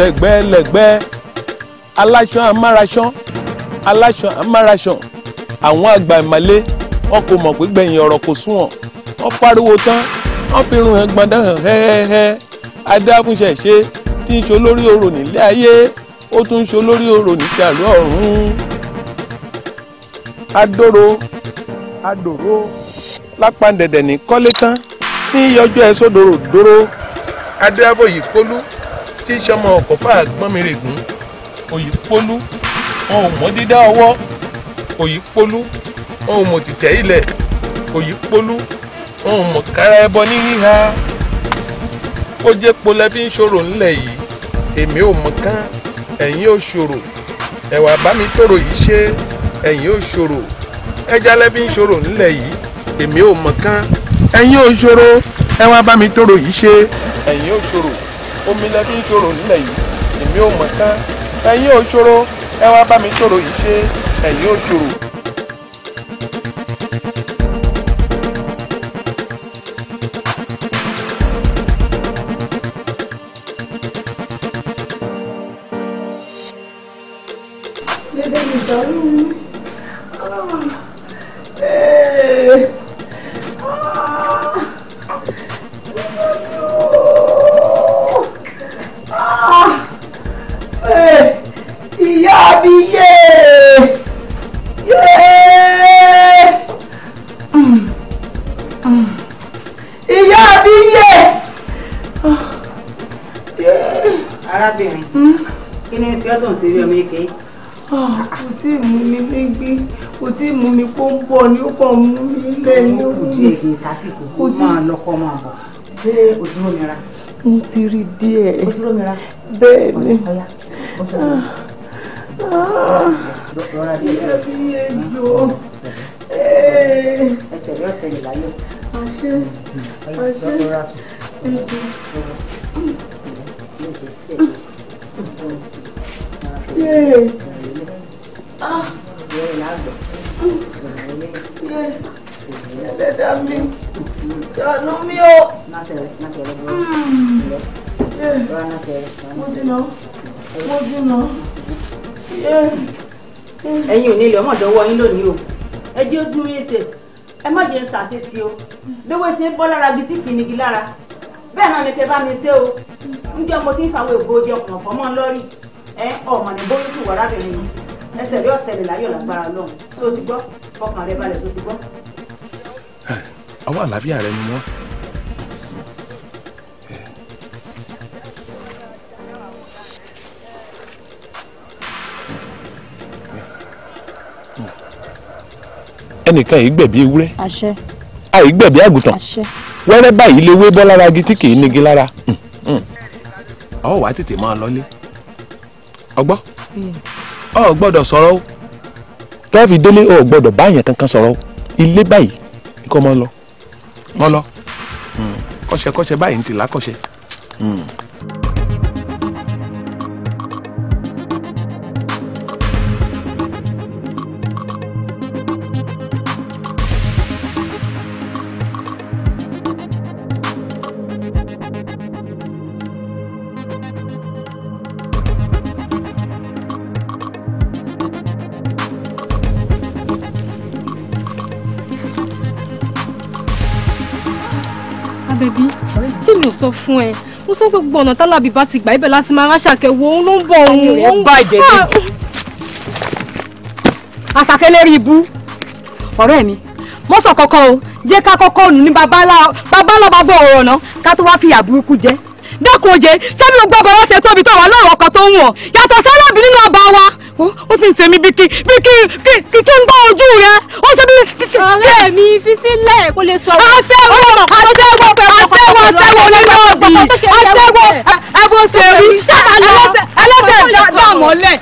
lẹ́gbẹ́lẹ́gbẹ́ aláṣọ amáraṣán aláṣọ amáraṣán àwọn àgbà ìmàle wọn kò mọ̀ pé gbẹ̀yìn ọ̀rọ̀ kò sunwọ̀n wọn pariwo tán wọn fi run hàn gbọ̀ndán hàn hẹ́hẹ́hẹ́ adáfúnṣẹ́ ṣe tí ń ṣe olórí orò nílé ayé ó tún ń ṣe olórí orò ní tàlú ọ̀run adoro. adòró lápá dẹ̀dẹ̀ ní kọ́lé tán ní yọjọ́ ẹ̀ sódòrò dóró adéábòyí kólú tí í ṣọmọ ọkọ̀fà gbọ́nmìrègún òyìnpolú wọn ò mọ dídá ọwọ́ òyìnpolú wọn ò mọ títẹ̀ ilẹ̀ òyìnpolú wọn ò mọ kára ẹbọ ní híha ó jẹ́ polẹ́ fi ń ṣòro ńlẹ̀ yìí èmi ò mọ kán ẹ̀yin ò ṣòro ẹ̀wà bá tòrò yìí ṣe ẹ̀yin ò ṣòro ẹja lẹ́bí ń ṣòro ńlẹ̀ yìí èmi ò mọ kán ẹ̀yin ò ṣòro ẹ̀wà bá tòrò yìí ṣe ẹ̀yin ò ṣòro omi lẹ fi ń ṣòro nílẹ̀ yìí èmi ò mọ̀ tán ẹ̀yin ò ẹ wá bá mi ṣòro yìí ṣe ẹ̀yin ò pọ̀ mú ilé inú. díẹ̀ kì í máa lọ́kọ́ máa bọ̀ ṣé o dúró mi ti rí díẹ̀. o dúró bẹ́ẹ̀ ni. lọ́ra ah. bí ejò eh. ẹsẹ̀ rẹ̀ tẹ̀lé láyọ̀. àṣẹ mm. àṣẹ ejò. Mm. Yeah. èyí lè ọmọdọwọ yín lónìí o ẹ jẹ́ ojú rí ẹsẹ̀ ẹ má jẹ́ ṣàṣe tí o lówó ṣe ń bọ́ lára bíi tí kìnnìkì lára bẹ́ẹ̀ náà ni kẹ bá mi ṣe o ń jẹ́ mo ti ń fàwọn èbó jẹ ọkàn ọ̀fọ́ mọ́ lọ́rì ẹ ọmọ ní bó lùkù wọ́n rábìnrin yìí ẹsẹ̀ rí ọ̀tẹ̀lẹ̀ láyọ̀ lágbára lọ́hùn tó ti gbọ́ ọkàn rẹ balẹ̀ tó ti gbọ́. àwọn àlàáfíà rẹ ni ẹnìkan yìí gbẹ̀bí ewúrẹ́ àìgbẹ̀bí àgùntàn wẹ́rẹ́ báyìí lè wé bọ́ lára igi tí kì nigi lára ọ hmm, hmm. wàá tètè máa lọlé ọgbọ́ ọ gbọ́dọ̀ sọ̀rọ̀ o tó fi délé ọ gbọ́dọ̀ báyẹn kankan sọ̀rọ̀ o ilé báyìí kọ́ mọ́ lọ mọ́ lọ hmm. kọ́ṣẹ́kọ́ṣẹ́ báyìí ń tì lákọ́ṣẹ́. sọ fún ẹ mo sọ pé gbogbo ọ̀nà tálábì bá ti gbà ibẹ̀ láti máa ránṣà kẹwo òun ló ń bọ̀ òun. ayọ̀ rẹ̀ bàjẹ́ ni àṣàkẹ́ lérí ibú ọ̀rẹ́ mi mo sọ kọ́kọ́ o jẹ́ ká kọ́kọ́ nù ní babaláwo bàbá ọ̀rọ̀ náà ká tó wá fi àbúrúkú jẹ́ dákun òjé sẹ́mi ò gbọ́dọ̀ wọ́n ṣe tóbi tó wà lọ́rọ̀ ọkọ̀ tó ń wọ̀ yàtọ̀ sọ́lọ́bì nínú ọba wa ó sì ń ṣe mí bí kí bí kí kí kí ń gbọ́ ojú rẹ ó ṣe bí. ọ̀rẹ́ mi fi sílẹ̀ kó lè sọ̀rọ̀. àṣẹ wọ̀ àṣẹ wọ̀ àtẹwò àtẹwò olóyè ọgbọ̀n àtẹwò ẹbùn ṣèrí ẹlẹ́sẹ̀ ẹlẹ́sẹ̀ dá mọ́lẹ̀.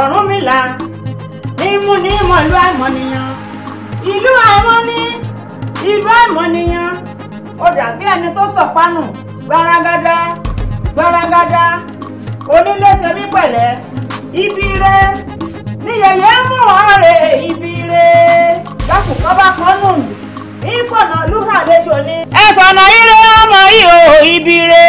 Ọ̀rúnmìlà nímú ní mọ̀lú àìmọ̀nìyàn ìlú àìmọ́ní ìlú àìmọ̀nìyàn ó dàbí ẹni tó sọ̀pánù gbaragada gbaragada oníléṣe mi pẹ̀lẹ́ ibi rẹ ní yẹyẹ mú ọ̀rẹ́ ibi rẹ lákòókò bá ire ọmọ yìí o ibi rẹ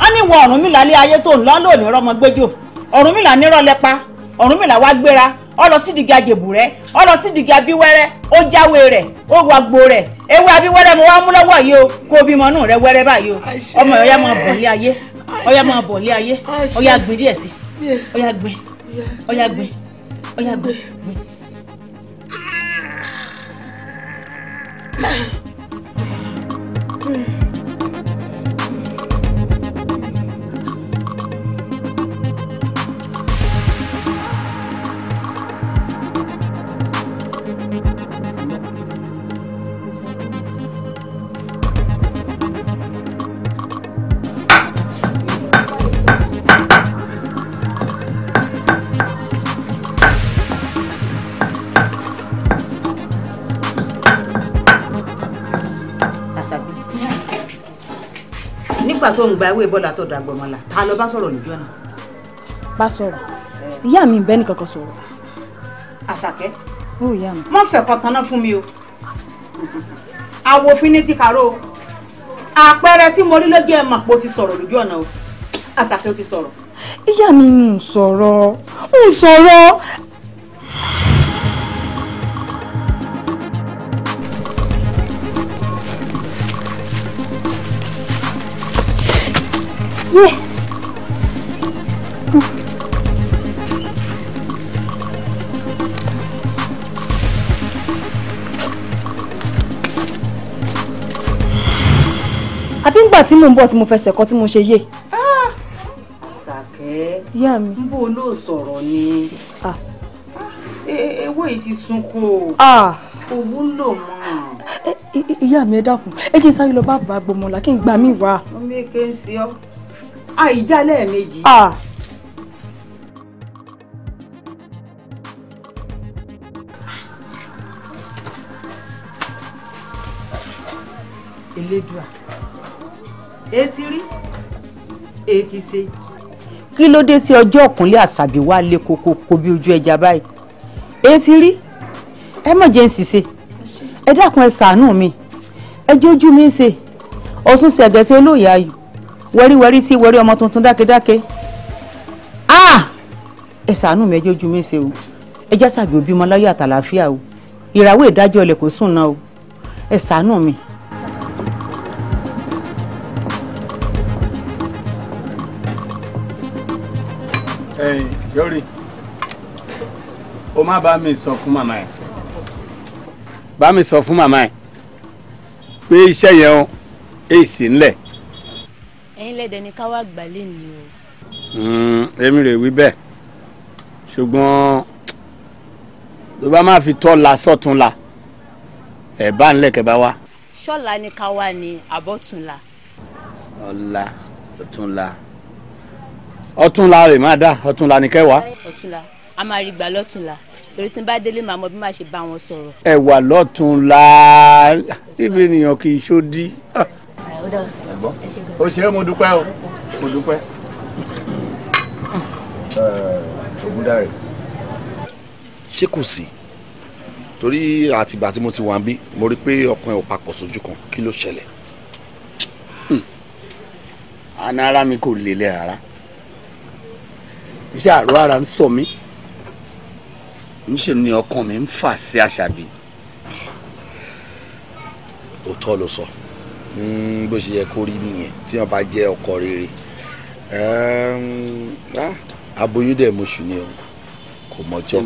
á ní ìwọ Ọ̀rúnmìlà lé ayé tó ń lọ lónìí rọmọ gbẹjọ Ọ̀rúnmìlà nírọ̀lẹ́ pa Ọ̀rúnmìlà wá gbéra ó lọ sí dìgà jèbùrẹ́ ó lọ sí dìgà abíwẹ́rẹ́ ó jáwé rẹ̀ ó wà gbó rẹ̀ ewé abíwẹ́rẹ́ mo wá mú lọ́wọ́ yìí o kó o bímọ inú rẹ̀ wẹ́rẹ́ báyìí o ọmọ ọ̀yá máa bọ̀ lé ayé ọ̀yá máa bọ̀ lé ayé ọ̀yá gbin díẹ̀ sí ọ̀yá gbin ọ̀yá gbin ọ̀yá gbin. Mm-hmm. nígbà tó ń gba ewé bọ́lá tó dàgbọ̀mọ́lá ta ló bá sọ̀rọ̀ lójú ọ̀nà. bá sọ̀rọ̀ ìyá mi bẹ́ẹ̀ ni kankan sọ̀rọ̀. àṣàkẹ́ mọ́ fẹ̀kọ̀ tanná fún mi o àwòfin ní ti kàró o àpẹẹrẹ tí mo rí ló jẹ́ ẹ̀mọ̀ o ti sọ̀rọ̀ lójú ọ̀nà o àṣàkẹ́ o ti sọ̀rọ̀. ìyá mi ń sọ̀rọ̀ ń sọ̀rọ̀ Yeah. àbí ngbà tí mò ń bọ̀ tí mo fẹsẹ̀ kọ́ tí mo ṣe yé. Ah, Àṣàkẹ́ ìyá mi ń bò ló sọ̀rọ̀ ni ah. Ah, e, ewé yìí ti sunko kò wúlò mọ́. Eh, ìyá mi ẹ dákun ẹ jẹ́ sáré lọ bá bàbá gbọmọlá kí n gbà mí wá. omi èké ń ṣe ọ́ àìjà lẹ́ẹ̀mejì. Ah. elédùà etí rí etí ṣe. kí ló dé tí ọjọ́ ọ̀kúnlé àṣàbí wá lé koko kó bí ojú ẹja báyìí etí rí ẹ mọ̀ jẹ́ ń ṣiṣẹ́ ẹ dákun ẹ ṣàánú mi ẹ jẹ́ ojú mi ń ṣe ọ̀sùn ṣẹ̀gẹ̀ṣẹ̀ olóòyà ayò wẹ́ríwẹ́rí tí wẹ́rí ọmọ tuntun dákedáke ah! ẹ ṣàánú mi ẹjọ́ ojú mi ṣe o ẹ já sàbí òbí ọmọ láyé àtàlàáfíà o ìràwọ̀ ìdájọ́ ilẹ̀ kò sùn náà o ẹ ṣàánú mi. ẹyin yọrí o má bá mi sọ fún màmá ẹ bá mi sọ fún màmá ẹ pé iṣẹ́ yẹn o èsì ńlẹ̀ ẹ̀yin lẹ́dẹ̀ ni ká wá gbà lé ni o. Hmm, èmi rè wí bẹ́ẹ̀ ṣùgbọ́n tó bá máa fi tọ́ la sọ́tún la ẹ̀ bá ń lẹ̀kẹ̀ bá wá. ṣọ́la ni ká wá ní àbọ̀túnla. ọ̀la ọ̀túnla ọ̀túnla rè má dá ọ̀túnla ni kẹwàá. ọ̀túnla a máa rí gbà lọ́túnla torí tí n bá délé màá mọ bí màá ṣe bá wọn sọ̀rọ̀. ẹ lọ́túnla tíbi ènìyàn kì í ṣó dí o ṣe mo dúpẹ́ o mo dúpẹ́. Ògúndáre. ṣé kò sí torí àtìgbà tí mo ti wà ń bí mo rí i pé ọkàn ẹ̀ ò papọ̀ sójú kan kí ló ṣẹlẹ̀. Hmm. àná ara mi kò lélẹ̀ rárá iṣẹ́ àrò ara ń sọ mí níṣẹ́ ni ọkàn mi ń fà sí àṣàbí. òótọ́ ló sọ. So. Hmm, bó ṣe yẹ kó rí nìyẹn tí wọn bá jẹ ọkọ rere aboyún dẹ̀ mo ṣù ni o kò mọjọ́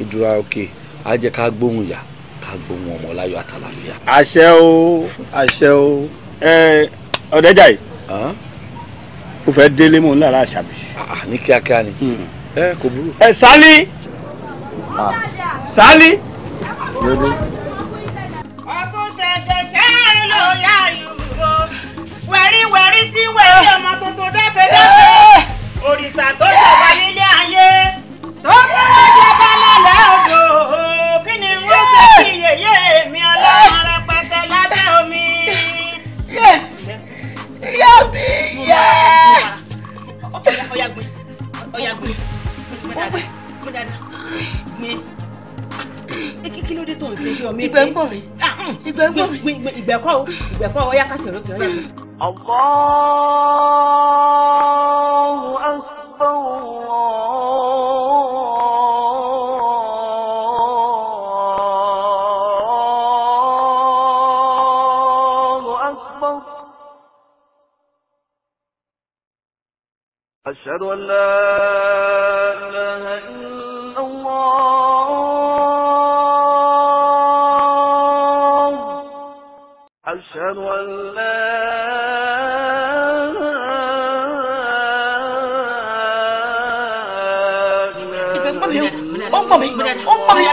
ìdúrà òkè á jẹ́ ká gbóhùn yá ká gbóhùn ọmọ láyọ̀ àtàlàfíà. àṣẹ o àṣẹ o ọ̀dẹ́jà yìí o fẹ́ délé mò ń lára àṣàbí. ní kíákíá ni hmm. ẹ kò burú. ẹ sálí sálí ṣẹ̀gẹ̀ṣẹ̀ ló yá yòrò wẹ̀ríwẹ̀rí tí wẹ̀rí ọmọ tuntun dáfẹ́dáfẹ́ òrìṣà tó jọba nílé ayé tó kí wọ́n jẹ́ bálálẹ̀ odò kí ni wọ́n ṣe kí yèyé mi ọlọ́mọ rẹpẹtẹ lábẹ́ omi. yá mi yá. ọ̀ya gbé ọ̀ya gbé gbé dáadáa gbé kí ló dé tó ń ṣe bí ọmọ èké. ìgbẹ́ ń bọ̀ rẹ̀. ìgbẹ́kọ̀ o ìgbẹ́kọ̀ o yàkàsí olókè ọ̀yà mi. Allahu akbar Allahu akbar. Ashhadu an la mọ̀ mí ó mọ̀ mí ẹ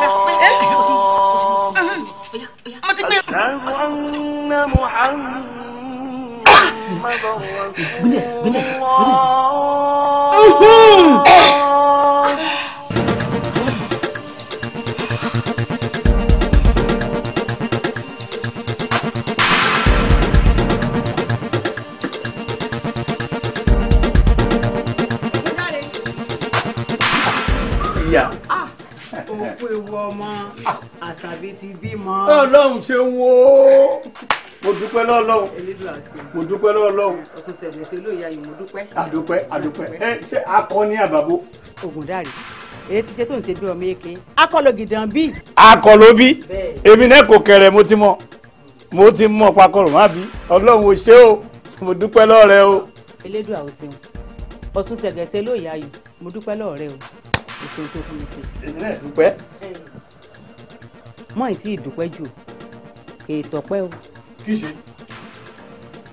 mo ti gbé. gbinesi gbinesi gbinesi. pé wọ ọmọ àṣàbí ti bímọ. ọlọ́run ṣe ń wo mo dúpẹ́ lọ́lọ́run mo dúpẹ́ lọ́lọ́run. ọ̀sùn ṣẹ̀lẹ̀ ṣe ló ya yìí mo dúpẹ́. àdúpẹ́ àdúpẹ́ ẹ ṣé akọni àbàbò. ògùn dàrí èyí ti ṣe tó ń ṣe bí ọmọ eke akọlọ gidan bí. akọlọ bí èmi náà kò kẹrẹ mo ti mọ mo ti mọ pakọrọ má bí ọlọ́run ò ṣe o mo dúpẹ́ lọ́rẹ o. elédùn àwòsàn ọ̀sùn ṣẹ̀gẹ̀ṣẹ̀ ló yá yìí mo dúpẹ́ lọ́rẹ o sí tó fún mi sí. èmi náà dúpẹ́. mọ́ ì tí ì dúpẹ́ jù kì í tọ́pẹ́ o. kí ṣe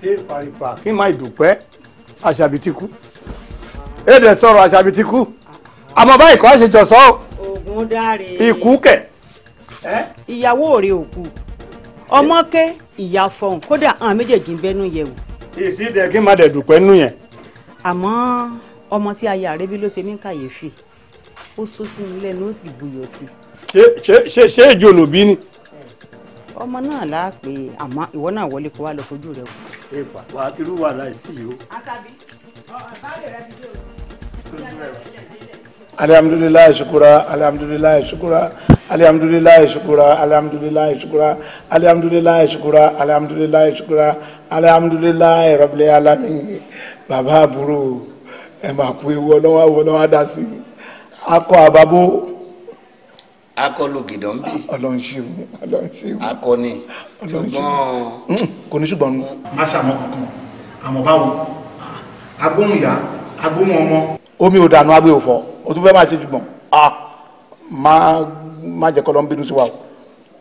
é paripa kí má ìdúpẹ́ àṣàbí ti kú èdè sọ̀rọ̀ àṣàbí ti kú àmọ́ báyìí kọ́ àṣejọ sọ ọ́. oògùn dáre. ikú kẹ̀. ìyàwó rẹ̀ òkú ọmọ ké ìyá fọhùn kódà àwọn méjèèjì ń bẹnu yẹ̀ wò. èsì dẹ kí má dẹ dúpẹ́ nù yẹn. àmọ́ ọmọ tí aya rẹ bí ló ṣe mí kàyéfì ó sójú mi lẹ́nu ó sì buyọ̀ sí. ṣé ṣé ìjọ lòbí ni. ọmọ náà láà pé àmọ́ ìwọ náà wọlé kó wá lọ fojú rẹ wò. ẹ bà wà á tirú wà láìsí yìí o. asabi báyọ̀ rẹ ti dé o. alihamudulilayi sukura alihamudulilayi sukura alihamudulilayi sukura alihamudulilayi sukura alihamudulilayi sukura alihamudulilayi sukura alihamudulilayi rabil alamin baba àbúrò ẹ máa kú ewu ọlọ́wọ́ àwọn ọlọ́wọ́ á akọ àbábó. akọ lògìdọ̀ ń bì. ọlọ́run ṣeun ọlọ́run ṣeun. akọ ni ṣùgbọ́n. Mm, kò ní ṣùgbọ́n. má ṣàmọ́ kankan àmọ́ báwo agbóhùn ìyá agbóhùn ọmọ. omi ò dànù agbè òfò o tún fẹ́ máa ṣe jùgbọ́n má jẹ́ kọ́lọ́ ń bínú sí wa o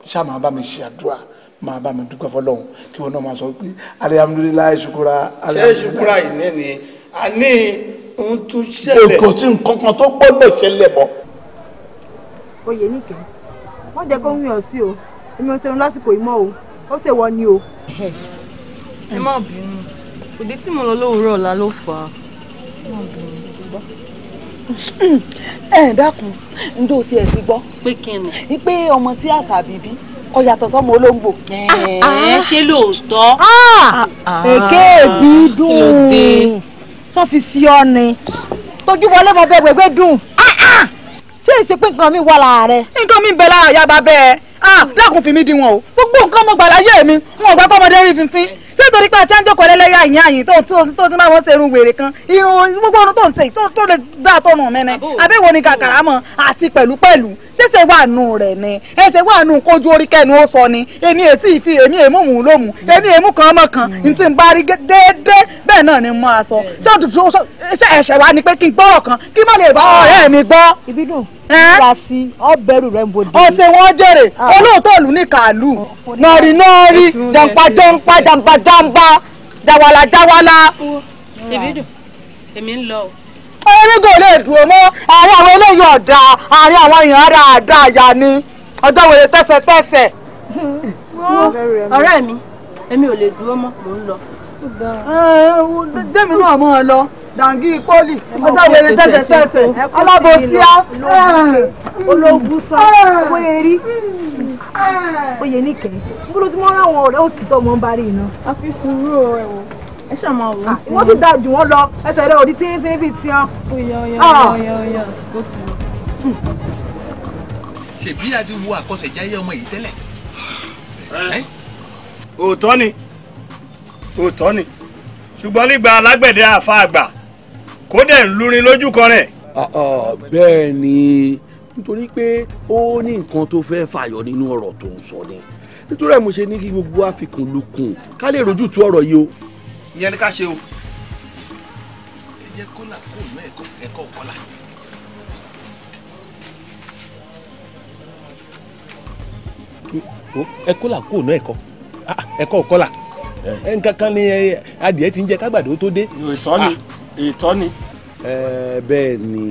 ṣáà máa bá mi ṣe àdúrà máa bá mi dúpẹ́ fọlọ́hún kí wọn náà máa sọ pé alihamudulilayi ṣukura. ṣé ṣukura yìí ní ni a ní ohun tó ṣẹlẹ̀. kò sí nǹkan kan tó gbọ́dọ̀ ṣẹlẹ̀ mọ́. oyè nìkẹ́ wọ́n jẹ́ kó ń yàn sí o èmi ò ṣeun lásìkò ìmọ̀ o ó ṣe wọ ni o. ẹ má bínú òde tí mo lọ lówùúrọ̀ ọ̀la ló fà á. ẹ dákun ndó tiẹ̀ ti gbọ́. pé kí ni. pé ọmọ tí àṣà bíbí kò yàtọ̀ sọ́mọ olóńgbò. ẹ ṣe lóòótọ́. Ah, ah, ah, èké èbí dùn. kí ló dé tó fi sí ọ ni tójú wọlé mọ bẹ gbẹgbẹ dùn ah, ah! ṣé èsì pé nǹkan mi wà lára rẹ. nǹkan mi bẹ lára ìyá bàbá ẹ lákùn ah, fi mí di wọn o gbogbo nǹkan mo gbà láyé mi wọn ò gbà pọ́mọdé rí fínfín ṣé torí pé àti àjọkọ̀ lẹ́lẹ́yà ìyá àyìn tó tó ti máa wọ́n ṣerun wèrè kan irun gbogbo ohun tó ń tẹ̀ tó lè dá tọ̀nà mẹ́nẹ́ àbẹ̀wò ni kàkàrà mọ́ àti pẹ̀lú pẹ̀lú ṣẹ̀ṣẹ̀ wà nù rẹ̀ ni ẹ̀ṣẹ̀ wà nù kójú orí kẹ́nu ó sọ ni èmi èsì ìfi èmi èmú mú lómù èmi èmú kan mọ̀ kan n ti bá rí déédé bẹ́ẹ̀ náà ni mo aṣọ ṣé ẹ̀ṣẹ̀ wa ni pé kí n gbọ́rọ̀ kan kí má lè bá ọ̀rẹ́ mi gbọ́. ìbínú furasí ọbẹ̀rù rẹ̀ ń wọn jèrè ah. olóòótọ́ ìlú ní kàlù nọ̀rí nọ̀rí jàǹpàjọ́ǹpà jàǹpàjàǹpà jàwàlà jàwàlà. èmi ń lọ o lè mọ́ àárín àwọn eléyìí ọ̀dà àárín àwọn èèyàn ara àdá àyà ni ọjọ́ mi èmi ò lè mọ́ mò ń dẹ́mi náà mọ̀ ọ́ lọ dàǹgí pọ́lì ọ̀tàwéré tẹ̀sẹ̀tẹ̀sẹ̀ alábòsíá ológun sọ bóyá rí oyè níkẹ́ búrú tí wọ́n ráwọn ọ̀rẹ́ òsì tó mọ́ ń bari iná. a fi sùúrù ẹ̀wọ̀ ẹ ṣáà máa wò ó. Ah, wọ́n ti da jù wọ́n lọ ẹsẹ̀ rẹ̀ òdi tínrín bíi tiyan. oyè oyè oyè oyè ó ti ah. lọ. ṣèbí a ti wo àkọsẹ̀jáyé ọmọ yìí tẹ́lẹ̀. òótọ́ ni òótọ́ ni ṣùgbọ́n nígbà alágbẹ̀dẹ àfa àgbà kó dẹ̀ ń lúrin lójú kan rẹ̀. bẹ́ẹ̀ ni nítorí pé ó ní nǹkan tó fẹ́ fàyọ nínú ọ̀rọ̀ tó ń sọ ni nítorí ẹ̀ mo ṣe ní kí gbogbo àfikún lukùn ká lè rojú tu ọ̀rọ̀ yìí o. ìyẹn ni ká ṣe o ẹ jẹ́ kọ́là kó mọ ẹ̀kọ́ kọ́là. ẹ kọ́là kó mọ ẹ̀kọ́ ẹ̀kọ́ kọ́là nkankan ni eh, adìẹ ti ń jẹ kágbàdo tó dé. ìtọ́ ni ah. ìtọ́ ni. bẹ́ẹ̀ ni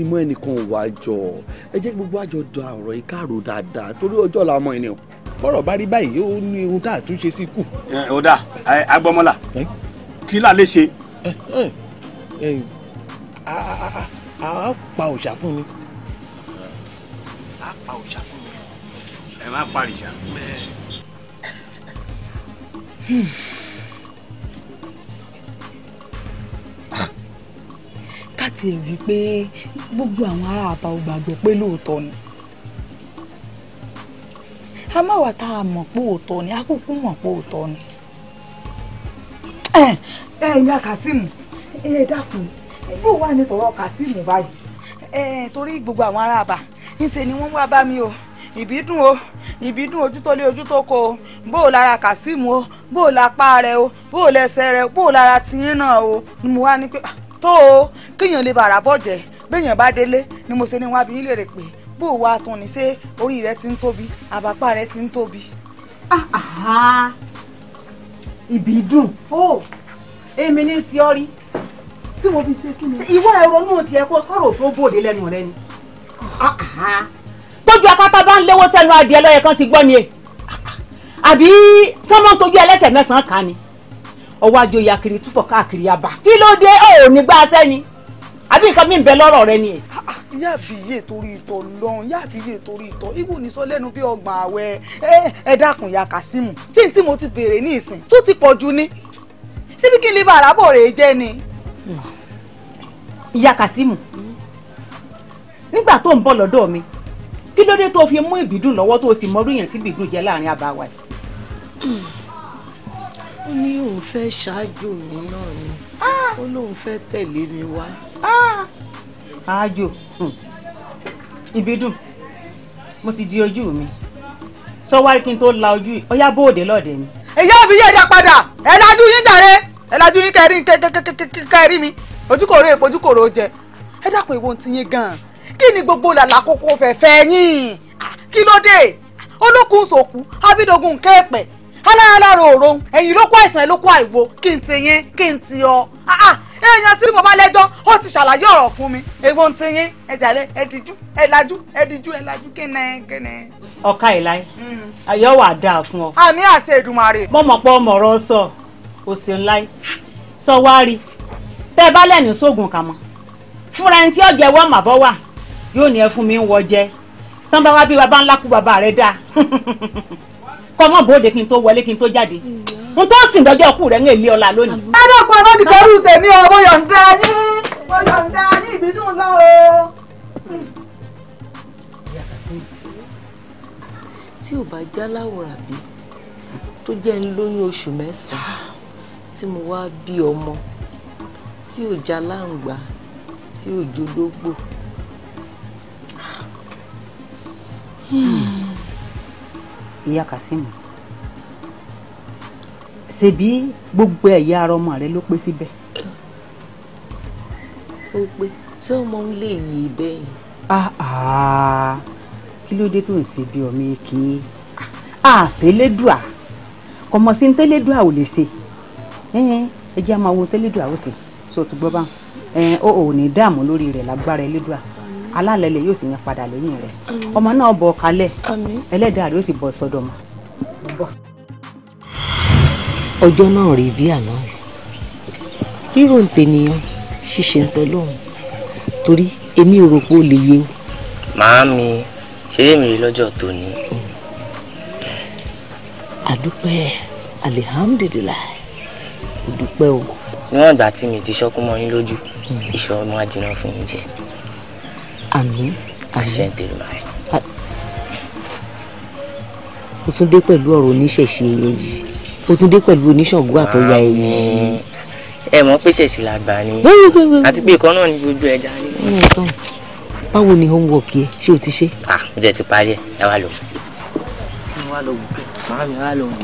ìmọ̀ ah, ẹnìkan wà jọ ẹ jẹ́ gbogbo àjọ da ọ̀rọ̀ yìí káàrò dáadáa torí ọjọ́ la mọ̀ ẹni o. bọ́rọ̀ bá rí báyìí ó ní ohun tá a tún ṣe sí kù. ó dà agbọmọlà kí là lè ṣe. a pa òòṣà fún ni. a pa òòṣà fún mi. ẹ má parìṣà káti ẹ̀ wí pé gbogbo àwọn ará àbá ò gbàgbọ́ pé lóòótọ́ ni a má wà tá a mọ̀ pé òótọ́ ni a kúkú mọ̀ pé òótọ́ ni. ẹ ẹ ìyá Kazeem ẹ dákun bó wà ní tọ̀rọ̀ Kazeem báyìí. ẹ torí gbogbo àwọn ará àbá ńṣe ni wọ́n wá bá mi o ìbídùn o ìbídùn ojú tó lé ojú tó kó o bóò lára Kazeem o bóò lápá rẹ o bóò lẹ́sẹ̀ rẹ bóò lára tiyín náà o ni mo wá ní pé tó o kéèyàn lè bàrà bọ̀jẹ̀ béèyàn bá délé ni mo ṣe ní wá bí yín lèrè pé bóò wá tún ní ṣé orí rẹ ti ń tóbi àbápá rẹ ti ń tóbi. ìbídùn o èmi ní sí ọ rí tí mo fi ṣe kí ni. ìwọ ẹ̀rọ náà tiẹ̀ kọ́ kọ́rọ̀ tó bòde lẹ́nu rẹ ni tójú apáta bá ń léwó sẹ́nu adìẹ lọ́yẹ kan ti gbọ́ ni e àbí sọ́mọ́ tójú ẹlẹ́sẹ̀ mẹ́sàn-án kan ni ọwọ́ àjò yakiri túfọ̀ káàkiri abà kí ló dé ó ní gbá sẹ́ni àbí nǹkan mi ń bẹ lọ́rọ̀ rẹ ni. E. ìyá àbíyè torí ìtọ̀ lọ́hún ìyá àbíyè torí ìtọ̀ ibù ní sọ lẹ́nu bí ọgbọ̀n àwẹ̀ ẹ dákun ya Kasimu tí n tí mo ti béèrè ní ìsìn tó ti pọ̀ jù ni síbi kí n lè bá àràbọ̀ rẹ̀ jẹ́ ni. ìyá Kasimu nígbà tó ń bọ̀ lọ́dọ̀ mi kí ló dé tó fi mú ìbídùn lọ́wọ́ tó sì mọ́rú yẹn tí ìbídùn jẹ́ láàrin àbáwá yìí. ó ní òun fẹ́ ṣáájú mi náà ni ah! ó lóun fẹ́ tẹ̀lé mi wá. àájò ah! hmm. ìbídùn mo ti di ojú mi sọ wá kí n tó la ojú yìí ọyá bóòdè lọ́ọ̀dẹ mi. ìyá mi yé ẹja padà ẹ lajú yín jàre ẹ lajú yín kẹrin kẹrin mi ojú kòrò èpo ojú kòrò jẹ ẹ dàpọ̀ ìwọ̀n ti yín gan-an kí ni gbogbo làlà kókó fẹ̀fẹ̀ yín ah, kí ló dé olókùn sòkú abídógún kẹ́ẹ̀pẹ̀ alárànlárò òro ẹ̀yìn ló kó àìsàn ẹ̀ ló kó àìwo kí n ti yín kí n ti ọ ah, ah, èèyàn tí mo bá lẹ́jọ́ ó ti ṣàlàyé ọ̀rọ̀ fún mi èwo ń ti yín ẹ jàre ẹ dìjú ẹ lajú ẹ dìjú ẹ lajú kíni kíni. ọ̀ka ìlàyé hmm. ayọ̀ wà dáa fún ọ. àmì àṣẹ Èdùmàrè. mọ̀mọ́pọ̀ ọmọ ọ̀rọ̀ sọ òsè ńlá sọ wá rí bẹ́ẹ̀ bá lẹ́nu sóògùn kà fúnra ẹni tí ọ̀jẹ̀ wọ́n mà bọ́ wà yóò ní ẹ fún mi ń wọ jẹ tán bá wá bí baba ńlá kú baba rẹ dáa kọ́ mọ́ bòde kí n tó wọlé kí n tó jáde n tó sìn dọ́jọ́ ọkù rẹ̀ ń èlé ọ̀la lónìí. adókun ọmọ mi kẹrù tèmi o mo yọ̀ǹda yín mo yọ̀ǹda yín ìbínú lọ o. tí ò bá jáláwọ̀ àbí tó jẹ́ ń lóyún oṣù mẹ́sàn-án tí mo wá bí ọmọ tí ò jalá ń gbà tí ò jológbò. Hmm. ìyá Kasim ṣebí gbogbo ẹ̀yà ara ọmọ rẹ ló pé síbẹ̀. ó pé tí ọmọ ń lè yí ibẹ̀ yìí. kí ló dé tó ń ṣe bí ọmọ èkì àtẹlẹdùà ọmọ sí ń tẹlẹdùà ò lè ṣe ẹ jẹ́ àmọ́ àwọn tẹlẹdùà ó ṣe sọ tó gbọ́ báwọn ò ní dààmú lórí rẹ̀ lágbára ẹlẹ́dùà alálẹ̀lẹ̀ yóò sì yan padà lẹ́yìn rẹ̀ ọmọ náà bọ̀ kalẹ̀ ẹlẹ́dàá rẹ̀ yóò sì bọ̀ sọdọ̀mọ. ọjọ́ náà rí bí àná rírò ń tènìyàn ṣíṣe ń tọ́lọ́hún torí èmi ò rò pé ó lè yé o. màámi ṣé èmi rí lọ́jọ́ tòní. àdúpẹ́ alihamdulilayi òdúpẹ́ o. níwọ̀n ìgbà tí mi ti ṣọ́kú mọ́ yín lójú hmm. ìṣọ́ ọmọ àjìnà fún yín jẹ a àṣẹ a sentir mal, o tún dé pẹ̀lú ọ̀rọ̀ oníṣẹ̀ṣe yìí o tún dé pẹ̀lú oníṣàngó àtọ́yà ẹ̀yẹ. ẹ mọ̀ pé ṣèṣì la gbà ni àti pé ìkan náà ni gbogbo ẹja ni. báwo ni homework yẹ ṣé o ti ṣe. ah mo jẹ ti parí ẹ ẹ wá lọ. ẹ wá lọ wù kẹ màá mi wá lọ wù.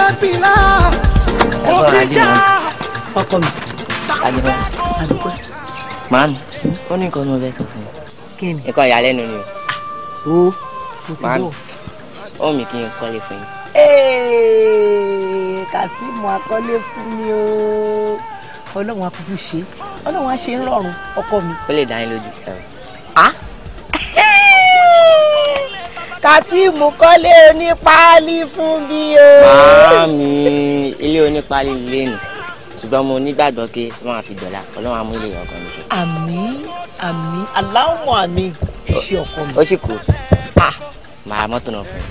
Pila, ó sì já. ọkọ mi àdìbọn àdìbọn. màámi ó ní nǹkan tí mo fẹ́ sọ fún mi. kí ni. nǹkan ìyàlẹ́nu ni o. o mo ti bọ̀. ó mi kí n kọ́lé fún yín. Eh, Kasimu akọ́lé fún mi o ọlọ́run akúkú ṣe ọlọ́run á ṣe ń rọrùn ọkọ mi. ó lè dá yín lójú. Ah? Eh! Kazeem kọ́lé onípaálí fún bí o. Màámi ilé onípaálí lè nù ṣùgbọ́n mo nígbàgbọ́ pé wọ́n á fi dọ̀la ọlọ́run á mú ilé ọkàn mi ṣe. àmín àmín aláwọ̀ àmì ìṣe ọkọ mi. ó sì kú màá mọ́tò náà fún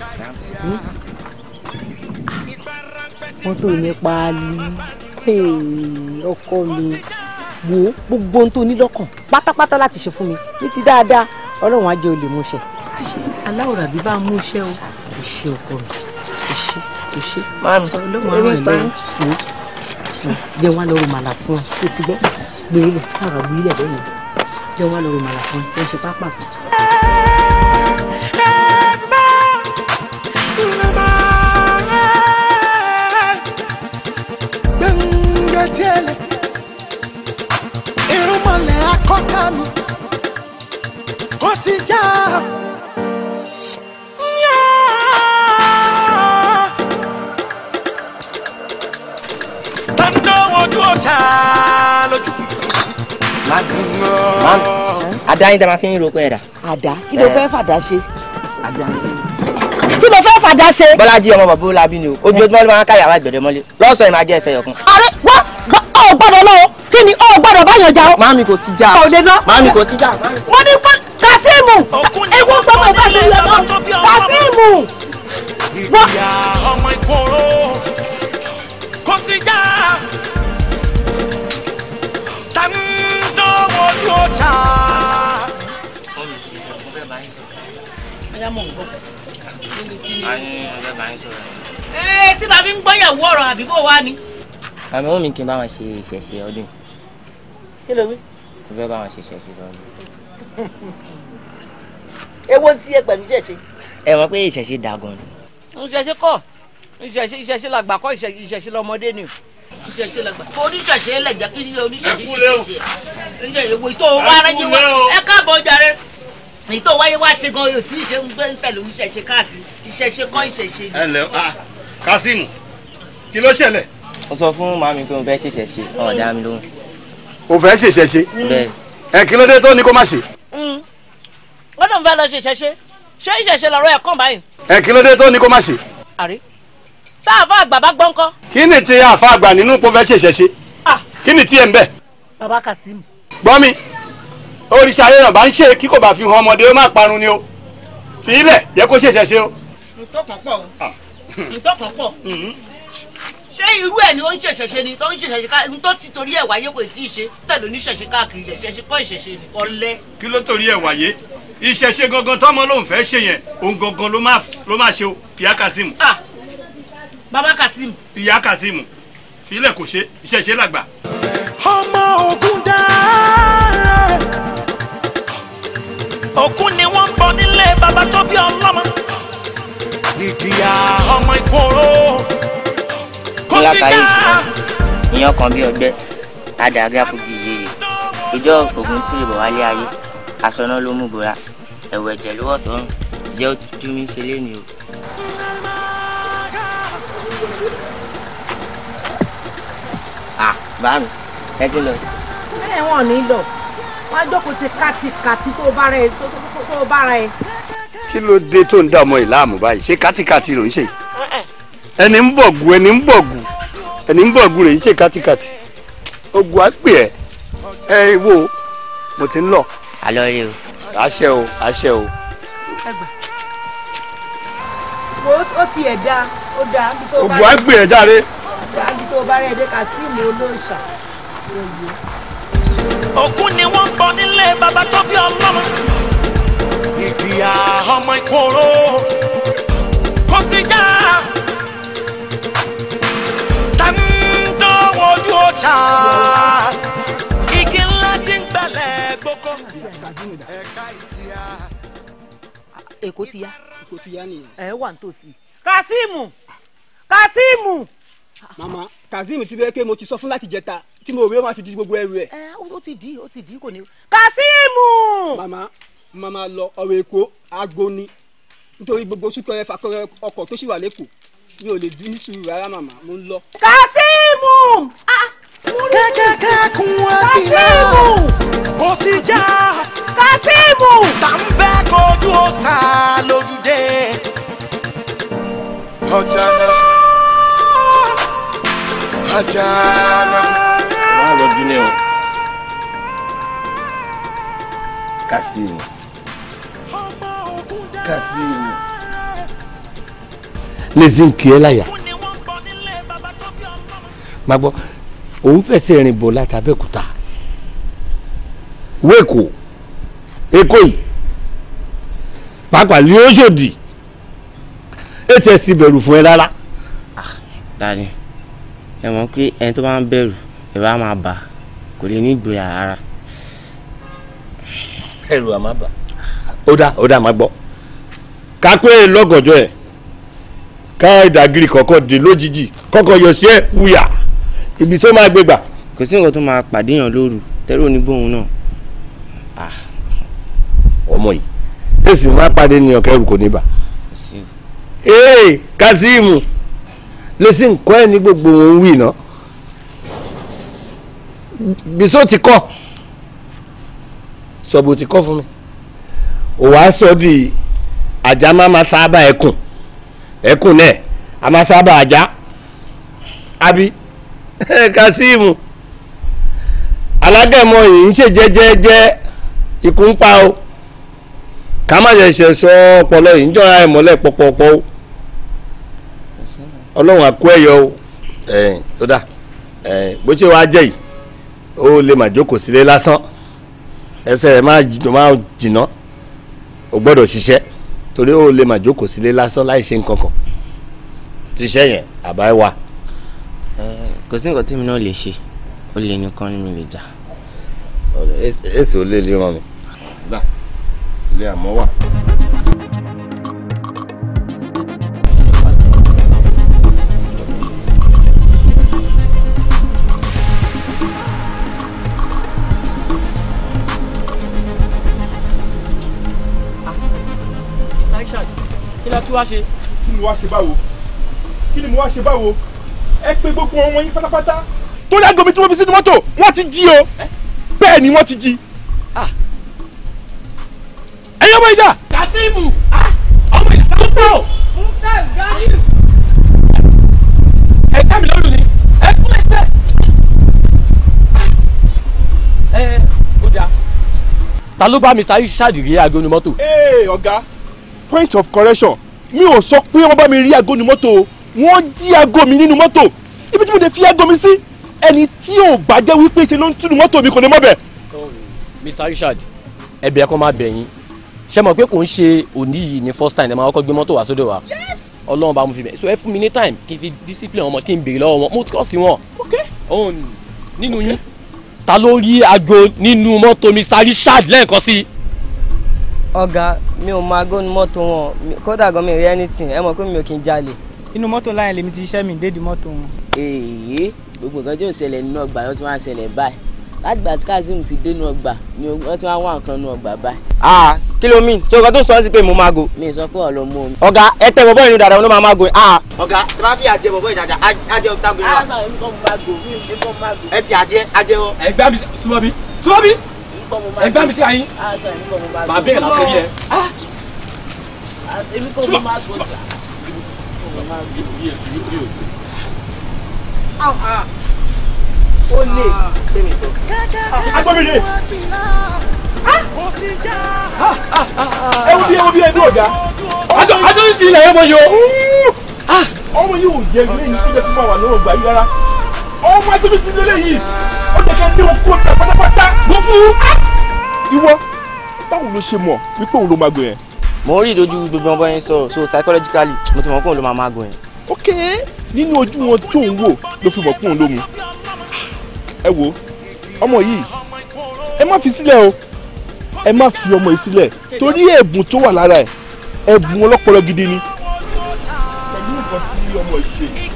un. mọ́tò ní paálí ọkọ mi wo gbogbo ohun tó ní lọ́kàn pátápátá láti ṣe fún mi ní ti dáadáa ọlọ́run á jẹ́ olè mú aláwòrán bí bá ń mú iṣẹ́ o kò ṣe ọkọ mi kò ṣe kò ṣe ọlọ́run àwọn ẹ̀ lọ́rùn wò jẹ́ wá lọ́rùn màlà fún ọ tó ti gbọ́ gbé ilẹ̀ káàrọ̀ bu ilẹ̀ bẹ́ẹ̀ ni jẹ́ wá lọ́rùn màlà fún ọ ṣe pápá kan. irúmọlẹ̀ akọ́kànú kò sí lójú. mag àdá yín tá a máa fi ń roko yẹn dà. àdá kí ló eh. fẹ́ fàdá ṣe. àdá kí ló fẹ́ fàdá ṣe. bọ́lájí ọmọ bàbá Ọlábí ni o ojoojúmọ́ ló máa ń ká yàrá ìgbẹ̀dẹ̀ mọ́lé lọ́sàn-án máa jẹ́ ẹsẹ̀ yọkan. ààrẹ wá ọ gbọ́dọ̀ lọ kí ni ọ gbọ́dọ̀ báyọ̀ jà o. màámi kò sí jà o màámi kò sí jà. mo ní kọ́ Kasimu ewu gbọ́dọ̀ bá mi lọ Kasimu. ìyá ọmọ ìkóró. sọ́ṣà. bọ́ọ̀lù ìjọba mo fẹ́ bá yín sọ̀rọ̀. ayá mọ̀ ń bọ̀. ayé ọ̀rẹ́ bá yín sọ̀rọ̀. ee tí bàbá ń gbọ́yàwó ọ̀rọ̀ àbí bó wá ni. àmì wọn mi kì í bá wọn ṣe ìṣẹ̀ṣe ọdún. kí ló wí. mo fẹ́ bá wọn ṣe ìṣẹ̀ṣe ọdún. èwo ìṣẹ̀ṣe lẹ̀gbà oníṣẹ̀ṣe lẹ̀gbà kí ṣe oníṣẹ̀ṣe ṣe ṣe ìwò ìtò owó ara yín wá ẹ káàbọ̀ jàre ìtò wáyé wá ṣe gan yóò tí ì ṣe ń gbé ń tẹ̀lé oníṣẹ̀ṣe káàkiri ìṣẹ̀ṣe kọ́ ìṣẹ̀ṣe. ẹ lẹ Kasim kí ló ṣẹlẹ̀. mo sọ fún màmí pé mo fẹ́ ṣèṣẹ̀ ṣe ọ̀dà mi lóhùn. o fẹ́ ṣèṣẹ̀ ṣe ẹ kí ló dé tó ní kó má ṣe. Hmm. ó lóun fẹ́ lọ ṣèṣẹ̀ ṣe ṣé ìṣẹ̀ṣe lọ́rọ̀ ẹ̀ kàn báyìí. ẹ kí ló dé tó ní kó má ṣe. àrí tá àfa àgbà bá gbọ́ ńkọ́. kí ni ti àfa àgbà nínú pọ́ fẹ́ ṣèṣẹ́ ṣe kí ni tiẹ̀ ń bẹ̀. baba kasim. gbọ́ mi òrìṣà ayélujára bá ń ṣe kí kò bá fi hàn ọmọdé ó má parun ni o fi ilẹ̀ jẹ́ kó ṣèṣẹ́ ṣe o. ntọ́kàn pọ̀ o ntọ́kàn pọ̀ mm-hmm. ṣé irú ẹ̀ ni ó ń ṣẹ̀ṣẹ̀ ṣe ni tó ń ṣẹ̀ṣẹ̀ ṣe káàkiri tó ti torí ẹ̀ wáyé kò tí ì ṣe tẹ̀lé oníṣẹ̀ṣe káàkiri ìṣẹ̀ṣe kọ́ ìṣẹ̀ṣe ni ọ̀lẹ. kí ló torí ẹ̀ wáyé ìṣẹ̀ṣe gangan tọ́mọ lòun fẹ́ ṣe yẹn òun gangan ló máa ṣe o Ìyá Kazeem. ah baba kasim. ìyá kasim filẹ kò ṣe iṣẹ́ ṣe làgbà. ọmọ ogun dára òkun ni wọ́n ń bọ nílé baba tó bí ọlọ́mọ ìjìyà ọmọ ìkóró kò sí dá. ìyàn kan bí ọgbẹ́ adàgà fúgi yeye ìjọ ògùn tí ìbọ̀ wálé ayé aṣọ náà ló mú bora ẹ̀wọ̀ ẹ̀jẹ̀ ló wọ̀ sọ́run jẹ́ ojú mi ṣe lé ní o. báàmì ẹ kí lọ. ẹ wọn ní lọ wọn jókòó ti kàtìkàtì tó bára ẹ tó bára ẹ. kí ló dé tó ń dààmú ìlàmú báyìí ṣé kàtìkàtì ló ń ṣe ẹni ń bọ̀gù ẹni ń bọ̀gù ẹni ń bọ̀gù rèé ṣe kàtìkàtì ogun àgbè ẹ ẹ wo mo ti ń lọ. àlọ yìí o. àṣẹ o àṣẹ o. ó ti ẹ̀ dá ó dá. ogun àgbè ẹ̀ dáre àjì tó bá rẹ̀ dé kàsíìmù olóòṣà òkú ni wọ́n ń bọ nílé bàbá tó bí ọlọ́mọ. ìdíyà ọmọ ìkóró kò sí já. tá ń ọ̀ṣà. igi ńlá ti ń gbẹ̀lẹ̀ gboko. ẹ̀ka ìdíyà. èkó ti yá. èkó ti yá nìyẹn. ẹ wà nítòsí. kasimu kasimu. Mama, kazeem ti bẹ́ẹ̀ pé mo ti sọ fún láti jẹta tí mo rí ó máa ti di gbogbo ẹrù ẹ̀. ó ti di ó ti di kò ní. kazeem. màmá màmá lọ ọ̀rọ̀ èkó aago ni nítorí gbogbo sútọrẹ fàkọrẹ ọkọ̀ tó sì wà lẹ́kọ̀ọ́ mi ò lè dín sùúrù rárá màmá mo ń lọ. kazeem. kẹ́kẹ́kẹ́ kun àbílà kò sí já. kazeem. tá kojú ó sá lójú ọjà náà ajana. wàá lọ dúlé o kasimu kasimu. lezi nkì ẹ láyà má gbọ́ òun fẹsẹ̀ rìn bọ̀ láti abẹ́òkúta wéèkó èkó yìí pàápàá lè ó ṣòdì ètò ẹ̀sìn bẹ̀rù fún ẹ rárá. Ah, ẹ mọ̀ pé ẹni tó bá ń bẹ̀rù ẹ̀rù á máa bà kò lè ní ìgboyà rárá. ẹ̀rù á máa bà ó dá ó dá máa gbọ́ ká pé lọ́gànjọ́ ẹ̀ ká ìdàgìrì kọ̀ọ̀kan dé lójijì kọ́kọ́ yọ sí ẹ̀ wúyà ibi tó máa gbé gbà. kò sí nǹkan tó máa pàdéyàn lóru tẹ́rù onígbòhùn náà. Ah. ọmọ yìí tẹ̀sí máa pàdé ènìyàn kẹrù kò ní bà. ee Kazeem lesi nkọ ẹ ní gbogbo òun wì ná biso ti kọ sọ̀bù ti kọ́ fún mi òwà sọ di ajá má ma sábà ẹkùn ẹkùn náà a ma sábà ajá àbí kasimu alágẹmọ yìí ń ṣe jẹ́jẹ́jẹ́ ikú ń pa o ká má ṣẹ̀ṣẹ̀ sọ ọpọlọ yìí ń jọra ẹ̀ pọ̀pọ̀pọ̀ o ọlọ́run àkó ẹ̀yọ o tó dà bó ṣe wàá jẹ́ yìí ó lè má jókòó sílé lásán ẹsẹ̀ rẹ̀ máa jìnnà ó gbọ́dọ̀ ṣiṣẹ́ torí ó lè má jókòó sílé lásán láì ṣe nǹkan kan ṣiṣẹ́ yẹn àbá wa. kò sí nǹkan tèmi náà lè ṣe ó lè nìkan ni mi lè jà. èsì ò lè lè ràn mí. ilé àmọ́ wà. wá ṣe. kí ni wàá ṣe báwo kí ni mo wá ṣe báwo ẹ pé gbogbo wọn yín pátápátá. torí aago mi tí mo fi sínú mọ́tò wọ́n ti jí o bẹ́ẹ̀ ni wọ́n ti jí. Ah. ẹyẹ ọmọ ìjà. kasimu ah! ọmọ ìjà tó sọ. musa gani. ẹ dá mi lọ́rùn ni ẹ kún ẹsẹ̀. Ah. ẹ ó dáa. ta ló bá mi sáré ṣáàdì rí aago ní mọ́tò. ee ọ̀gá point of correction mi ò sọ pé wọ́n bá mi rí aago ní mọ́tò wọ́n jí aago mi nínú mọ́tò ibi tí mo lè fi aago mi sí ẹni tí ò bá jẹ́ wípé ṣe ló ń túnu mọ́tò mi kò ní mọ́ bẹ̀. Mr. Richard ẹ̀bẹ̀ kan máa bẹ̀ yín ṣe mọ̀ pé kò ń ṣe òní yìí ní first time ẹ máa kọ́kọ́ gbé mọ́tò wá sódò wa Ọlọ́run bá mo fi bẹ̀ so ẹ fún mi ní time kí n fi discipline ọmọ kí n béèrè lọ́wọ́ wọn mo trust wọn òun nínú yín ta ló rí aago nínú mọ́tò Mr. Richard lẹ́ẹ̀kan sí i ọ̀gá mi ò máa gónú mọ́tò wọn kódà gan mi ò rí anything ẹ mọ̀ pé mi ò kí n jalè. inú mọ́tò láyẹn lèmi ti ṣiṣẹ́ mi déèdì mọ́tò wọn. èyí gbogbo nǹkan tí ò ṣẹlẹ̀ nínú ọgbà ló ti máa ṣẹlẹ̀ báyìí látìgbà tí kazeem ti dénú ọgbà ni wọ́n ti máa wá nǹkan nínú ọgbà báyìí. ah kí ló mean ṣé ọ̀gá tó sọ ọ́ sí pé mo máa go. mi sọ pé ọ̀ ló mú omi. ọ̀gá ẹ tẹ bọ̀bọ̀ ìlú dáadáa wọn ló máa máa go. ọ̀gá tí wọ́n fi àjẹ bọ̀bọ̀ ìjàjà àjẹ ọ̀tá gbé wa. ẹ ti àjẹ àjẹ wọn. ẹ gbá mi súnmọ́ mi súnmọ́ mi ẹ gbá mi sí ayín màá bẹ̀rẹ̀ láti rí ẹ. èmi kò mú máa gbòòsà. ó lè gbé mi tó. agbómìnir ewu bí ewu bí ebi ọjà àjọ àjọ ti ilẹ̀ ẹ̀ mọ̀ yìí o ọmọ yìí ò yẹ ilé yìí kí lè fún wa lọ́wọ́ gbà yìí rárá ọmọ ẹgbẹ́ mi ti lélẹ̀ yìí ó jẹ́ kí ẹ ní okó tẹ̀ pátápátá ló fún ah! ìwọ báwo ló ṣe mọ̀ wípé òun ló máa gbé yẹn. mo rí ìdojú gbogbo ọmọ yẹn sọ̀rọ̀ so psychologically mo ti mọ̀ pé òun ló máa máa gbé yẹn. ok nínú ojú wọn tó ń wò ló fi mọ̀ pé òun ló mu ẹ wo ọmọ yìí ẹ má fi sílẹ̀ o ẹ má fi ọmọ yìí sílẹ̀ torí ẹ̀bùn tó wà lára ẹ̀ ẹ̀bùn ọlọ́pọlọ gidi ni pẹ̀lú nǹkan tí ọmọ yìí ṣe yìí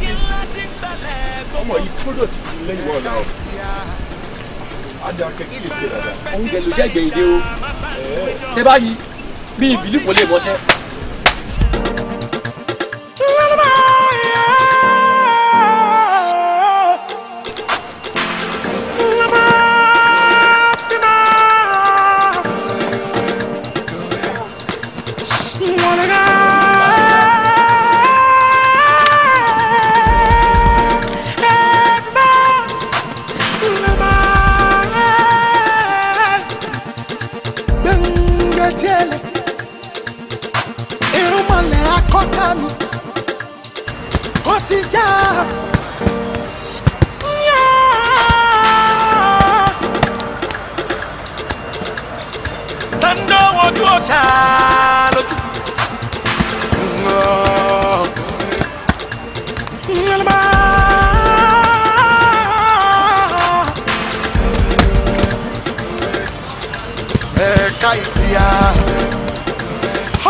product ilé ìwọ ọ̀la o ajá kékeré ṣe dáadáa. oúnjẹ ló ìdè o tẹ́ báyìí bí ìbílẹ̀ kò lè bọ́ṣẹ́. yóò ṣá lójú. ẹ̀ka ìdíyà.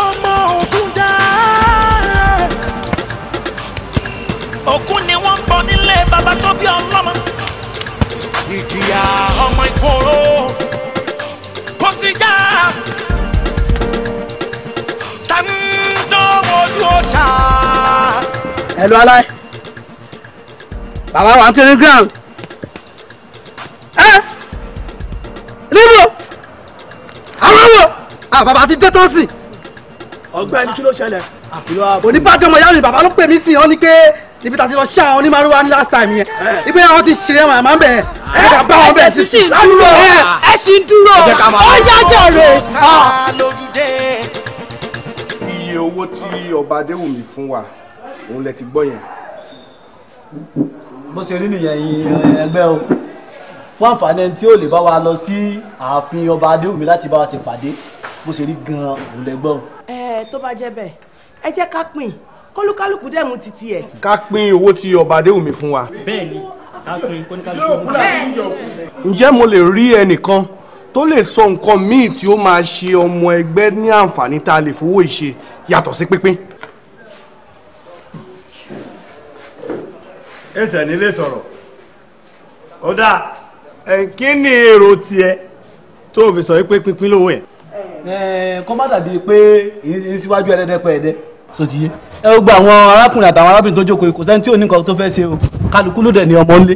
ọmọ ogun dá. òkú ni wọ́n ń bọ nílé bàbá tó bí ọlọ́mọ. ìdíyà ọmọ ìgboro. hello alai Baba, I'm to the ground Eh? níbo àwọn wo ah bàbá ti dé tán sí. ọ̀gbẹ́ni kí ló ṣẹlẹ̀. oníbàdàn ọmọ yàrá mi bàbá ló pè mí sí i wọ́n ní pé níbi tá a ti lọ ṣá àwọn onímọ̀rúwá ní last time yẹn eh. ibi àwọn ti ṣe wọn àmọ́ bẹ̀ eh. ẹ̀ ká bá wọn bẹ̀ sí sí dúró eh. ẹ̀ sì dúró ọjà jọ̀rọ̀ iye owó tí ọba adéwùmí fún wa òun lẹ ti gbọ́ yẹn. bó ṣe rí nìyẹn yín ẹgbẹ́ o fún àǹfààní ẹni tí ó lè bá wa lọ sí ààfin ọba adéwùmí láti bá wa ṣe pàdé bó ṣe rí gan-an òun lẹ gbọ́. ẹ tó bá jẹ́ bẹ́ẹ̀ ẹ jẹ́ ká pín kọlùkálùkù dẹ̀ mú titi ẹ̀. ká pín owó tí ọba adéwùmí fún wa. bẹ́ẹ̀ni ká pín kọlùkálùkù. ǹjẹ́ mo lè rí ẹnìkan tó lè sọ nǹkan míì tí ó máa ṣe ọmọ ẹgbẹ́ ní àǹfààní tá a lè fowó ìṣe yàtọ̀ sí pínpín. ẹsẹ̀ nílé sọ̀rọ̀ ó dáa kí ni èrò tiẹ̀ tó fi sọ pé pínpín lówó ẹ̀. kọ́ má dàbí pé èyí síwájú ẹ̀ẹ́dẹ́gbẹ́ ẹ̀dẹ́ so ti yé ẹ gbogbo àwọn arákùnrin àtàwọn arábìnrin tó jókòó kò sẹ́ni tí ò ní nǹkan tó fẹ́ ṣe o kálukú ló dẹ̀ ní ọmọ ńlé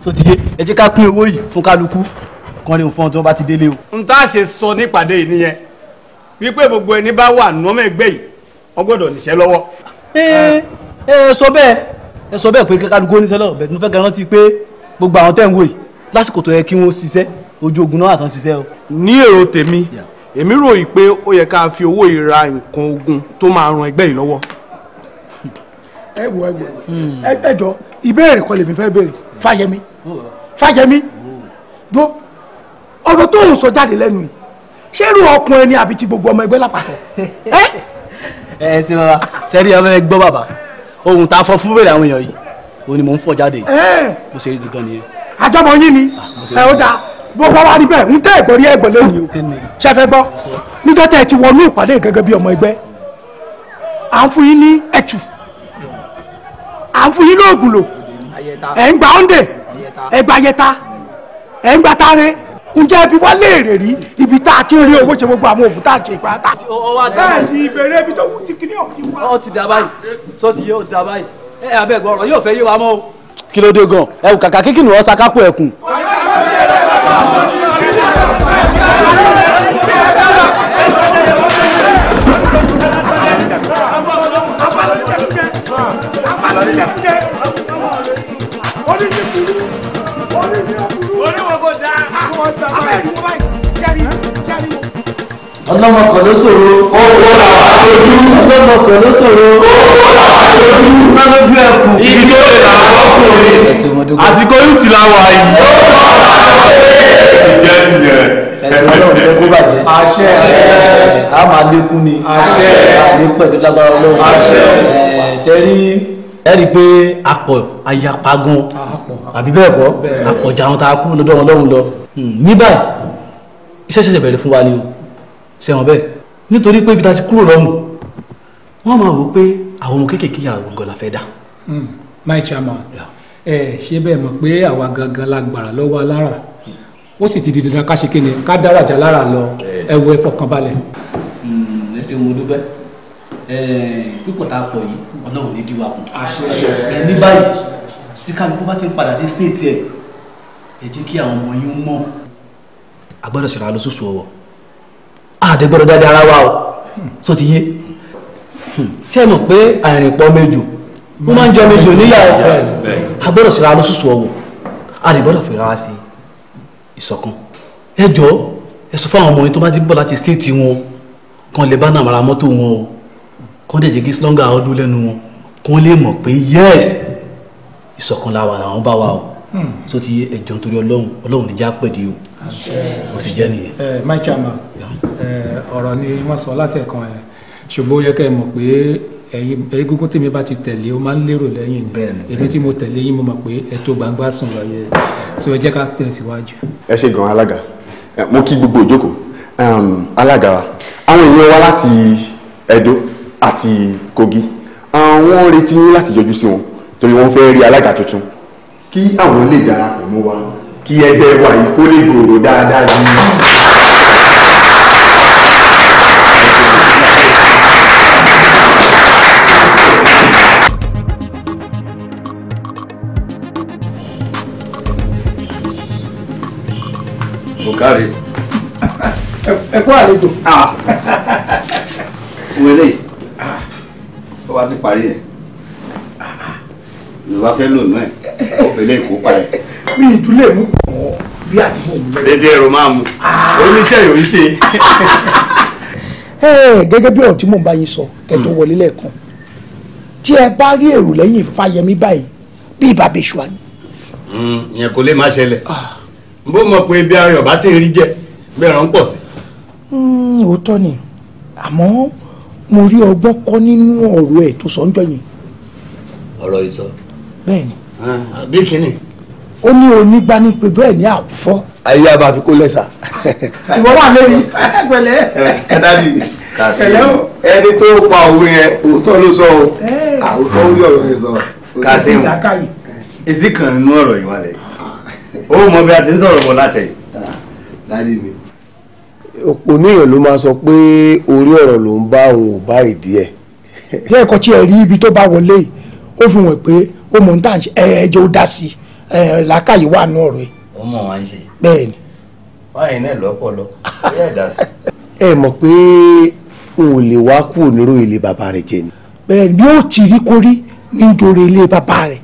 so ti yé ẹ jẹ́ ká pín owó yìí fún kálukú kan lè fún ọ ti délé o. n tá ṣe sọ nípàdé yìí nìyẹn wípé gbogbo ẹni bá wà nọ́mọ ẹgbẹ́ yìí wọ́n gbọ́dọ̀ níṣẹ́ ẹ ẹ sọ bẹ́ẹ̀ ẹ sọ bẹ́ẹ̀ pé kálukú ní sẹ́lọ̀ bẹ̀ẹ́ mo fẹ́ garanti pé gbogbo àwọn tẹ̀ ń wò yìí lásìkò tó yẹ kí wọ́n ṣiṣẹ́ ojú ogun náà àtàn ṣiṣẹ́ o. ní èrò tèmi èmi ròyìn pé ó yẹ ká fi owó yìí ra nǹkan ogun tó máa ran ẹgbẹ́ yìí lọ́wọ́. ẹ wo ẹ wo hmm. ẹ tẹjọ ìbéèrè kan lèmi fẹ́ béèrè fàyẹmí fàyẹmí do ọ̀rọ̀ tó ń sọ jáde lẹ́nu yìí ṣé irú ọkùnrin ni àbí ti gbogbo ọmọ ẹgbẹ́ lápapọ̀. ẹ ẹ ṣe bàbá sẹ́rí ọmọ ẹgbọ́ bàbá ohun tá a fọ fún bèrè àwọn èèyàn yìí òun ni mò ń fọ jáde mo ṣe rí gangan nìyẹn. àjọmọ yín ni ah, ẹ ó dáa bó bá wà níbẹ̀ ń tẹ́ ẹ̀gbọ́n rí ẹ̀gbọ́n lẹ́yìn o ṣe fẹ́ gbọ́ níjọ́ tẹ́ ẹ ti wọnú ìpàdé gẹ́gẹ́ bí ọmọ ẹgbẹ́ à ń fún yín ní ẹ̀tù à ń fún yín lóògùn lò ẹ̀ ń gba ọ̀ǹdè ẹ̀ gba ayẹta ẹ̀ ń gba tare ǹjẹ́ ibi wá léèrè rí ibi tá a ti rí owó ṣe gbogbo àwọn òògùn tá a ṣe ìpàtà. bẹ́ẹ̀ sì ìbéèrè ibi tó wù ti kiri ọ̀hún ti wá. ọ ti dà báyìí sọ ti yé ọ dà báyìí ẹ abẹ́gbọ́ ọ̀rọ̀ yóò fẹ́ yé wa mọ́ o. kí ló dé gan-an ẹ wò kàkà kíkì nù ọ́ sakápò ẹ̀kún. Yeah. ọlọ́mọkàn ló ṣòro. owó làwọn aṣojú. ọlọ́mọkàn ló ṣòro. owó làwọn aṣojú. iná lójú ẹkùn. ibi tó lè là ọkùnrin. àsìkò yìí ti la wà yìí. ó wà láàárọ̀ ìjẹ́ ìyẹn. ẹ̀sìn náà fẹ́ kó bàjẹ́. àṣẹ. a máa lékún ni. àṣẹ. àní pẹ̀lú lágbára ọlọ́run. àṣẹ. ṣe rí ẹ rí i pé apọ̀ ayapa gan àbí bẹ́ẹ̀ kọ́ apọ̀jà àwọn tá a kú lọ́dọ̀ ọlọ́run lọ. Hmm, níbà iṣẹ́ ṣẹ̀ṣẹ̀ bẹ̀rẹ̀ fún wa ni o sẹ́wọ̀n bẹ́ẹ̀ nítorí pé ibi tá a ti kúrò lọ́hùn wọ́n máa wò ó pé àwọn ọmọ kéékèèké yàrá gbọ̀ngàn la fẹ́ dá. Hmm, my chairman ẹ ṣe bẹ́ẹ̀ mọ̀ pé àwa gangan la gbàrà lọ́wọ́ alára ó sì ti di dandan ká ṣe kíni ká dáràjà lára lọ ẹwọ ẹ fọkàn balẹ̀. Hmm, ẹ ṣe mo dúpẹ́ pípọ̀ tá a pọ̀ yìí ọlọ́run ní díwá kù ẹ ní báyìí tí kálukú bá ti ń padà sí stéètì ẹ ẹ jẹ́ kí àwọn ọmọ yín mọ̀. a ṣèrànlọ́sọ̀sọ̀ ọ̀wọ̀ àdẹ́gbọ́dọ̀ dáadáa ara wa o so ti yé ṣé ẹ mọ̀ pé àrìn pọ̀ méjò wọ́n máa ń jọ méjò níyà o agbọ́dọ̀ síra ló sùsù ọ̀wọ̀ àdẹ́gbọ́dọ̀ fi ra sí ìṣọ̀kan ẹ jọ ẹ sọ fáwọn ọmọ yẹn tó bá ti bọ̀ láti stéètì wọn kan lè bá nàmàrà mọ́tò wọn o kan dẹ̀ jẹ́ kí slọ́ngà ọdún lẹ́nu wọn kan lè mọ̀ pé yẹ́s ìṣọ̀kan làwọn làwọn bá wa o. Hmm. so ti ẹjọ́ torí ọlọ́run ọlọ́run níjà pẹ̀lú o mo sì jẹ́ nìyẹn. ẹ eh, my chairman eh, ọ̀rọ̀ ni wọ́n sọ láti ẹ̀kan ẹ̀ ṣùgbọ́n ó yẹ kẹ́ ẹ mọ̀ pé egungun tèmi bá ti tẹ̀lé o máa ń lérò lẹ́yìn ni èmi tí mo tẹ̀lé yín mo mọ̀ pé ètò gbangba sùn lọ yẹ so ẹ jẹ́ ká tẹ̀síwájú. ẹ ṣe gan alága eh, mo kí gbogbo ìjókòó um, alága àwọn èèyàn wa láti Ẹdó àti Kogi àwọn retí yín láti yọjú sí wọn torí wọ́n fẹ́ rí alága tuntun kí àwọn lè darapọ̀ mọ́ wa kí ẹgbẹ́ wa yìí kó lè gbòòrò dáadáa jù. ọ̀kárì. ẹ kú àlejò. òun ah. eléyìí tó ah. bá ti parí ẹ̀ ló bá fẹ́ lò náà ẹ̀ ó fẹ́ lé ìkópa rẹ̀. mi ìdúlé mú kàn bí àdúgbò mi lọ. dédé ẹ̀rọ máa mu oníṣẹ́ yòó ṣe. gẹ́gẹ́ bí ọ̀rọ̀ tí mò ń bá yín sọ kẹ́tọ́ hmm. wọlé lẹ́ẹ̀kan tí ẹ bá rí èrò lẹ́yìn Fáyẹmí báyìí bí ìbàbẹ̀ ṣùà ni. Hmm, ìyẹn kò lè má ṣẹlẹ̀ ah. n bó mọ̀ pé bí ayọ̀ bá ti ń rí jẹ bẹ́ẹ̀rẹ̀ ń pọ̀ sí. Hmm, òótọ́ ni àmọ́ mo rí ọgbọ́n kọ́ nínú ọ̀rọ̀ ẹ̀ tó sọ ń jọ yẹn. ọ̀rọ̀ ìsọ. bẹ́ẹ̀ ni Ah, bí kínní. ó ní onígbanipẹjọ ẹ ní àwùfọ. ayé abá fi kó lẹ́sà. ìwọ wà lórí ẹgbẹ̀lẹ́. ẹ dábì ẹni tó pa òwe yẹn òótọ́ ló sọ o àwùjọ orí ọ̀rọ̀ yẹn sọ. Kazeem èsì kan nínú ọ̀rọ̀ yìí wà lẹ́yìn ó mọ bí a ti ń sọ̀rọ̀ bọ̀ látẹ̀ yìí. Ah, oníyàn ló máa sọ pé orí ọ̀rọ̀ ló ń bá òun ò bá ìdí ẹ̀. bí ẹ̀kọ́ tí ẹ rí ibi tó bá wọlé ó fi hàn pé ó mọ̀ níta ṣe ẹ̀ẹ́dẹ́ ó dá sí ẹ̀ làákàyè wà nù ọ̀rọ̀ ẹ̀. ó mọ̀ wá ń ṣe. bẹ́ẹ̀ ni. báyìí náà lọ́pọlọ bí ẹ̀ dá sí. ẹ mọ̀ pé n ò lè wá kú onírò ilé bàbá rẹ̀ jẹ ni. bẹ́ẹ̀ ni yóò ti rí kórí nítorí ilé bàbá rẹ̀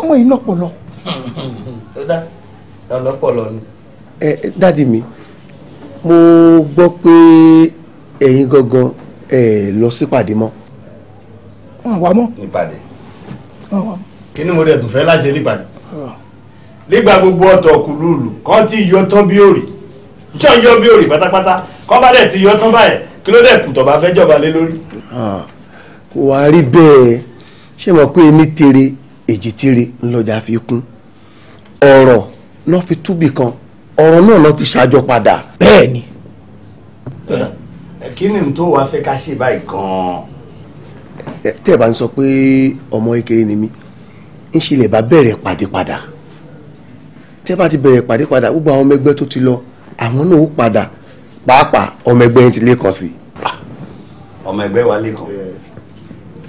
ọmọ yìí lọ́pọlọ. tó dá lọ́pọlọ ni. ẹ dáàdi mi mo gbọ́ pé ẹ̀yin gangan ẹ̀ lọ sípàdé mọ́. wọ́n wá mọ́. ìpàdé kí ni mo dẹ̀ tún fẹ́ láṣẹ nígbàdàn nígbà gbogbo ọ̀tọ̀ kùlùlù kan ti yọ tán bí òrì jọ yọ bí òrì pátápátá kan bá dẹ̀ ti yọ tán báyẹn kí ló dẹ̀ kù tọ̀ bá fẹ́ jọba lé lórí. kò wá rí bẹ́ẹ̀ ṣé mo pé ní tere èjì tere ńlọjà fi kún ọ̀rọ̀ lọ́ fi túbì kan ọ̀rọ̀ náà lọ́ fi ṣàjọ padà. bẹ́ẹ̀ ni. kí ni n tó wàá fẹ́ ká ṣe báyìí gan-an tẹ́ ẹ bá ń sọ pé ọmọ Ìkirè ni mí ń ṣe lè bá bẹ̀rẹ̀ pàdé padà tẹ́ ẹ bá ti bẹ̀rẹ̀ pàdé padà gbogbo àwọn ọmọ ẹgbẹ́ tó ti lọ àwọn náà ó padà pàápàá ọmọ ẹgbẹ́ yẹn ti lẹ́kọ̀ọ́ sí. ọmọ ẹgbẹ́ wa lẹ́kọ̀ọ́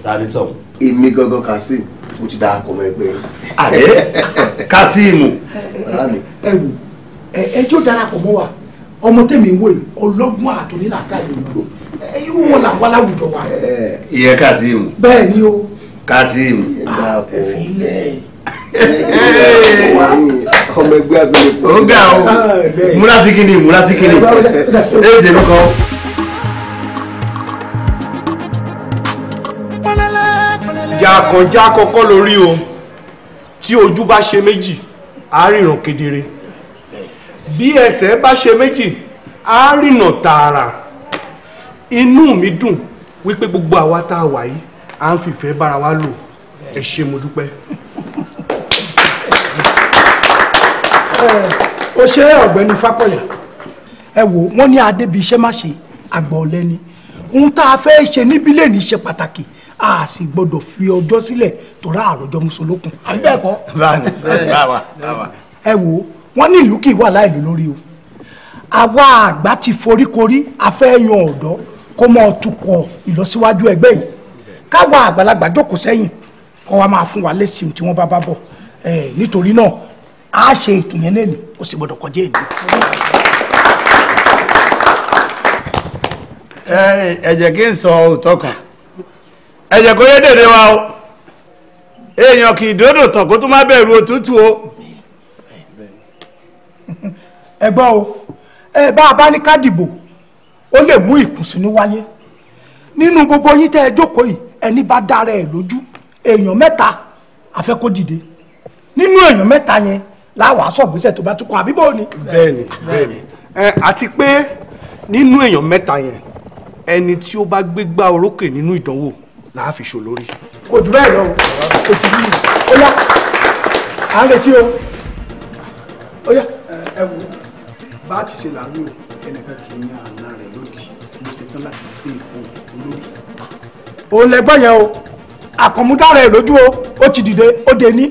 ta ni tọ̀. èmi gangan Kazeem mo ti da ọmọ ẹgbẹ́ yẹn. àbẹ́ Kazeem. ẹ wò ẹjọ́ darapọ̀ mọ́ wa ọmọ tẹ̀mí wò yìí ọlọ́gbọ́n àtúnilàkà yìí irú wọn là ń láwùjọ wa. ìyẹn kazeem. bẹ́ẹ̀ ni o. kazeem. Ah, ẹ fi ilẹ̀ ọmọ ẹgbẹ́ abilékọ. ó ga o ah, múra sí kínní múra sí kínní ẹ dèmí kan. jàkànjá kọ́kọ́ lórí o tí ojú bá ṣe méjì á ríran kedere bí ẹsẹ̀ bá ṣe méjì á rìnà tààrà inú mi dùn wípé gbogbo àwa tá a wà yìí à ń fìfẹ́ bára wa lò ẹ ṣé mo dúpẹ́. ó ṣe ọ̀gbẹ́ni Fákọ̀yà ẹ wò wọ́n ní adébí iṣẹ́ má ṣe àgbà ọ̀lẹ ni ohun tá a fẹ́ ṣe níbí lè ní ṣe pàtàkì a sì gbọ́dọ̀ fi ọjọ́ sílẹ̀ tọ́ra àròjọ mùsùlùkùn. àbí bẹ́ẹ̀ kọ́. báwa báwa ẹ wò wọ́n ní ìlú kì í wà láìlú lórí o àwa àgbà ti foríkorí a fẹ́ yan ọ̀dọ́ kó mọ́ tukọ̀ ìlọsíwájú ẹgbẹ́ yìí káwa àgbàlagbà jókòó sẹ́yìn kó wa máa fún wa lẹ́sìn tí wọ́n bá bá bọ̀ nítorí náà a ṣe ètò yẹn lẹ́nu ó sì gbọ́dọ̀ kọjá èmi. ẹ jẹ́ kí n sọ òótọ́ kan ẹ jẹ́ kó yé dèdè wa o èèyàn kì í dòdò tán kó tó má bẹ̀rù òtútù o. ẹ gbọ́ o ẹ bá a bá ní ká dìbò ó lè mú ìkùnsínú wáyé nínú gbogbo yín tẹ́ ẹ jókòó yìí ẹni bá dára ẹ̀ lójú èèyàn mẹ́ta àfẹ́ kó dìde nínú èèyàn mẹ́ta yẹn láwàá sọ̀gbésẹ̀ tó bá tún kọ́ àbíbọ̀ ni. bẹ́ẹ̀ni bẹ́ẹ̀ni àti pé nínú èèyàn mẹ́ta yẹn ẹni tí ó bá gbégbá orókè nínú ìdánwò làá fi ṣò lórí. kò jù bẹ́ẹ̀ lọ kò jù bí ó yá à ń retí o ó yá. ẹ wo bá a ti ṣe làwí o kì í yan àná ṣetán láti gbé ipò olórí. òun lẹgbọ́n yẹn o àkànmúdára ẹ̀ lójú o ó ti dìde ó dé ní.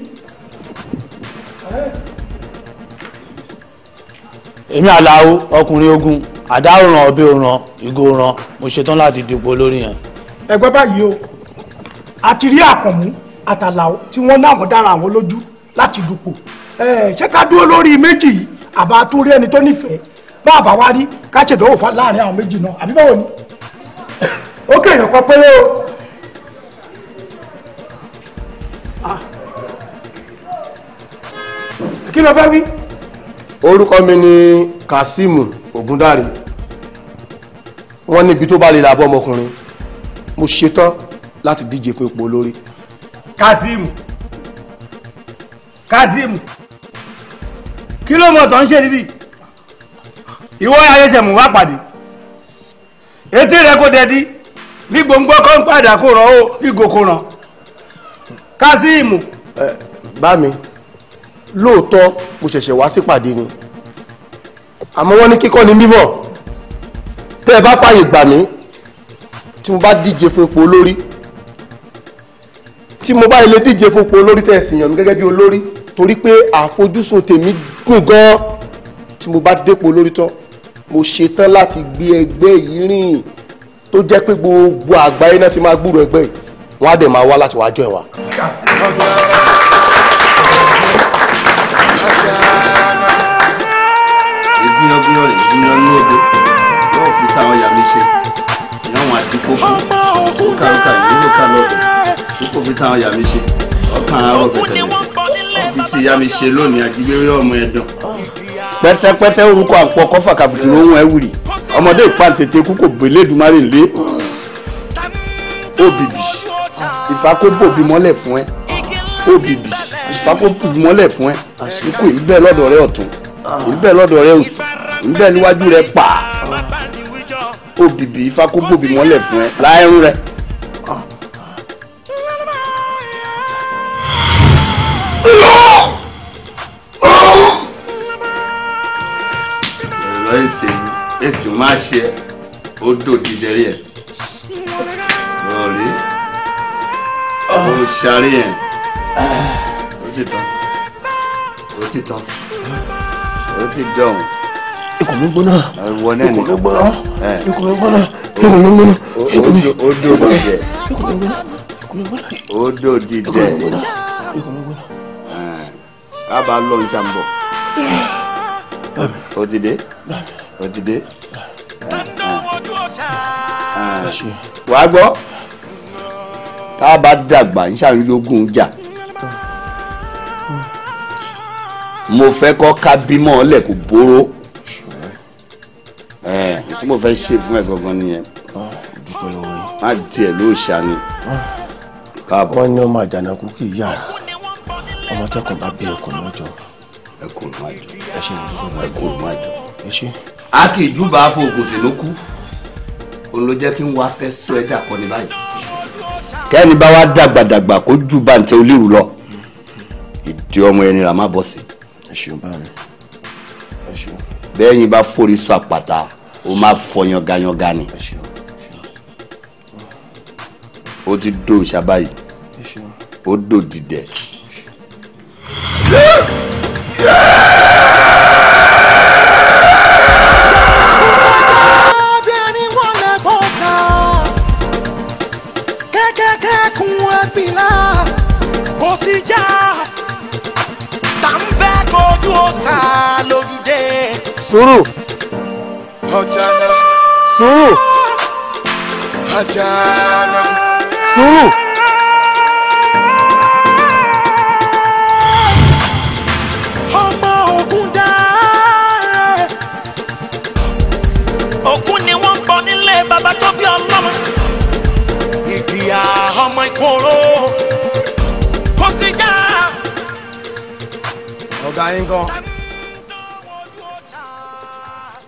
èmi àlàó ọkùnrin ogun àdá òràn ọbẹ̀ òràn ìgò òràn mo ṣetán láti dìpò olórí yẹn. ẹgbẹ́ báyìí o a àti rí àkànmú àtàlàó tí wọ́n náà dára àwọn lójú láti dùpò ṣé ká dúró lórí méjì yìí àbá tún rí ẹni tó nífẹ̀ẹ́ bá a bá wá rí ká ṣèdánwò fa láàrin àwọn méjì náà àbí báwo ni ó kéèyàn kan péré o. Ah. kí ló fẹ́ wí. orúkọ mi ni Kasim Ogundare wọ́n níbi tó bá lè làbọ́ ọmọkùnrin mo ṣetán láti díje fún ipò olórí. Kasim Kasim kí ló mọ̀ tó ń ṣe níbí ìwọ ayéṣẹ́mù wá pàdé etí rẹ kò dẹ̀dí ní gbòǹgbò kan padà kó ràn ó ìgò kó ràn kásíìmù. ẹ bá lóòótọ́ mo ṣẹ̀ṣẹ̀ wá sípàdé ni àmọ́ wọ́n ní kíkọ́ ni mímọ̀ tẹ́ ẹ bá fààyè gbà mí tí mo bá díje fún ipò olórí tí mo bá ilé díje fún ipò olórí tẹ́ ẹ sì yàn mí gẹ́gẹ́ bí olórí torí pé àfojúsùn tèmi gùn gan tí mo bá dépò olórí tán mo ṣetán láti gbé ẹgbẹ́ yìí rìn tó jẹ́ pé gbogbo àgbáyé náà ti máa gbúrò ẹgbẹ́ yìí wọ́n á dẹ̀ máa wá láti wá ẹ̀ wá. ọkàn àárọ̀ bẹ̀tẹ̀ ó ti yà mí ṣe lónìí àdìgbérí ọmọ ẹ̀dán pẹ́tẹ́pẹ́tẹ́ orúkọ àpò kọ́fà kàbùkù ló ń wọ́n ẹ wùrì ọmọdé ìpàtètè kú kò gbélé dùmárì lé òbìbì ìfakóbòbí mọ́lẹ̀ fún ẹ òbìbì ìfakóbòbí mọ́lẹ̀ fún ẹ ikú ìbẹ́ lọ́dọ̀ rẹ ọ̀tún ìbẹ́ lọ́dọ̀ rẹ òsì ìbẹ́ níwájú rẹ pàà òbìbì ìfakóbòbí mọ́lẹ̀ fún ẹ láẹ́rú rẹ. má ṣe ó dòdì dẹ́rí ẹ̀ lọ́ọ̀rí ó ṣarí ẹ̀ ó ti tán ó ti tán ó ti dọ̀hún. ikùn mi gbóná ikùn mi gbóná ikùn mi gbóná ikùn mi gbóná ikùn mi gbóná ó dòdì dẹ̀ ó dòdì dẹ̀ kábàá lọ́ọ̀ ń ṣàǹbọ̀ ó ti dé ó ti dé wàá gbọ́ tá a bá dàgbà ń ṣàrílógún jà mo fẹ́ kọ́ ká bímọ ọlẹ̀ kò bóró tí mo fẹ́ ṣe fún ẹ gangan nìyẹn má díẹ̀ ló ṣàní káàbọ̀. wọ́n ní ọmọ àjànàkú kì í yàrá ọmọ tẹkùn bá bí ẹkùn lọ́jọ́. ẹkùn máa jọ ẹ ṣe ìlú ẹkùn máa jọ. a kì í júbà fún ògùn sínú kú òun ló jẹ́ kí n wá fẹ́ sọ ẹ́ dà kọ́ ní báyìí. kẹ́ni bá wá dàgbàdàgbà kó ju bàǹtẹ̀ olérù lọ ìdí ọmọ ẹni là má bọ̀ sí. bẹ́ẹ̀ yín bá forí sọ àpàtà ó máa fọ yangayanga ni ó ti dó báyìí ó dó dìdẹ̀. sùúrù sùúrù sùúrù. ọmọ ogun dáre ogun ni wọ́n bọ nílé baba tó bí ọlọ́mọ ìdíyà ọmọ ìkóró kò sí ọ̀gá yín gan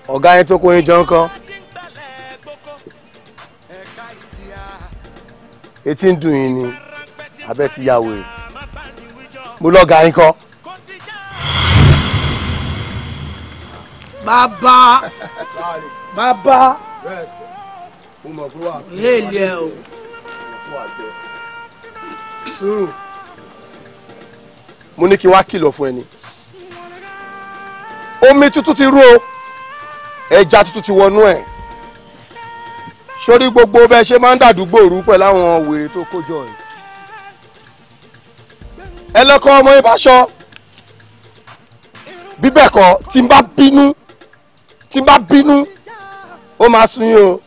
ọ̀gá yẹn tó kó yín jọ etí ń dùn yín ni abẹ́ ti ya wèrè mo lọ́ga yín kọ́. bàbá bàbá léèlì ẹ o. mo ní kí n wá kìlọ̀ fún ẹ ni omi tuntun ti rú o ẹja tuntun ti wọnú ẹ̀ sórí gbogbo bẹ́ẹ̀ ṣe máa ń dàdúgbò rú pẹ̀lú àwọn wèrè tó kójọ ẹ̀ ẹlẹ́kọ́ ọmọ ìbáṣọ bíbẹ̀ kọ́ tí n bá bínú tí n bá bínú ó máa sun yín o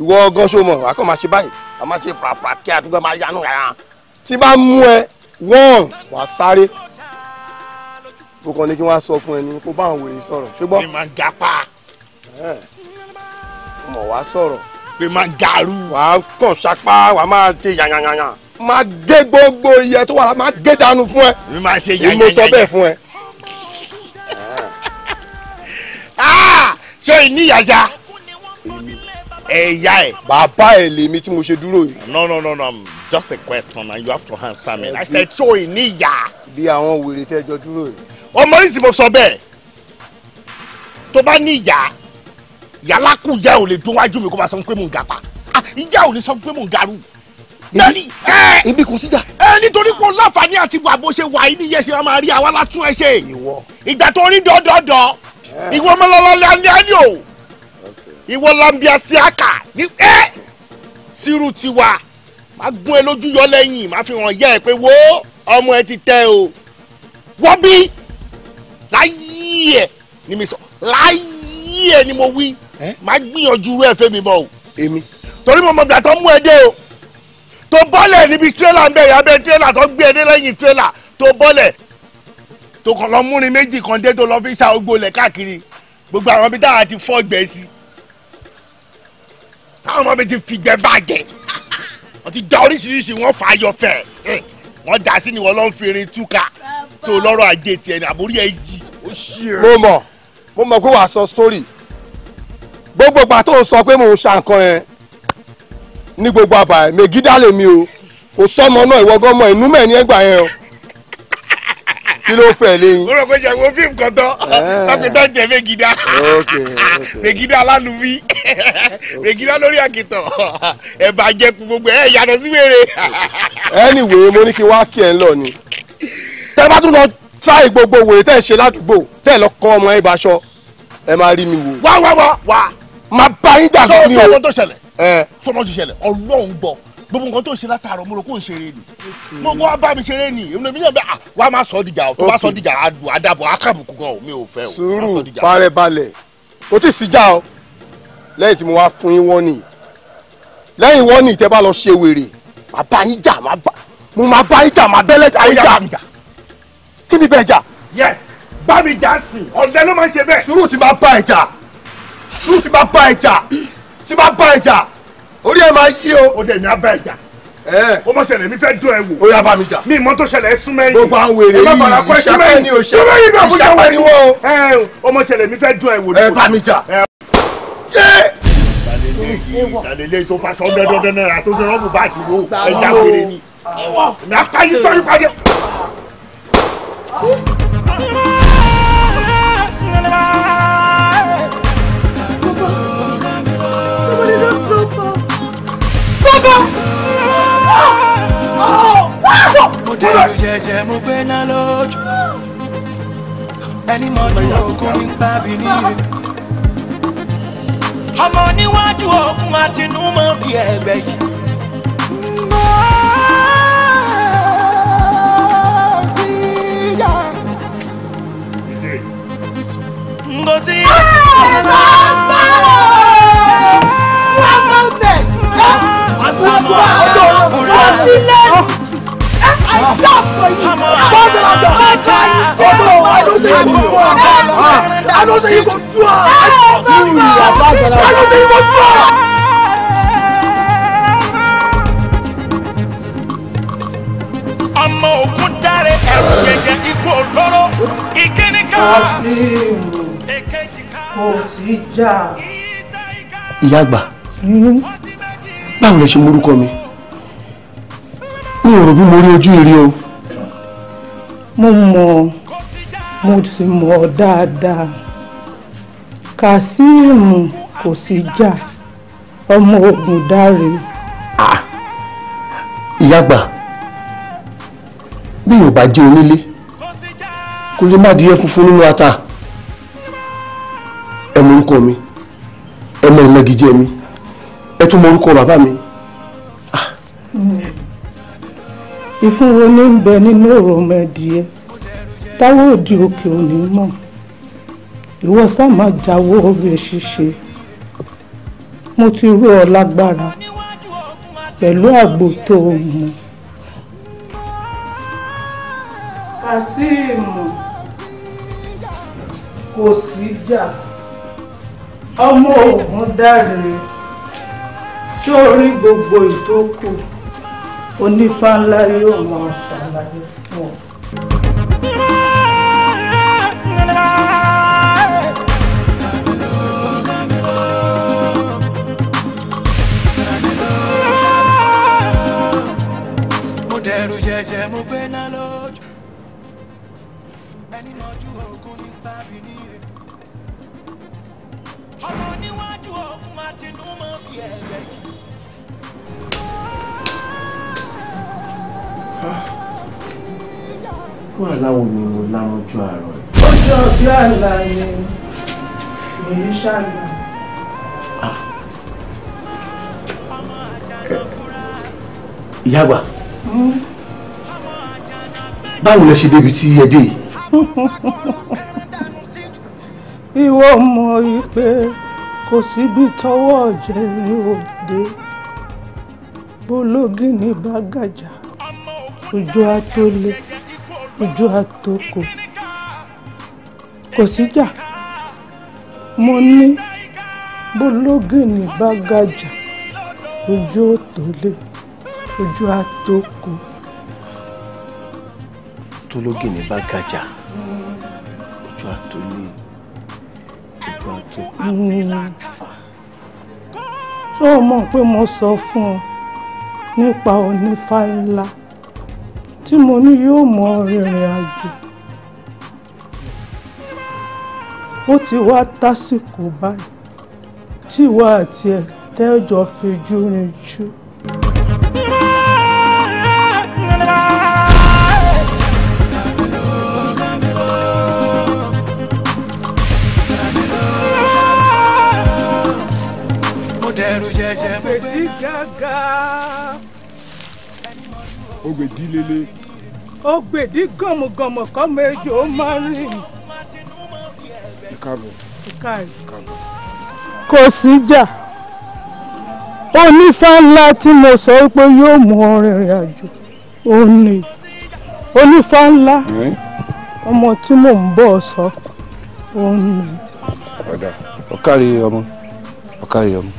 ìwọ gan ṣo mọ̀ wàá kàn máa ṣe báyìí a máa ṣe fàràfàrà kí àdúgbò máa yanu yàrá tí n bá mú ẹ once wàá sáré mo kàn ní kí wọ́n á sọ fún ẹ ní kó bá àwọn wèrè sọ̀rọ̀ ṣùgbọ́n. mi máa ń japa ọmọ wa sọ̀rọ̀. pé máa dàrú. wàá kàn sapá wàá máa ṣe yànyànyànyà máa gé gbogbo iyẹ tó wà lá máa gé dànù fún ẹ. mi máa ṣe yànyànyànyà mo sọ bẹ́ẹ̀ fún ẹ. Ah! Ah! ṣé ìníyàjà ẹ̀yà ẹ̀. bàbá ẹ̀ lèmi tí mo ṣe dúró yìí. no no no no just a question and you have to answer me. I said ṣó ìníyà. bí àwọn wèrè tẹ́jọ dúró yìí. ọmọ yìí sì mo sọ bẹ́ẹ̀ tó bá níyà yàrá kù ìyá ò lè dún wájú mi kó máa sọ pé mò ń gàpá ah, ìyá ò lè sọ pé mò ń garú nani ẹ ibi kò sí jà. ẹ nítorí pé láǹfààní àti wà bó ṣe wà yìí níyẹn ṣe máa rí àwa látún ẹ ṣe. ìwọ. ìgbà tó rí dọ́dọ́dọ́ ìwọ ọmọlọ́lọ́lẹ́ alẹ́ ni o ìwọ lambia siaka ní ẹ sírù tiwa máa gún ẹ lójú yọ lẹ́yìn máa fi hàn yẹ ẹ pé wo ọmọ ẹ ti tẹ o wọ́n bí ni mi sọ láyé ẹ ni mo wí máa gbìyànjú rẹ fẹmi bọ o. èmi. torí mo mọ gbà tó mú ẹ dé o tó bọ́lẹ̀ níbi tírélà ń bẹ̀ yà bẹ́ tírélà tó gbé ẹ dé lẹ́yìn tírélà tó bọ́lẹ̀ tó kàn lọ múrin méjì kan dé tó lọ fi ṣa ogbó lẹ̀ káàkiri gbogbo àwọn ibi táwọn ti fọ́ gbẹ sí táwọn ọmọ mi ti fìgbẹ́ bàjẹ́ wọ́n ti da oríṣiríṣi wọ́n fà á yọ fẹ́ wọ́n dà sí ni wọ́n lọ́n fi irin túkà tó lọ́rọ̀ ajé tiẹ̀ ní àbórí ẹ̀ yìí. mo mọ̀ mo mọ̀ pé wàá sọ story gbogbo ìgbà tó sọ pé mò ń ṣa nǹkan ní gbogbo àbà ẹ̀ mègídà lèmi o kò sọmọ náà ìwọ́gán mọ ìnú mẹ́ẹ̀ ní ẹgbà yẹn o kí ló fẹ́ léyìn. ó rò pé ṣàwọn fíìmù kan tán tápẹ́tà jẹ́ mègídà mègídà alálùbí mègídà lórí àkìtàn ẹ̀bà jẹkù gbogbo ẹ̀ yàtọ̀ sí wèrè. anyway mo ní kí n wá kí ẹ ń lọ ni tẹ́ bá tún lọ try gbogbo wèrè tẹ́ ẹ ṣe ládùúgbò tẹ́ ẹ lọ kọ́ ọmọ ẹ ìbáṣọ ẹ máa rí mi wò. wá wá wá wá máa bá yín jà ní o. sọ ọmọ tó ṣẹlẹ̀ sọmọ tó ṣẹlẹ̀ ọlọ́run gbọ́ gbogbo nǹkan tó ṣe látàárọ̀ mo rò kó n ṣeré ni mo kó wá bá mi ṣeré ni èmi náà bẹ à ah, wàá má sọ dìjà o tó bá sọ dìjà àdùn àdàbọ̀ akábùkù gan o mi ò fẹ́ o. sùúrù balẹ̀balẹ̀ kò tí ì sí já o lẹ́yìn tí mo wá fún yín wọ́nì lẹ́yìn wọ́nì tẹ́ bá lọ ṣe wèrè màá bá yín jà màá bá mo máa bá yín jà màá bẹ́lẹ̀ jà yín jà kí ni bẹ́ẹ̀ jà. yes bá mi jà sí ọ̀dẹ ló máa ń ṣe bẹ́ẹ̀. sùúrù ti máa bá ẹ̀ jà sùn ti bá bá ẹja ti bá bá ẹja orí ẹ máa yí o. ó dẹ̀ ní abá ẹja ó mọ ṣẹlẹ̀ mi fẹ́ dún ẹ wò. ó yà bá mi jà. mi mọ tó ṣẹlẹ̀ ẹ sún mẹ́yìn. gbogbo àwọn wèrè yìí ìṣàpẹ́ ni òṣèlú ìṣàpẹ́ ni wọ́n. ó mọ ṣẹlẹ̀ mi fẹ́ dún ẹ wò. ẹ bá mi jà. ìdàlélẹ́ tó faṣọ dẹ́dọ́dẹ́ náírà tó dẹ́rọ́ bù àti wo ẹja wèrè ni. ní apá yìí tọ́jú padà. Ah! ọdẹ ìlú jẹjẹ mo gbé ná lójú ẹni mọ́jú ogun ní pàbí nílé. ọmọ níwájú ogun àtinúmọ̀ bí ẹgbẹ̀jì. Ngozi. Ngozi my for you. Pass it on to my child. Oh no, I don't say you go do am. I don't say you go do am. I don't say you go do am. ọmọ ogun dáre ẹrù jẹjẹ ikú olóró ìkíní ká èkejì ká kò sí já. ìyá àgbà hmm? báwo lẹ ṣe mórúkọ mi mi ò rò bí mo rí ojú ìrí o. mo mọ̀ mo sì mọ̀ dáadáa Kàsíìmù kò sí jà ọmọ ogun dáre. ìyá àgbà bí yóò bá jẹ́ onílé kò lè má díẹ̀ funfun nínú ata ẹ mọ orúkọ mi ẹ mọ ìnagijẹ mi ẹ tún mọ orúkọ bàbá mi. ìfúnwo ní ń bẹ nínú òròmọ ẹdìyẹ táwọn òdì òkè òní mọ ìwọ sá máa jáwọ́ orí ṣíṣe mo ti rú ọ lágbára pẹ̀lú àgbo tó o mu. kásíìmù kò sí jà ọmọ ògùn dáre sórí gbogbo ìtókù onífá ńlá yóò máa fún ọ. ṣàlà ni òye ṣàlà. Ah. ìyá àgbà hmm? báwo lẹ ṣe débi tí ẹ dé yìí. ìwọ mọ̀ ipe kò síbi tọwọ́ ọ̀jẹ̀ ni ò dé bólógì ní bàgàjà ojú àtòlé ojú àtòkò kò síjà mo ní bólógìnì bá gàjà ojú ò tólé ojú àtòkò. tólógìnì bá gàjà ojú àtòlé ojú àtòkò. Hmm. ṣé o mọ̀ pé mo sọ fún ọ nípa onífá tí mo ní yóò mọ rìnrìn àjò. ó ti wá tásìkò báyìí tí ìwọ àti ẹ tẹ́jọ́ fijú rin jù. dẹrù jẹjẹ mo gbé náà. ògbèdí lele. ògbèdí gànmùgànmù ó máa ń rìn. kò síjà onífá ńlá tí mo sọ pé yóò mú ọ rìnrìn àjò òní onífá ńlá ọmọ tí mò ń bọ̀ sọ òní. ọ̀kárí ọmọ ọ̀kárí ọmọ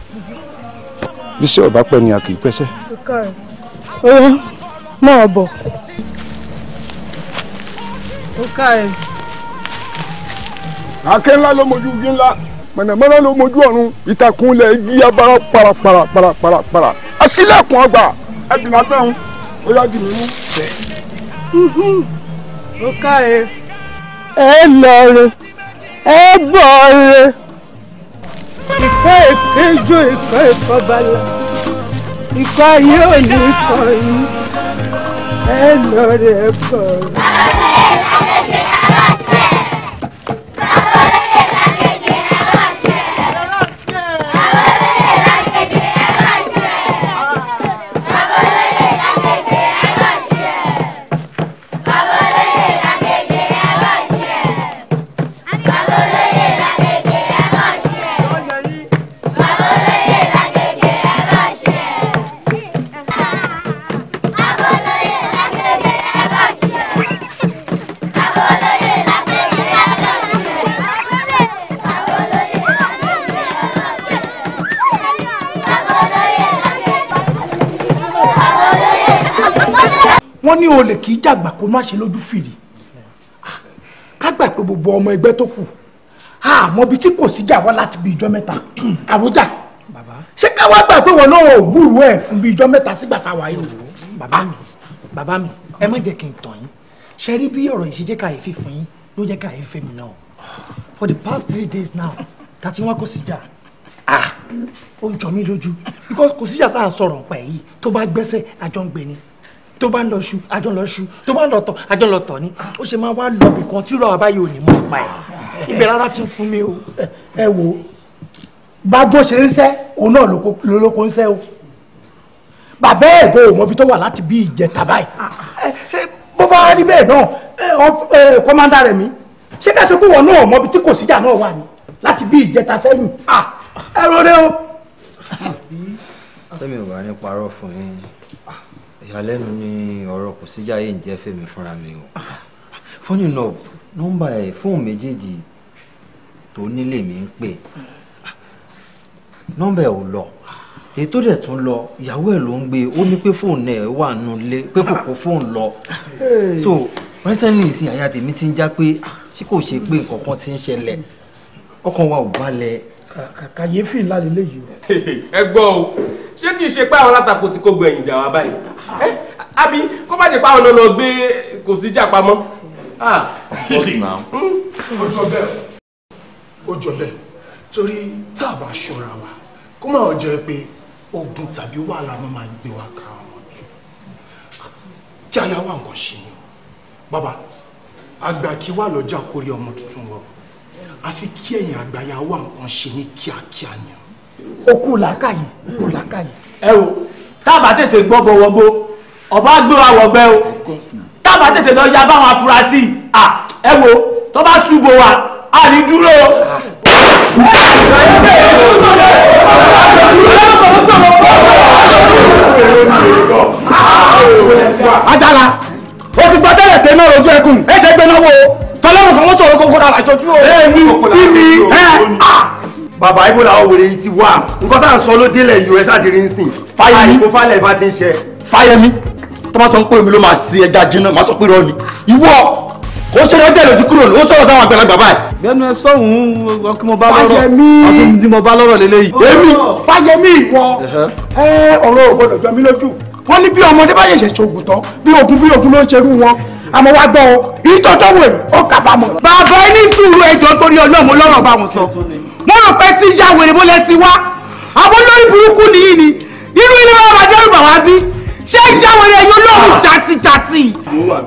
bíṣẹ́ ọ̀bá pẹ́ ni a kì í pẹ́sẹ́. ọ̀yọ́ máa bọ̀. ọ̀kárí. àáké ńlá ló mojú igi ńlá mọ̀nàmọ́ná ló mojú ọ̀run ìtàkùn ilẹ̀ igi abara parapara parapara para asílẹ̀kùn ọgbà ẹ̀dùnà tẹ̀hún ó yá di mímú. ó káyé. E. ẹ lọ re ẹ bọ̀ re ìfẹ́ ìkéjọ ìkọ́ ìkọ́balà ìkọ́ ayé òní ìkọ́ yìí ẹ lọ ẹ bọ̀ wọ́n ní olè kì í jàgbà kó má ṣe lójú fìrí ká gbà pé gbogbo ọmọ ẹgbẹ́ tó kù àmọ́ bíi tí kò síjà wá láti bí ìjọ mẹ́ta àròjà ṣé ká wá gbà pé wọn náà ò gbúrú ẹ̀ fún bí ìjọ mẹ́ta sígbà tá a wáyé o. bàbá mi bàbá mi ẹ má jẹ́ kí n tàn yín ṣe rí bí ọ̀rọ̀ yìí ṣe jẹ́ kàyéfì fún yín ló jẹ́ kàyéfì mi náà for the past three days now tàti wọn kò síjà ó jọ mí lójú because kò síjà tá à ń sọ̀rọ̀ pa èyí tó bá gbẹ́sẹ̀ àjọ ń gbé ni tó bá ń lọ ṣu àjọ lọ ṣu tó bá ń lọ tọ àjọ lọ tọ ni ó ṣe máa wá lọ ibìkan tí ìrọ̀ àbáyé ò ní mú ipa ẹ̀ ibẹ̀ rárá ti fún mi o. ẹ wo bágbó ṣe ń sẹ́ òun náà ló lóko ń sẹ́ o bàbá ẹ̀ kò mọ ibi tó wà láti bí ìjẹta báyìí bó bá rí bẹ́ẹ̀ náà kọ́mándà rẹ̀ mi ṣé ká sọ pé wọn náà mọ ibi tí kò síjà náà wà ní láti bí ìjẹta sẹ́yìn ẹ rọrẹ o. tẹ́mi ò bá ní parọ́ fún yín ìyàlẹ́nu ni ọ̀rọ̀ kò síjà yìí ń jẹ́ fèmí fúnra mi o funny enough nọ́mbà ẹ̀ fóònù méjèèjì tó nílé mi ń pè nọ́mbà ẹ̀ ò lọ èyí dẹ̀ tún lọ ìyàwó ẹ̀ ló ń gbé ó ní pé fóònù ẹ̀ wà nù lé pé kò kó fóònù lọ so recently ìsìn àyà tèmi ti ń já pé ah, ṣé kò ṣe pé nǹkan kan ti ń ṣẹlẹ̀ ọkàn wa ò balẹ̀. kàyéfì ńlá lélẹ́yìí o. ẹ gbọ́ o ṣé kìí ṣe pé àwọn alátakò ti kó gbẹ̀yìn jà wá báyìí abi eh, kó má jẹ́ pé àwọn lọ gbé kò sí jà pamọ́. Ah. Hmm? ó sì máa. ojú ọbẹ̀ ojú ọbẹ̀ torí tá a bá ṣọ́ra wa kó má jẹ́ pé ogun tàbí wàhálà wọn máa gbé wa ká wọn kí aya wa nǹkan ṣe ni bàbá àgbà kí wà lọ́jà kórè ọmọ tuntun wọ àfi kí ẹ̀yin àgbà ya wa nǹkan ṣe ní kíákíá ni. okú làákàyè okú làákàyè. ẹ o tábà tètè gbọ́ bọ̀wọ̀gbó ọ̀bá gbéra wọ̀gbẹ́ o tábà tètè lọ ya báwọn afurasí ẹ wo tó bá ṣubò wa a ní dúró. ajala o ti gbọ́ tẹ́lẹ̀ pé náà rojú ẹkùn ẹ ṣe gbé náà wo tọ́lẹ́mù kan wọ́n sọ̀rọ̀ kókó dára ìtọ́jú o. ẹ ní sí mi ẹ bàbá ibo làwọn yìí ti wà nǹkan tá à ń sọ ló délẹ̀ yìí o ẹ ṣáàtì rí nsìn. fáyemí kó falẹ̀ bá ti ń ṣe. fáyemí tó bá sọ pé èmi ló máa ṣe ẹja jiná máa sọ pé rọ ni ìwọ ó ṣe lọ́jọ́ ìlú ti kúrò ó sọ̀rọ̀ sáwọn àgbàlagbà báyìí. bẹ́ẹ̀ni ẹ sọ̀hún ọkì mo bá lọ́rọ̀ ọdún tí mo bá lọ́rọ̀ lélẹ́yìí. èmi fáyemí ìwọ ọ̀rọ̀ ògbọ́dọ̀ jọ mí lójú wọ́n ní bí ọmọdé bá yẹ̀ṣẹ̀ ṣoògùn tán bí ogun bí ogun ló ń ṣerú wọn àmọ́ wá gbọ́ ìtọ́jọ́ wẹ̀ ó kábàámọ̀. bàbá ẹni sùúrù ẹjọ́ torí ọlọ́mọ lọ́rọ̀ bá wọn sọ pé tí ya wèrè mo lẹ ti wá àwọn olórí burúkú nìyí ni irú ilé wa bàjẹ́ rúbà wá bí ṣé ìjà wèrè yóò lóhùn jàtijàti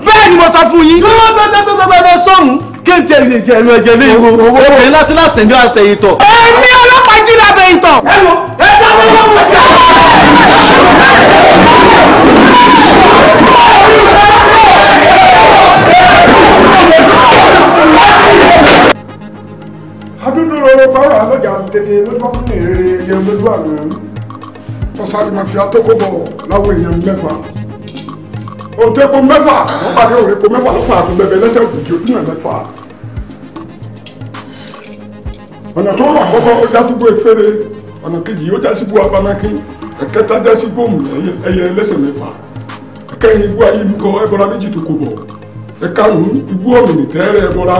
bẹ́ẹ̀ ni mo sọ fún yín. lọ́wọ́ gbẹgbẹgbẹgbẹ sọ́ọ̀mù kéńtì ẹ̀jẹ̀ ẹ̀jẹ̀ ẹ̀rọ ẹ̀jẹ̀ ní ìwò owó ẹ̀ lásìlásì ní àtẹ̀yìntọ̀. èmi ọlọ́pàá jí lábẹ́ ìtọ̀. ẹ wo ẹ jẹ́ àwọn ọmọ ìjà. Thank you adúdúró bára lọ́jà tètè lọ́jọ́ fún èrè lójú àná ọ̀sàlì màfíà tó kó bọ̀ láwọn èèyàn mẹ́fà òtò mẹ́fà wọ́n bá ní òrè mẹ́fà ló fà àkùn bẹ̀bẹ̀ lẹ́sẹ̀ òdìdí ojú ẹ̀ mẹ́fà ọ̀nà tó wà kọ́kọ́ ó já síbú efere ọ̀nà kejì ó já síbú abanakin ẹ̀kẹta já síbú òmù ẹyẹ lẹ́sẹ̀ mẹ́fà ẹ̀kẹyìn ibú ayé ibùkọ ẹbọra méjì tó kó bọ̀ ẹ̀karùn ibú ọ̀mìnì tẹ́rẹ̀ ẹbọra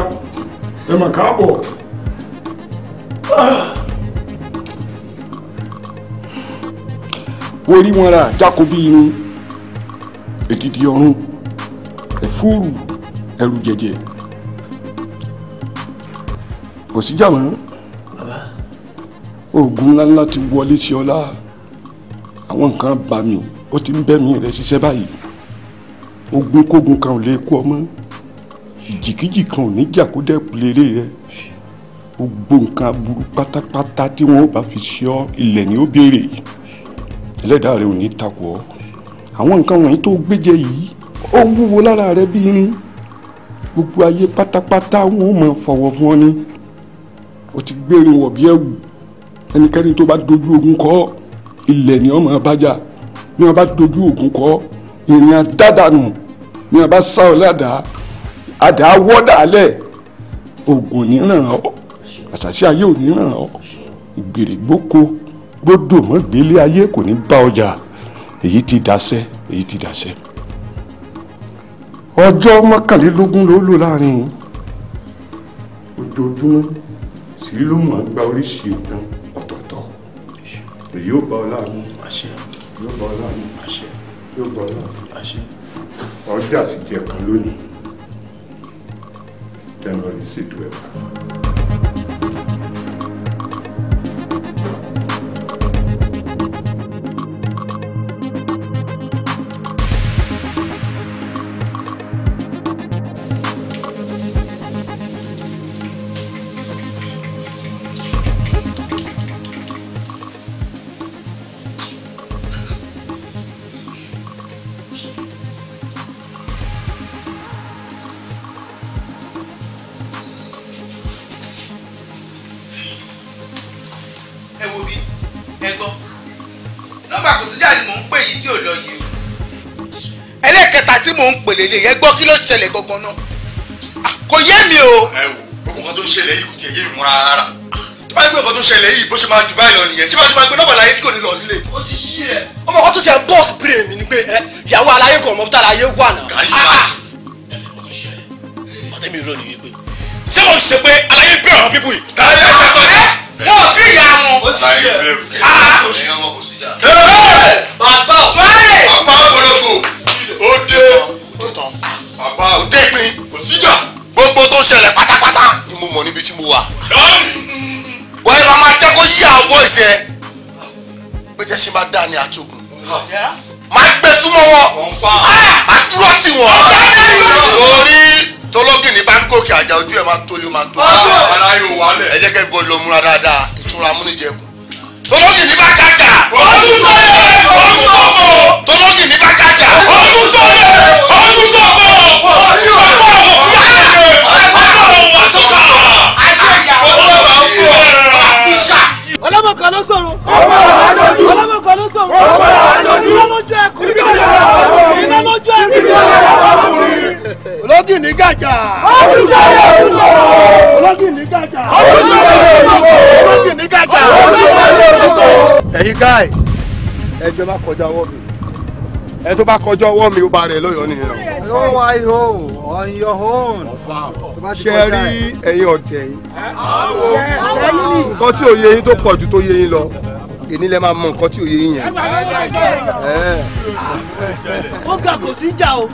ẹ̀mà orí wọn ra jáko bí irun èdìdì ọrùn ẹfúrú ẹrù jẹjẹ kò sí jàmọ́ oògùn ńláńlá ti wọlé sí ọlá àwọn nǹkan bà mí ó ti ń bẹ́ mi rẹ ṣiṣẹ́ báyìí ogun kógun kan ò lè kú ọmọ jìkìjì kan ò ní jà kó dẹ́kulé rẹ gbogbo nǹkan aburú pátápátá tí wọn ò bá fi ṣe ọ ilẹ̀ ni ó béèrè ẹlẹ́dàá rẹ ò ní takò ọ́ àwọn nǹkan wọ̀nyí tó gbéjẹ yìí ó wúwo lára rẹ bí irin gbogbo ayé pátápátá wọn ò máa fọwọ́ fún ọ ni o ti gbére wọ̀ bí ẹ̀wù ẹnikẹ́ni tó bá dojú ogun kọ ilẹ̀ ni ọmọ abájà ni wọn bá dojú ogun kọ ìrìn àdádànù ni wọn bá sá ọ ládàá àdá wọ́dà lẹ̀ ogun níràn ọ́ àṣàṣì ayé ò ní ràn ọ́ gbèrè gboko gbódò mọ́ délé ayé kò ní bá ọjà èyí ti dáṣẹ́ èyí ti dáṣẹ́. ọjọ́ mọ́kànlélógún ló lò láàrin ojoojúmọ́ sí ló mọ̀ gba oríṣi ìtàn ọ̀tọ̀ọ̀tọ̀ èyí ó bá ọ láàánú àṣẹ yóò bá ọ láàánú àṣẹ yóò bá ọ láàánú àṣẹ ọjà sì jẹ kan lónìí tẹ́lọ̀ ní ṣètò ẹ̀fà. lélẹ̀ yẹn gbọ́ kí ló ṣẹlẹ̀ gangan náà kò yé mi o. ẹ wo gbogbo nǹkan tó ń ṣẹlẹ̀ yìí kò tiẹ̀ yé mi mọ́ rárá tó bá ń gbé nǹkan tó ń ṣẹlẹ̀ yìí bó ṣe máa jù báyìí lọ nìyẹn tí bá ṣe máa gbé nọ́ọ̀bà láyé tí kò ní lọ nílé. ó ti yí ẹ. ọmọ kan tó ṣe bọ́ọ̀sì brain mi ni pé ẹ ìyàwó aláyé kan ọmọbìtá aláyé wà náà. kàyí ò bí ìyá bàbá ò. fáyé. bàbá àwa ò dégbin kò síjà gbogbo tó ṣẹlẹ̀ pátápátá ni mo mọ̀ níbi tí mo wà. wọ́n yẹ máa jẹ́ kó yí àwọ̀ ìṣẹ́ pé jẹ́ ṣe máa dá ní àtògùn máa gbé súnmọ́ wọn ah, máa dúró tì wọ́n lórí tọ́lọ́gì ní bá ń gòkè àjà ojú ẹ̀ máa tó lé máa tó. ẹ jẹ́ kẹ́ bí bọ́ọ̀lù lọ múra dáadáa ìtura múnijẹ́kù tolóyìn ní bá jájà. ọdún tó yẹ ọdún tó kọ. tolóyìn ní bá jájà. ọdún tó yẹ ọdún tó kọ. ọdún tó kọ. ọlọ́mọ kan ló sọ̀rọ̀. ọmọ àwọn àjọjú. ọlọ́mọ kan ló sọ̀rọ̀. ọmọ àwọn àjọjú. iná lójú ẹkùn. iná lójú ẹkùn. iná lójú ẹkùn ológìní gàjà. olùjọ yóò lò. ológìní gàjà. olùjọ yóò lò. ológìní gàjà. olùjọ yóò lò. ẹ̀yin káì ẹjọ́ bá kọjá ọwọ́ mi ẹ tó bá kọjá ọwọ́ mi ó bá rẹ̀ lọ́yọ̀ọ́ nìyẹn. yóò wá ihò on your own. ṣe rí ẹ̀yin ọ̀tẹ̀ yìí. nǹkan tí ò yé yín tó pọ̀ ju tó yé yín lọ èní lẹ máa mọ nǹkan tí ò yé yín yẹn. ó ga kò sí jà o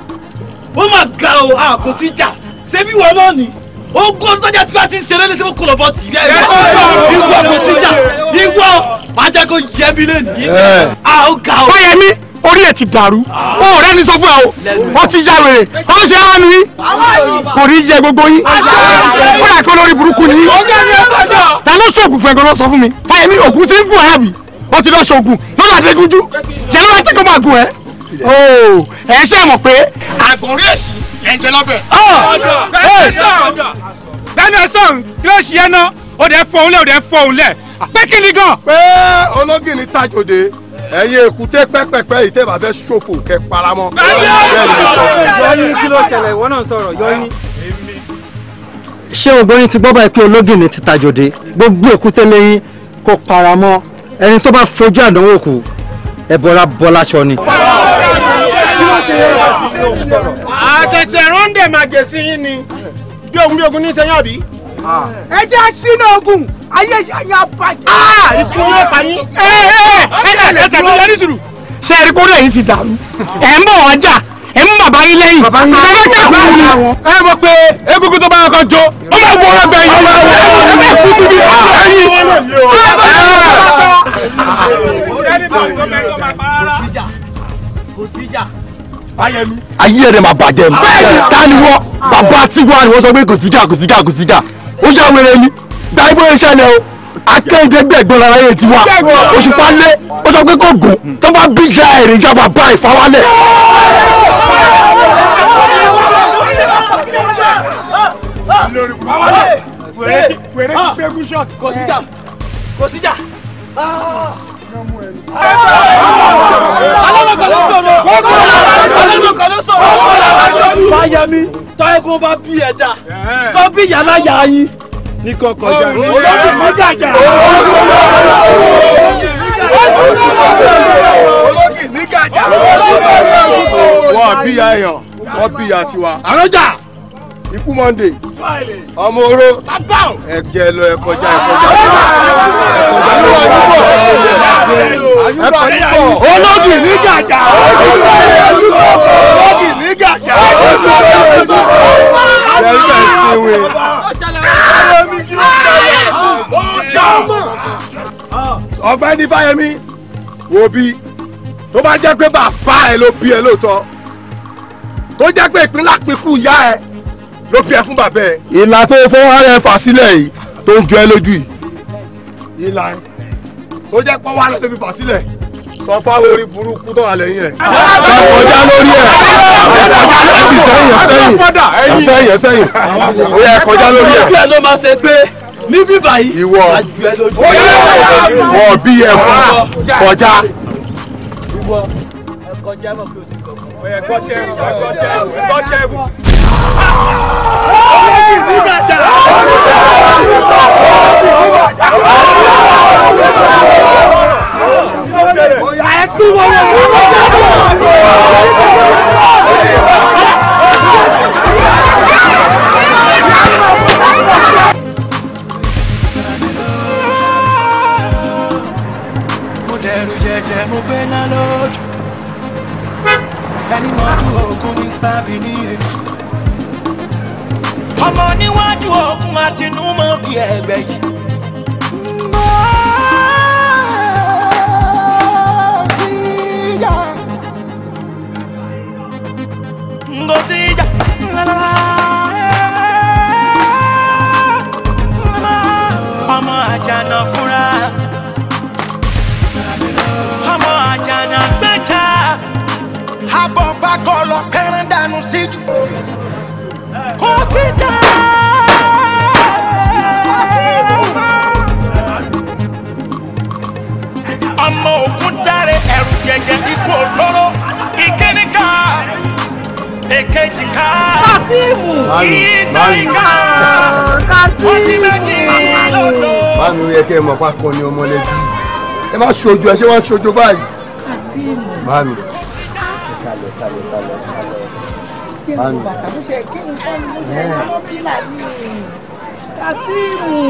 ó mà ga o a kò sí jà ṣé bí wọn náà ni ogún ọdún sọjà tí wọn ti ń ṣe lẹ́lẹ́sẹ̀ kó lọ́bọ̀ tì í ìwọ kò sí jà ìwọ màá jẹ́ kó yẹ mi lẹ́nu a ó ga o. ó yẹ orí ẹ ti dàrú ó rẹ ní sọ fún ẹ o ó ti ya wèrè ó ṣe àánú yín kò ní yẹ gbogbo yín ó yà kó lórí burúkú yín ta ló ṣoògùn fún ẹ gbọdọ sọ fún mi fàyẹmí ògùn ti ń bù ẹ àbí ó ti lọ ṣoògùn lọ́dọ̀ àdégúnjú yẹn o oh, ẹ ṣe mọ̀ pé àgbọ̀nrín èsì ẹ̀ ń jẹ lọ́bẹ̀. bẹ́ẹ̀ni ẹ̀sán gírèsì yẹn náà ó dẹ̀ fọ́ òun lẹ̀ ó dẹ̀ fọ́ òun lẹ̀ pé kí ni gan. pé ológì ni tajòde ẹ̀yin èkúté pẹ́pẹ́pẹ́ yìí tẹ́ bá fẹ́ ṣòfò kẹ́ paramọ́. yọyín kí ló ṣẹlẹ̀ ìwọ náà sọ̀rọ̀ yọyín. ṣé obìnrin ti gbọ́ báyìí pé ológì ni ti tajòde gbogbo èkúté lẹ́yìn kó paramọ́ ẹni tó bá fojú àdánwò kù ẹ̀bọ̀ra bọ́lá aṣọ ni àtẹ̀tẹ̀ rọ́ndẹ̀ màgẹ̀sí yín ni bí ogun bí ogun ní sẹ́yìn àbí. ẹ jẹ́ sínú ogun ayé yẹn abajẹ́. ikú yóò pa yín. ẹ ẹ ẹ ẹ ẹ tàbí ẹ ní sùúrù. ṣé ẹ rí kóró ẹ̀yìn ti dàrú ẹ̀ ń bọ̀ wọ́n jà ẹ mú bàbá yín lẹ́yìn bàbá yín lẹ́yìn ẹ mọ̀ pé egungun tó bá yàn kan jó ó máa wọ ọgbẹ yìí ọmọ ẹwọ ẹ kú síbi ẹ̀yìn. kò síjà kò síjà ayé rẹ̀ máa bàjẹ́ mi. ta ni wọ́ bàbá tiwa ni wọ́n sọ pé kò síjà kò síjà kò síjà ó ṣe àwọn èèyàn ni gba ibo iṣẹ́ ni o akéde gbẹ̀gbọ́n lára yẹn tiwa òṣùpá lé ó sọ pé kò gùn tó bá bí ìjà ẹ̀rìn ìjọba bá ìfawálẹ̀. wèrè ti gbẹ́gùn shot kò síjà kò síjà kan ló sọ̀rọ̀ olódò kan ló sọ̀rọ̀ fáyemí tọ́ẹ̀kún bá bí ẹ̀dá tó bí yàrá yàrá yín ní kan kọjá olódò kan jàjà. wọ́n bí ya èèyàn wọ́n bí ya tiwa. àrọ́jà ikú monday ọmọ oró ẹgẹ lọ ẹ kọjá ẹ kọjá ẹ kọjá ẹ kọjá ológì ní gàjà ológì ní gàjà ẹ bẹ sinwe. ọ̀gbẹ́ni fáyemí wo bí tó bá jẹ́ pé bàbá ẹ ló bí ẹ lóòótọ́ tó jẹ́ pé ìpínlẹ̀ àpínkù yá ẹ ló bí ẹ fún bàbá ẹ. ìlà tó fún rfa sílẹ̀ yìí tó ń jọ ẹ lójú yìí. ìlà tó jẹ́ pọ́ wà lọ́sẹ̀ fi fà sílẹ̀ sọ fáwọn orí burúkú tó wà lẹ́yìn ẹ̀. ṣé kọjá lórí ẹ̀ ẹ̀sẹ̀yìn ẹ̀sẹ̀yìn ẹ̀sẹ̀yìn ó yẹ kọjá lórí ẹ̀. ṣé ló máa ṣe pé níbí báyìí ìwọ wọ bí ẹ kọjá. ìwọ ẹ kọjá mọ̀ pé o sì kọ̀ọ̀kan ẹ̀kọ́ṣẹ́ ẹ̀kọ́ṣẹ́ ẹ̀kọ́ṣẹ́ ẹ̀kú. mo dẹrù jẹjẹ mo gbé náà tanimọ̀jú ogun nípa bìnírè. ọmọ níwájú ogun àtinúmọ̀ bí ẹgbẹ́ yìí. Ngozi ja la la la. agọlọ kẹrin dànù síjú kò síjà. ọmọ òkun dáre ẹrù jẹjẹ ikú olóró ìkíní ká èkejì ká ìtẹ̀yìn ká ọdún méjì lọ́dọ̀. báwo yẹ kí ẹ mọ̀ pákó ni ọmọ lẹ́jú ẹ má ṣojú ẹ ṣé wọ́n ṣojú báyìí. kásìmù. báwo kalẹ̀ kalẹ̀ kalẹ̀. kí n kú bàtà bó ṣe kí n kọ́ ló ṣe àwọn fílà ní kásíìmù.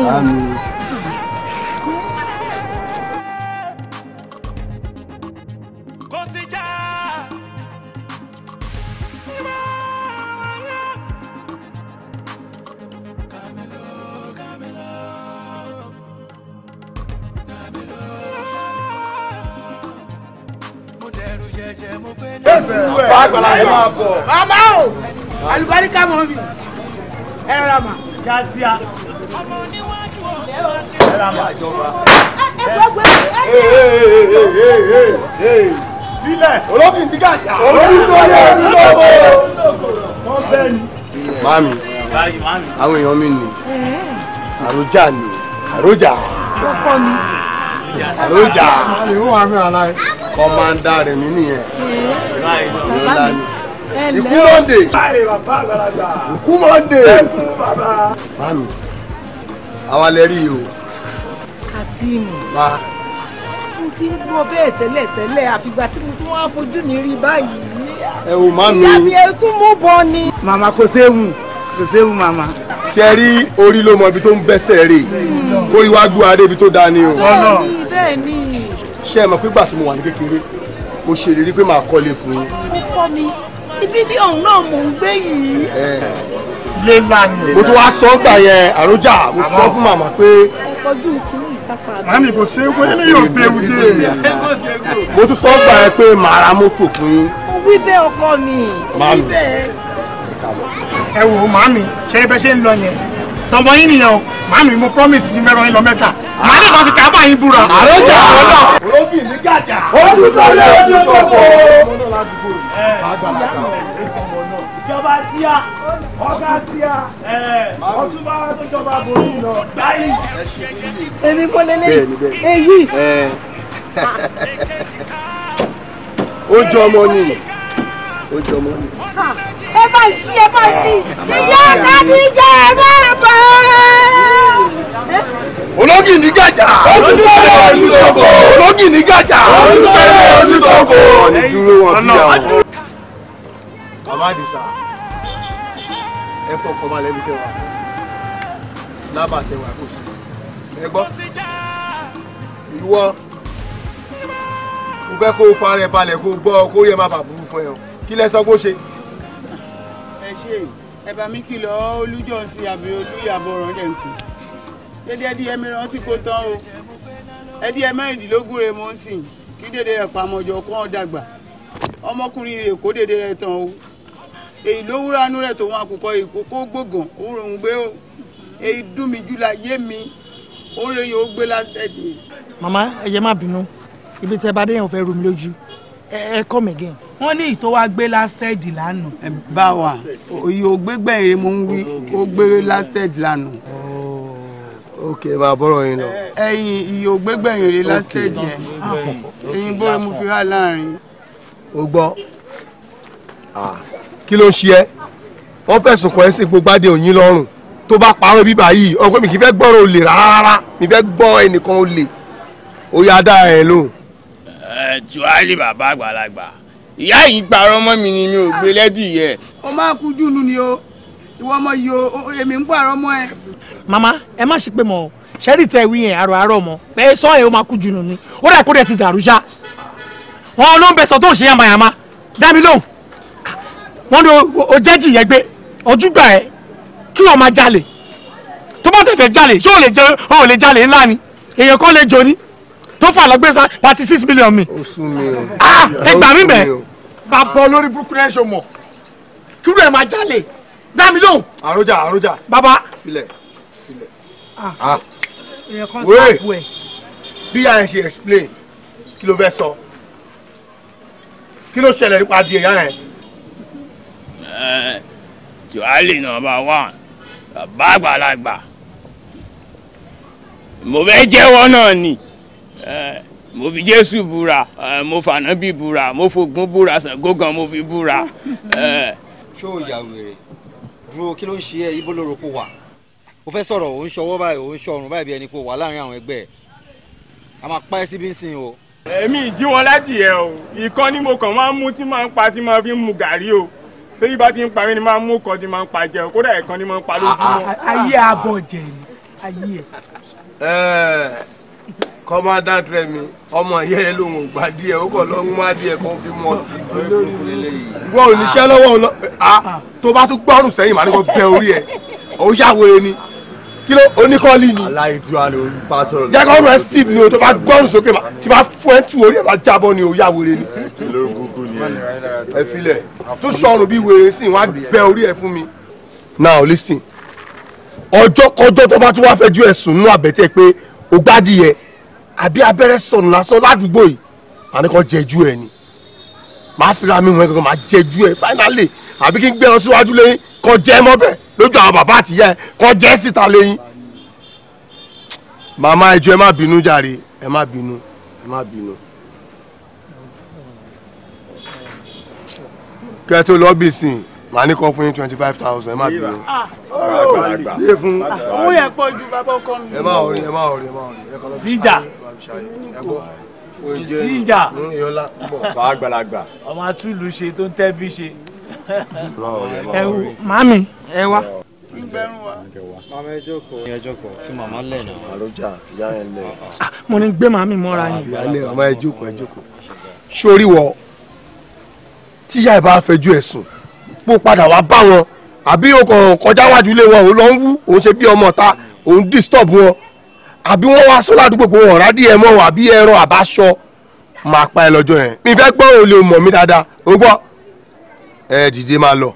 bẹ́ẹ̀sì wú ẹ̀ àgbàlá yẹn máa bọ̀. màmá o àlùbáríkà mọ̀ mi ẹ rà mà. kíátíá. ọmọ oníwájú ọ̀rẹ́ wa ti. ẹ rà mà jọba. ẹ gbọ́gbẹ́ ẹ jẹ́ ìbílẹ̀. olókùn ti gàjà. olókùn tó yẹ ẹni lọ́wọ́. wọ́n bẹ́ ni. mami àwọn èèyàn mi ni mm-hmm. àròjà ni àròjà. ọkọ mi àlójà kọ́mándà rẹ̀ mí nìyẹn ikú mọ́ndé ikú mọ́ndé bámi àwa lè rí i o. Kazeem mo ti ń bọ bẹ́ẹ̀ tẹ́lẹ̀ tẹ́lẹ̀ àfìgbà tí mo tún wá fojú mi rí báyìí. ẹ ò má mi. ìyá mi ẹ mú bọ ni. màmá kò séwu kò séwu màmá. ṣe rí orí ló mọ ibi tó ń bẹ́sẹ̀ rè hmm. kórìí wá gbúra dé tó dáa o bẹ́ẹ̀ ni. ṣé ẹ mọ̀ pé gbà tí mo wà ní kékeré mo ṣèlérí pé màá kọ́lé fún yín. ó kọ́ mi ibi ní ọ̀hún náà mò ń gbé yìí. ilé ńlá mo tún wá sọ gbà yẹn àròjà mo sọ fún màmá pé. ọjọ́ ìkíní ìsapá. màmí kò ṣe é kó ilé yóò gbé ewu dé. mo tún sọ gbà yẹn pé màá ra mọ́tò fún yín. mo wí bẹ́ẹ̀ ọkọ mi. màmí ẹ wò ó màmí ṣe é bẹ́ ṣe ń lọ yẹn tọmọ yín nìyẹn o màmí mo promise yín mẹ́rọ yín lọ mẹ́ta màá ní kan fi kábà yín búra. àròjà ọlọ. olókì ní gàjà. ojú sọlẹ ojú gbogbo. ìjọba tí a ọ̀gá tí a ọ̀túnba tó jọba borí lọ gbáyì. èmi kò lè lè èyí. ó jọ ọmọ ni ó jọ ọmọ ni. ẹ bá ń ṣí ẹ bá ń ṣí ìyá kábíjà ẹ bá ń bọ̀ ẹ́ ológì ní gàjà. ojúfẹ́lẹ́ ojútọ́kọ. ológì ní gàjà. ojúfẹ́lẹ́ ojútọ́kọ. ọ̀nì dúró wọn fi àwọn. bàbá àdìsá ẹ fọkàn balẹ̀ ní tẹwà lábà tẹwà kò sí ẹ gbọ́ ìwọ mo fẹ́ kó o fara ẹ balẹ̀ kó o gbọ́ kó o yẹ má bàa burú fún ẹ o kí lẹ sọ kó o ṣe. ẹ ṣe ẹ bá mi kìlọ̀ olújọ́sìn àbí olúyàbọ̀ ọ̀rọ̀ rẹ̀ ń kú dédé ẹdí ẹmí rẹ wọn ti kó tán o ẹdí ẹ mẹ́rìndínlógún rẹ mọ sí kí dédé rẹ pàmọjọ kó wọn dàgbà ọmọkùnrin rẹ kó dédé rẹ tán o èyí ló wúranú rẹ tòun àkùkọ ìkókó gbògàn òun ròún gbé o èyí dùn mí jùlọ ayé mi òun rẹ yóò gbé last màmá ẹ má bínú ibi tí bá dé yẹn ò fẹ́ rú mi lójú ẹ kọ́ mi gẹ̀. wọ́n ní ìtò wa gbé lasted lánàá. ẹ bá wa òye ògbégbẹ̀rẹ̀ mo ń wí ó gbé lasted lánàá ok máa bọ́rọ̀ yín lọ. ẹyin iye ògbégbẹ̀yìn rè lásìtẹ̀dì ẹ̀ ẹyin bọ́rọ̀ mo fi há láàrin. o gbọ́ kí ló ṣe ẹ́ wọ́n fẹ̀sùn kàn ẹ́ sí gbogbo adé òyìn lọ́rùn tó bá parọ́ bíbá yìí ọgbẹ́ mi kì í fẹ́ gbọ́rọ̀ olè rárá mi fẹ́ gbọ́ ẹnìkan olè ó yá dá ẹ lóhùn. ẹ tuwali bàbá àgbàlagbà ìyá yìí parọ́ mọ́ mi ni mi ò gbé lẹ́dìí yẹ. ọmọ akujú nu ni o ìwọ ọmọ yìí o èmi ń bọ àrọ ọmọ ẹ. màmá ẹ má ṣe pé mọ ṣẹ́rí tẹ wí yẹn àrò àrò ọmọ pé sọ ẹ ó máa kú jùlọ ni ó dà kó dẹ ti dàrú ṣá wọn ló ń bẹ sọ tó ń ṣe yàmàyàmà dá lóhùn wọn ni o jẹ́jì yẹn gbé ojúgbà ẹ kí wọn máa jalè tó bá tẹ̀fẹ̀ jalè ṣé ò lè jalè ńlá ni èèyàn kan lè jò ní tó fà lọ́gbẹ́sà thirty six million mi. Ah, sún mi o. Ah, ẹ gbà mí bẹ́ẹ̀. bàbá olórí burúkú rẹ̀ ṣe mọ̀ kí ló máa jalè dá mi lóhùn. àròjà àròjà. bàbá. sílẹ̀ sílẹ̀. ah, ah. èèyàn kan sáàpù ẹ̀. bí àyẹ̀ ṣe explain kí ló fẹ́ sọ kí ló ṣẹlẹ̀ nípa adìẹ ìyá yẹn. tùwálì nọ́mbà one bàbá àgbàlagbà mo fẹ́ jẹ́wọ́ náà ni eh, mo fi jésù búra eh, mo fànábì búra mo fògún búra Ṣàngó mo fi búra. ṣó o yà wèrè dúró kí ló ń ṣe ẹ ibo ló rò pò wà o fẹ́ sọ̀rọ̀ ò ń ṣọwọ́ báyìí ò ń ṣọrùn báyìí bí ẹni pò wà láàrin àwọn ẹgbẹ́ ẹ̀ a máa pa ẹ́ síbí ń sìn o. èmi ìjí wọn láti yẹ o ìkan ni mo kàn máa ń mú tí máa ń pa tí máa fi ń mu gàrí o bí bá ti ń pa mí ni máa ń mú kan tí máa ń pa jẹ o kódà ìkan ni máa ń pa lójúmọ́. ayé abọ́jẹ ni ayé ẹ kọ́mádàtì rẹ̀ mi ọmọ yẹ́ ẹ lòun ò gbà díẹ̀ ó kọ̀ lọ ń wá díẹ̀ kan fi mọ́ sí i. wọ́n ò níṣẹ́ lọ́wọ́ lọ a tó bá tún gbọ́rùn sẹ́yìn màá ní kó bẹ orí ẹ̀ ó yàwòrán e ni kí ló oníkọ́lì ni. aláì tí wàá ló ń bá sọ̀rọ̀ lọ. jẹ́ kọ́rùn ẹ̀ steve ni o tó bá gbọ́rùn sókè ma tí bá fún ẹ tù orí ẹ̀ bá jábọ́ ni o yàwòrán e ni. ẹ filẹ̀ tó sọ̀rùn bí wèrè sí wọn bẹ orí ẹ̀ fún mi. now listen ọjọ́ kọjọ́ tó bá tún wá fẹ́ ju ẹ̀sùn nú àbẹ̀tẹ̀ pé o gbádìí yẹ àbí abẹ́rẹ́ sọnù lásán ládùúgbò yìí màá ní kàn jẹjú ẹ ni màá fira mi wọn kankan màá jẹjú ẹ finally àbí kí n gbé ọ síwájú lẹ́yìn kàn jẹ mọ́bẹ̀ lójú àwọn bàbá àtìyá ẹ kàn jẹ síta lẹ́yìn. màmá ẹjọ ẹ má bínú jàre ẹ má bínú ẹ má bínú. kẹ́tọ́ lọ́bìsìn màá ní kọ́ fún yín twenty five thousand ẹ má bínú. owó yẹn pọ̀ ju bàbá ọkọ mi. ẹ má ọ̀rẹ́ ẹ má ọ̀rẹ́ ẹ má ọ̀rẹ́. síjà kò sí ìjà bá àgbàlagbà ọmọ atúlù ṣe tó ń tẹ́bí ṣe. màmí ẹ wá. Mama ẹ jókòó. Ẹ jókòó fi màmá lẹ̀ náà. Àlọ́jà ìyá ẹ lẹ̀. Ah, ah. Ah, mo ní gbé mami mọ́ra yín. Ìyáálé mama ẹ jókòó ẹ jókòó. Sórí wọ tíyá ẹ bá fẹjú ẹ sùn pó padà wá bá wọn àbí o kàn kọjá wájú lé wọn òun lọ ń wú òun ṣe bí ọmọ ta òun disturb wọn àbí wọ́n wá sọ ládùúgbò pé wọ́n rádìí ẹ mọ́ àbí ẹran àbáṣọ máa pa ẹ lọ́jọ́ yẹn mi fẹ́ gbọ́ ò lè mọ̀ dáadáa o gbọ́ ẹ dìde máa lọ.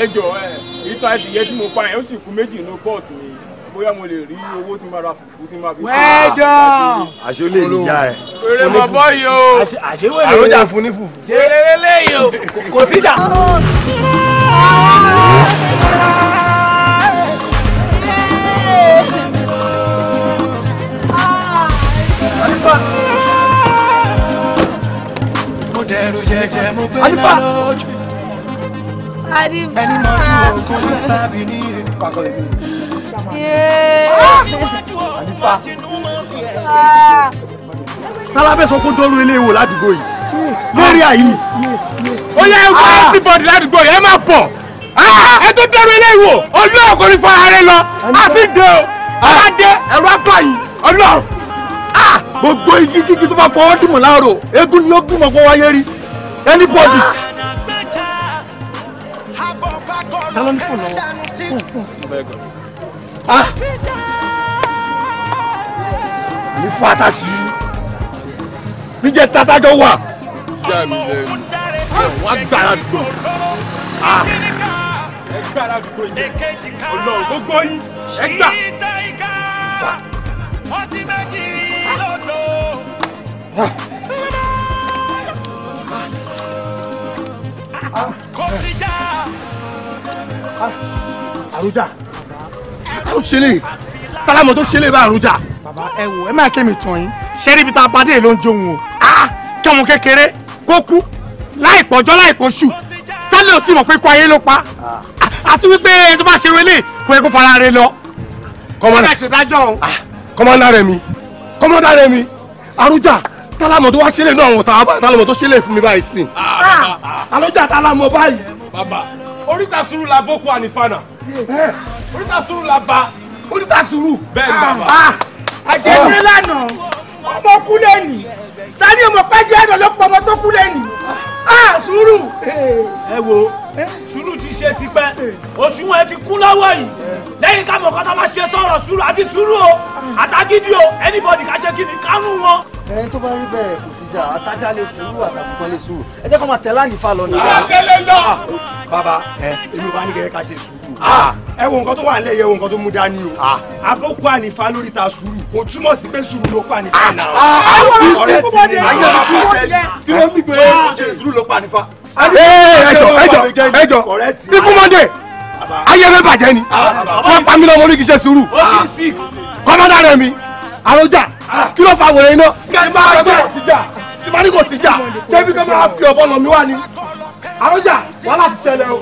ẹ jọ ẹ ìtọ́ ẹ̀fìyẹ́ tí mo pa ẹ̀ ó sì kú méjì nínú bọ́ọ̀tù mi bóyá mo lè rí owó tí máa ra fùfú tí máa fi. wẹ́ẹ̀dọ̀. àṣé lè ní ìyá ẹ. eré mọ bọ́ọ̀yì o. àṣé wèrè lè. àròjà fún ní fùfú. ṣe eré o kò síjà. mo dẹrù ẹni mọ́jú ogun ló bá mi ní àlífà tálábẹ́ sọ fún dọ́rùn ilé ìwò ládùúgbò yìí lórí àyè. ó yẹ ẹgbẹ́ everybody ládùúgbò yìí ẹ máa pọ̀ ah, ẹ tó dọ́rùn ilé ìwò olóòrùn kò ní fa ààrẹ lọ àfi dé o aládé ẹ̀rọ apá yìí olóòrùn. Ah, gbogbo igi kíkí tó bá fọwọ́ dìmọ̀ láàárọ̀ Egun ni ó gbìmọ̀ fún wáyé rí anybody. tálọ́ ní fòlù lọ́wọ́ fún fún ní fata sí i níjẹ tatajọ wà. ìyá mi lẹ́nu wọ́n á gbára dùn ẹ gbára dùn yìí ọlọ́run gbogbo yìí ẹ gbà. àrùjà tó ṣe lè tálámọ̀ tó ṣe lè bá àrùn jà. bàbá ẹ wò ẹ má ké mi tàn yín ṣé tá a bá dé ló ń jóun o. kí ọmọ kékeré kó kú láìpọ̀ ọjọ́ láìpọ̀ ṣù tálẹ̀ ò tí mọ̀ pé kó ayé ló pa àti wípé tó bá ṣe wẹlé kó ẹ kó fara rẹ lọ. kọ́mọ́dà rẹ mi kọ́mọ́dà rẹ mi àrùjà tálámọ̀ tó wá sílẹ̀ náà wọ̀n tálámọ̀ tó sílẹ̀ fún mi báyìí sìn. Ah, ah. àlọ́jà tálámọ̀ báyìí. bàbá oríta sùúrù la boko ànífànà. Eh, oríta sùúrù la bá oríta sùúrù. bẹ́ẹ̀ ni bàbá. Ah, ah. àjẹjẹ lánàá ọmọ kú lẹ́nì sani ọmọ pẹ́jì ẹ̀dọ̀ ló pọ̀ ọmọ tó kú lẹ́nì ah, sùúrù. ẹ wo sùúrù ti ṣe tipẹ́ òṣùwọ̀n ẹ ti kú lọ́wọ́ yìí lẹ́yìn ká mọ̀ kọ́tà máa ṣe sọ̀rọ̀ sùúrù àti sùúrù o àtàgídí o anybody ká ṣe kí ni kánú wọn ẹni tó bá rí bẹ́ẹ̀ kò sí jà àtajà lè sùúrù àtàkùntàn lè sùúrù ẹ jẹ́ kó máa tẹ̀ láàánú ìfà lọ nìyẹn. àtẹlẹ lọ. bàbá ẹ èmi ò bá ní kẹ́kẹ́ ká ṣe sùúrù. Ah. ẹ wo nǹkan tó wà nílẹ̀ yẹ wo nǹkan tó mú dání o. àbókù ah. ànífà lórí ta sùúrù kò túmọ̀ sí pé sùúrù ló pa ànífà náà. àwọn ọ̀rẹ́ ti ní ayé wa fún ọ̀sẹ̀ kí ló mí gbé ah. sùúrù ló pa ànífà. ẹjọ ẹjọ ẹjọ ikú mọ́ndé ayé fẹ́ bàjẹ́ ni wọ́n pa mí lọ́mọ oníkìṣẹ́ sùúrù kọ́mọ́dà rẹ̀ mi àròjà kí ló fa wèrè iná. kí máa jẹ́ kí máa ní kò sí jà ṣé bí kí máa fi ọ̀bọ lọ mi wá ni. àròjà wàhálà ti ṣẹlẹ̀ o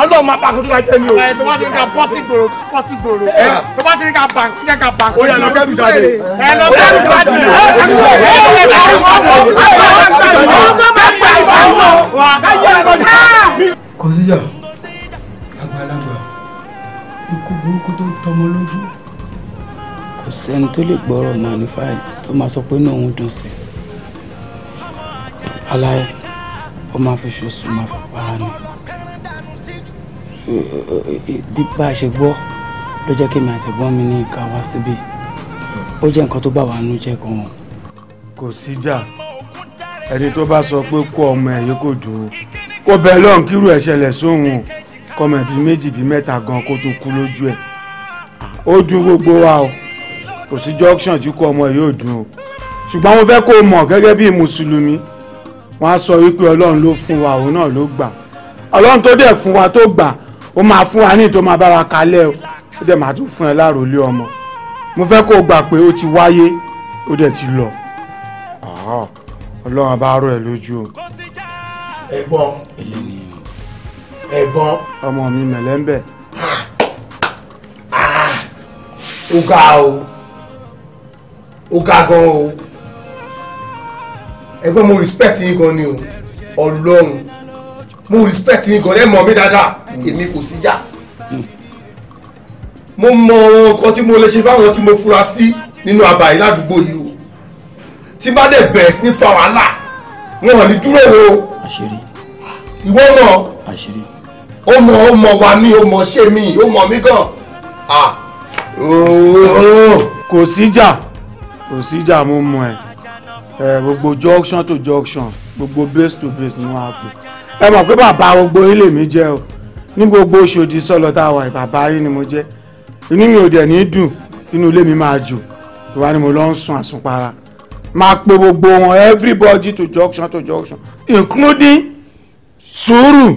ọlọ́run máa pàkó tó bá jẹ́ mi o. ẹ tó bá ti ní ká bọ́ sí gbòòrò bọ́ sí gbòòrò tó bá ti ní ká bank jẹ́ ká bank. ó yá lọ kẹ́rù jáde. ẹ lọ kẹ́rù jáde. ẹ lọ kẹ́rù jáde. kò síjà àgbàlagbà ikú burúkú tó ń tọmọ lójú kò sẹ́ni tó lè gbọ́rọ̀ Magnify tó máa sọ pé náà òun dùn sí aláì ó máa fi ṣoṣù máa fi pa á ni bí bá a ṣe gbọ́ ló jẹ́ kí èmi àtẹ̀gbọ́n mi ní ìka wá síbí ó jẹ́ nǹkan tó bá wà nínú jẹ́ gan-an. kò síjà ẹni tó bá sọ pé kó ọmọ ẹ̀ yìí kò dùn kó bẹ́ẹ̀ lọ́n kírú ẹ̀ ṣẹlẹ̀ sóhun o ẹ̀ bíi méjì bíi mẹ́ta gan kó tó kú lójú ẹ̀ ó dùn gbogbo wa o kò sí junction tí kú ọmọ yóò dùn o ṣùgbọ́n mo fẹ́ kó o mọ̀ gẹ́gẹ́ bí mùsùlùmí wọ́n á sọ wípé ọlọ́run ló fún wa òun náà ló gbà ọlọ́run tó dẹ̀ fún wa tó gbà ó máa fún wa ní ìtò máa bá wa kalẹ̀ o ó dẹ̀ máa tún fún ẹ láròlé ọmọ mo fẹ́ kó o gbà pé ó ti wáyé ó dẹ̀ ti lọ ọlọ́run bá rọ ẹ lójú o. ẹ̀gbọ́n ẹ̀gbọ́n. ọmọ mi mẹ̀lẹ́ńbẹ̀. Ah! ó ga o ó ga gan o ẹ̀gbọ́n mo respect yín gan ni o Ọlọ́run mo respect yín gan ẹ mọ̀ mi dáadáa èmi kò sí mo mọ ohun tí mo lè ṣe fáwọn tí mo fura sí nínú àbá yìí ládùúgbò yìí o tí bá dẹ̀ bẹ̀rẹ̀ sí ní fa wàhálà wọn ò ní dúró o ìwọ mọ̀ ó mọ̀ ó mọ̀ wà mí ó mọ̀ ṣé mi ó mọ̀ mí gan. kò síjà kò sí ìjà mú mu ẹ ẹ gbogbo junction to junction gbogbo base to base ni wọn á pè ẹ mọ̀ pé bàbá gbogbo yín lèmi jẹ́ o ní gbogbo Ọ̀ṣọ́dì sọ́lọ́ tá a wà bàbá yín ni mo jẹ́ inú mi ò dẹ̀ ní dùn inú ilé mi máa jò ìwà ni mo lọ ń sun àsunpara máa pe gbogbo wọn everybody to junction to junction including sùúrù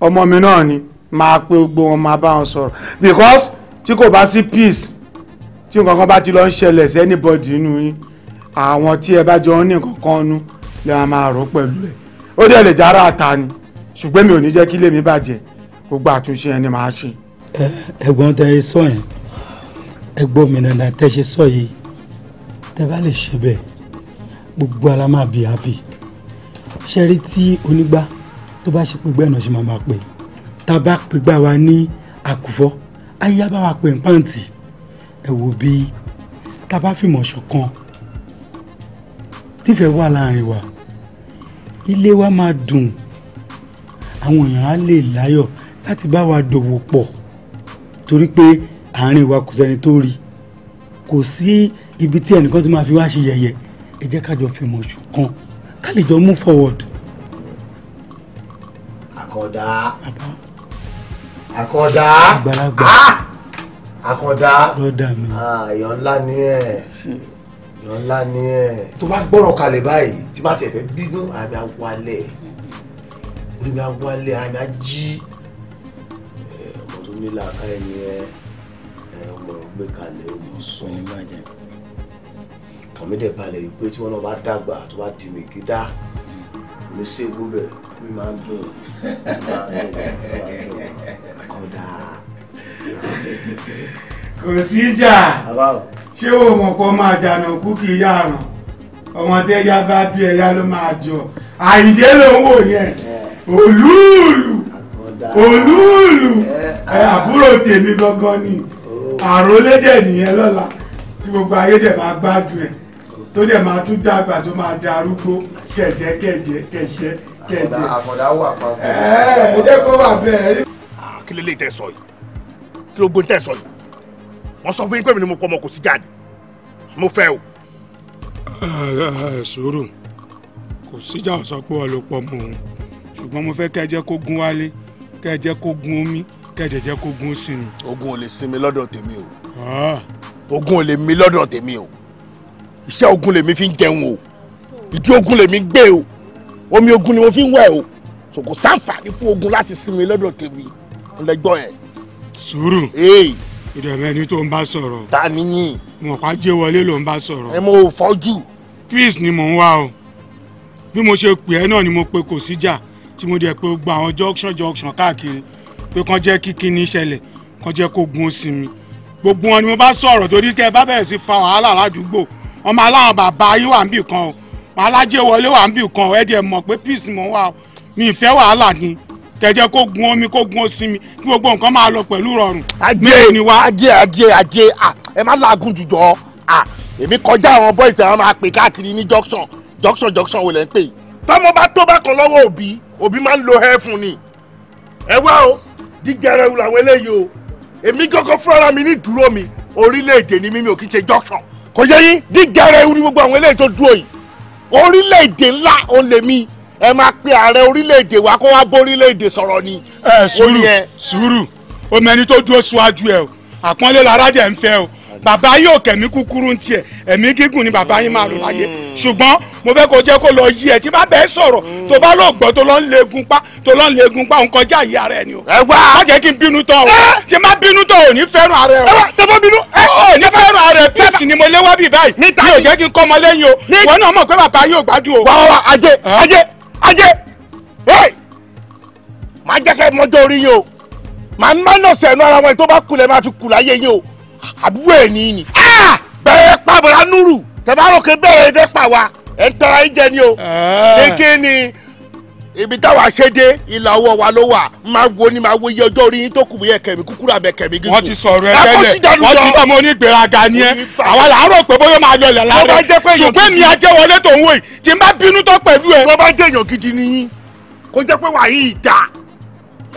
ọmọ mi náà ni máa pe gbogbo wọn máa bá wọn sọ̀rọ̀ because tí kò bá sí peace tí nǹkan kan bá ti lọ ń ṣẹlẹ̀ sí anybody inú yín àwọn tí ẹ bá jọ ń ní nǹkan kan nú lè máa máa rò pẹ̀lú ẹ̀ ó dẹ̀ lè jára àta ni ṣùgbọ́n mi ò ní jẹ́ kí lèmi bàjẹ́ gbogbo àtúnṣe ẹni máa ṣe. ẹ̀gbọ́n tẹ ẹ sọ yẹn ẹ̀gbọ́n mi nana tẹ ṣe sọ yìí tẹ bá lè ṣe bẹ́ẹ̀ gbogbo ara máa bì àbì ṣe rí tí onígbà tó bá ṣe pé gbẹ́nà ṣe máa máa pè tá a bá pè gbà wá ní àkùfọ́ ayé á pè ń pàǹtì ẹ wo bí tá a bá fìmọ̀ ṣọ̀kan tífẹ̀ wà láàrin wa ilé wa máa dùn àwọn èèyàn á lè láyọ̀ láti bá wa dòwò pọ̀ torí pé àárín wa kò sẹ́ni tó rí kò sí ibi tí ẹnìkan ti máa fi wá ṣe yẹ̀yẹ̀ ẹ jẹ́ ká jọ fìmọ̀ ṣọ̀kan ká lè jọ move forward. àkọ́dá àkọ́dá àgbàlagbà. Ah! àkàndá èèyàn ńlá ni ẹ èèyàn ńlá ni ẹ tó bá gbọ́rọ̀ kalẹ̀ báyìí tí bá tẹ̀ fẹ́ bínú ara mi á wálẹ̀ orí mi á wálẹ̀ ara mi á jí ọmọ tó ní làákà ẹ ni ẹ ọmọ rẹ gbé kalẹ̀ ọmọ sùn kàmí dẹ̀ balẹ̀ yìí pé tí wọ́n náà bá dàgbà tó bá di mi gídá mi ṣe é gúnbẹ̀ mi máa ń dùn mi máa ń dùn mi máa ń dùn àkàndá kò sí ìjà ṣé o mọ̀ pé ọmọ àjànà kú kì í yàrán ọmọdé ẹyá bá bí ẹyá ló máa jọ àyíndé ló ń wò yẹn eh. olúùlù olúùlù eh. Eh, àbúrò tèmi gangan ni oh. àròlédè nìyẹn lọ́la tí gbogbo ayé dẹ̀ máa gbádùn ẹ̀ tó dẹ̀ máa tún dàgbà tó máa darúgbó kẹ̀jẹ́ kẹ̀jẹ́ kẹ̀jẹ́ kẹ̀jẹ́. àkàndá wà pàápàá. ẹ ẹ jẹ́ kó wà bẹ́ẹ̀. Ah, kí ló tẹ sọ yìí kí ló gbé tẹ̀ sọ yìí wọ́n sọ fún yín pé mi ni mo kọ́ ọmọ kò sí jáde mo fẹ́ o. Ah, ah, sùúrù kò síjà ọ̀sọ́ pé ọ ló pọ̀ mọ́ òun ṣùgbọ́n mo fẹ́ kẹ́ ẹ jẹ́ kó gun wálé kẹ́ ẹ jẹ́ kó gun omi kẹ́ ẹ jẹ́ kó gun sinmi. ogun ò lè sinmi lọ́dọ̀ tèmi o ah. ogun ò lè mi lọ́dọ̀ tèmi o iṣẹ́ ogun lèmi fi ń jẹun o ìdí ogun lèmi ń gbé o omi ogun ni mo fi ń wẹ̀ o so kò sáǹfààní fún ogun láti sinmi lọ́dọ̀ tèmi ọ̀lẹ́gbọ́n ẹ̀ sùúrù ìdẹ̀mẹ́ni tó ń bá sọ̀rọ̀. ta ni yín. mọ̀pá jẹ́ wọlé ló ń bá sọ̀rọ̀. ẹ mo fọ́jú. peace ni mò ń wá o bí mo ṣe pè ẹ́ náà ni mo pe kò síjà tí mo dẹ̀ pé gba àwọn junction junction káàkiri pé kàn jẹ́ kí kíni ṣẹlẹ̀ kàn jẹ́ kó gun sí mi gbogbo wọn ni mo bá sọ̀rọ̀ torí kẹ́ ẹ bá bẹ̀rẹ̀ sí fa wàhálà ládùúgbò ọmọ aláwọn bàbá yìí wà níbì kan o wàhálà jẹ́ wọlé wà níbì kan o ẹ dẹ̀ mọ̀ pé peace mò wá o mi ìfẹ́ wàhálà ni kẹjẹ kó gun omi kó gun osinmi kí gbogbo nǹkan máa lọ pẹ̀lú rọrùn. ajé ajé ajé ajé ẹ má làágùn jùjọ èmi kọjá àwọn boys àwọn máa pè káàkiri ní junction junction junction wò lẹ́ ń pè yìí. tọ́mọ bá tó bá kan lọ́wọ́ òbí òbí máa ń lo hair fún ni ẹ wá o jíjẹrẹ wù làwọn eléyìí o èmi gọ́gọ́ fúnra mi ní dúró mi orílẹ̀-èdè ni mímí ò kí ń ṣe junction kò yẹ yín jíjẹrẹ wù ní gbogbo àwọn eléyìí tó dúró yìí orílẹ̀-èdè ńlá olèmí ẹ máa pe ààrẹ orílẹ̀-èdè wa kó wá bórílẹ̀-èdè sọ̀rọ̀ ni. ẹ sùúrù sùúrù omi ẹni tó dúró síwájú ẹ o àpọ́nlé lára jẹ́ ń fẹ́ o bàbá yìí ò kẹ̀mí kúkúrú ń tiẹ̀ ẹ̀mí gígùn ni bàbá yìí máa lò láyé ṣùgbọ́n mo fẹ́ kó jẹ́ kó lọ yí ẹ tí bá bẹ́ẹ̀ sọ̀rọ̀ tó bá lò gbọ́ tó lọ ń legun pa tó lọ ń legun pa òun kọjá yìí ara ẹ ni o. ẹ wá má jẹ́ kí n bínú tán o ṣe má bínú tán o ní fẹ́ràn ara ẹ o. ẹ wá tẹ́fọ́ bínú. ó ní fẹ́ràn ara ẹ píìsì ni mo léwá bì báyìí mi ò jẹ́ kí n kọ́ ọmọ lẹ́yìn o wọn náà mọ̀ pé bàbá yìí gbádùn o. wàá wàá ajé ajé ajé máa jẹ́ kẹ́ mọ́jọ́ orí yín o máa ń mánà sẹ̀nu ara wọn tó bá kulẹ̀ máa fi kù láyé yín o àbúrò ẹ̀ ní ni bẹ́ẹ̀ pàbọ̀lá núrù tẹ̀ bá bẹ́ẹ̀ ẹ fẹ́ pà ẹ̀ ń tọ́ra yín jẹ ni o kékeré ni ibi táwa ṣe dé ìlà ọwọ́ wa ló wà máa wo ni máa wo iye ọjọ́ orí yín tó kù yẹ kẹ̀mí kúkúrú àbẹ̀ kẹ̀mí gígùn. wọ́n ti sọ̀rọ̀ ẹ tẹ́lẹ̀ wọ́n ti bọ̀ mọ́ onígbèraga ni ẹ àwa là á rò pé bóyá máa lọlẹ̀ lárẹ̀ ṣùgbọ́n mi ajẹ́wọlé tó ń wò yìí tí n bá bínú tó pẹ̀lú ẹ. tó bá jẹ́ èèyàn gidi ni yín kó jẹ́ pé wàá yìí dà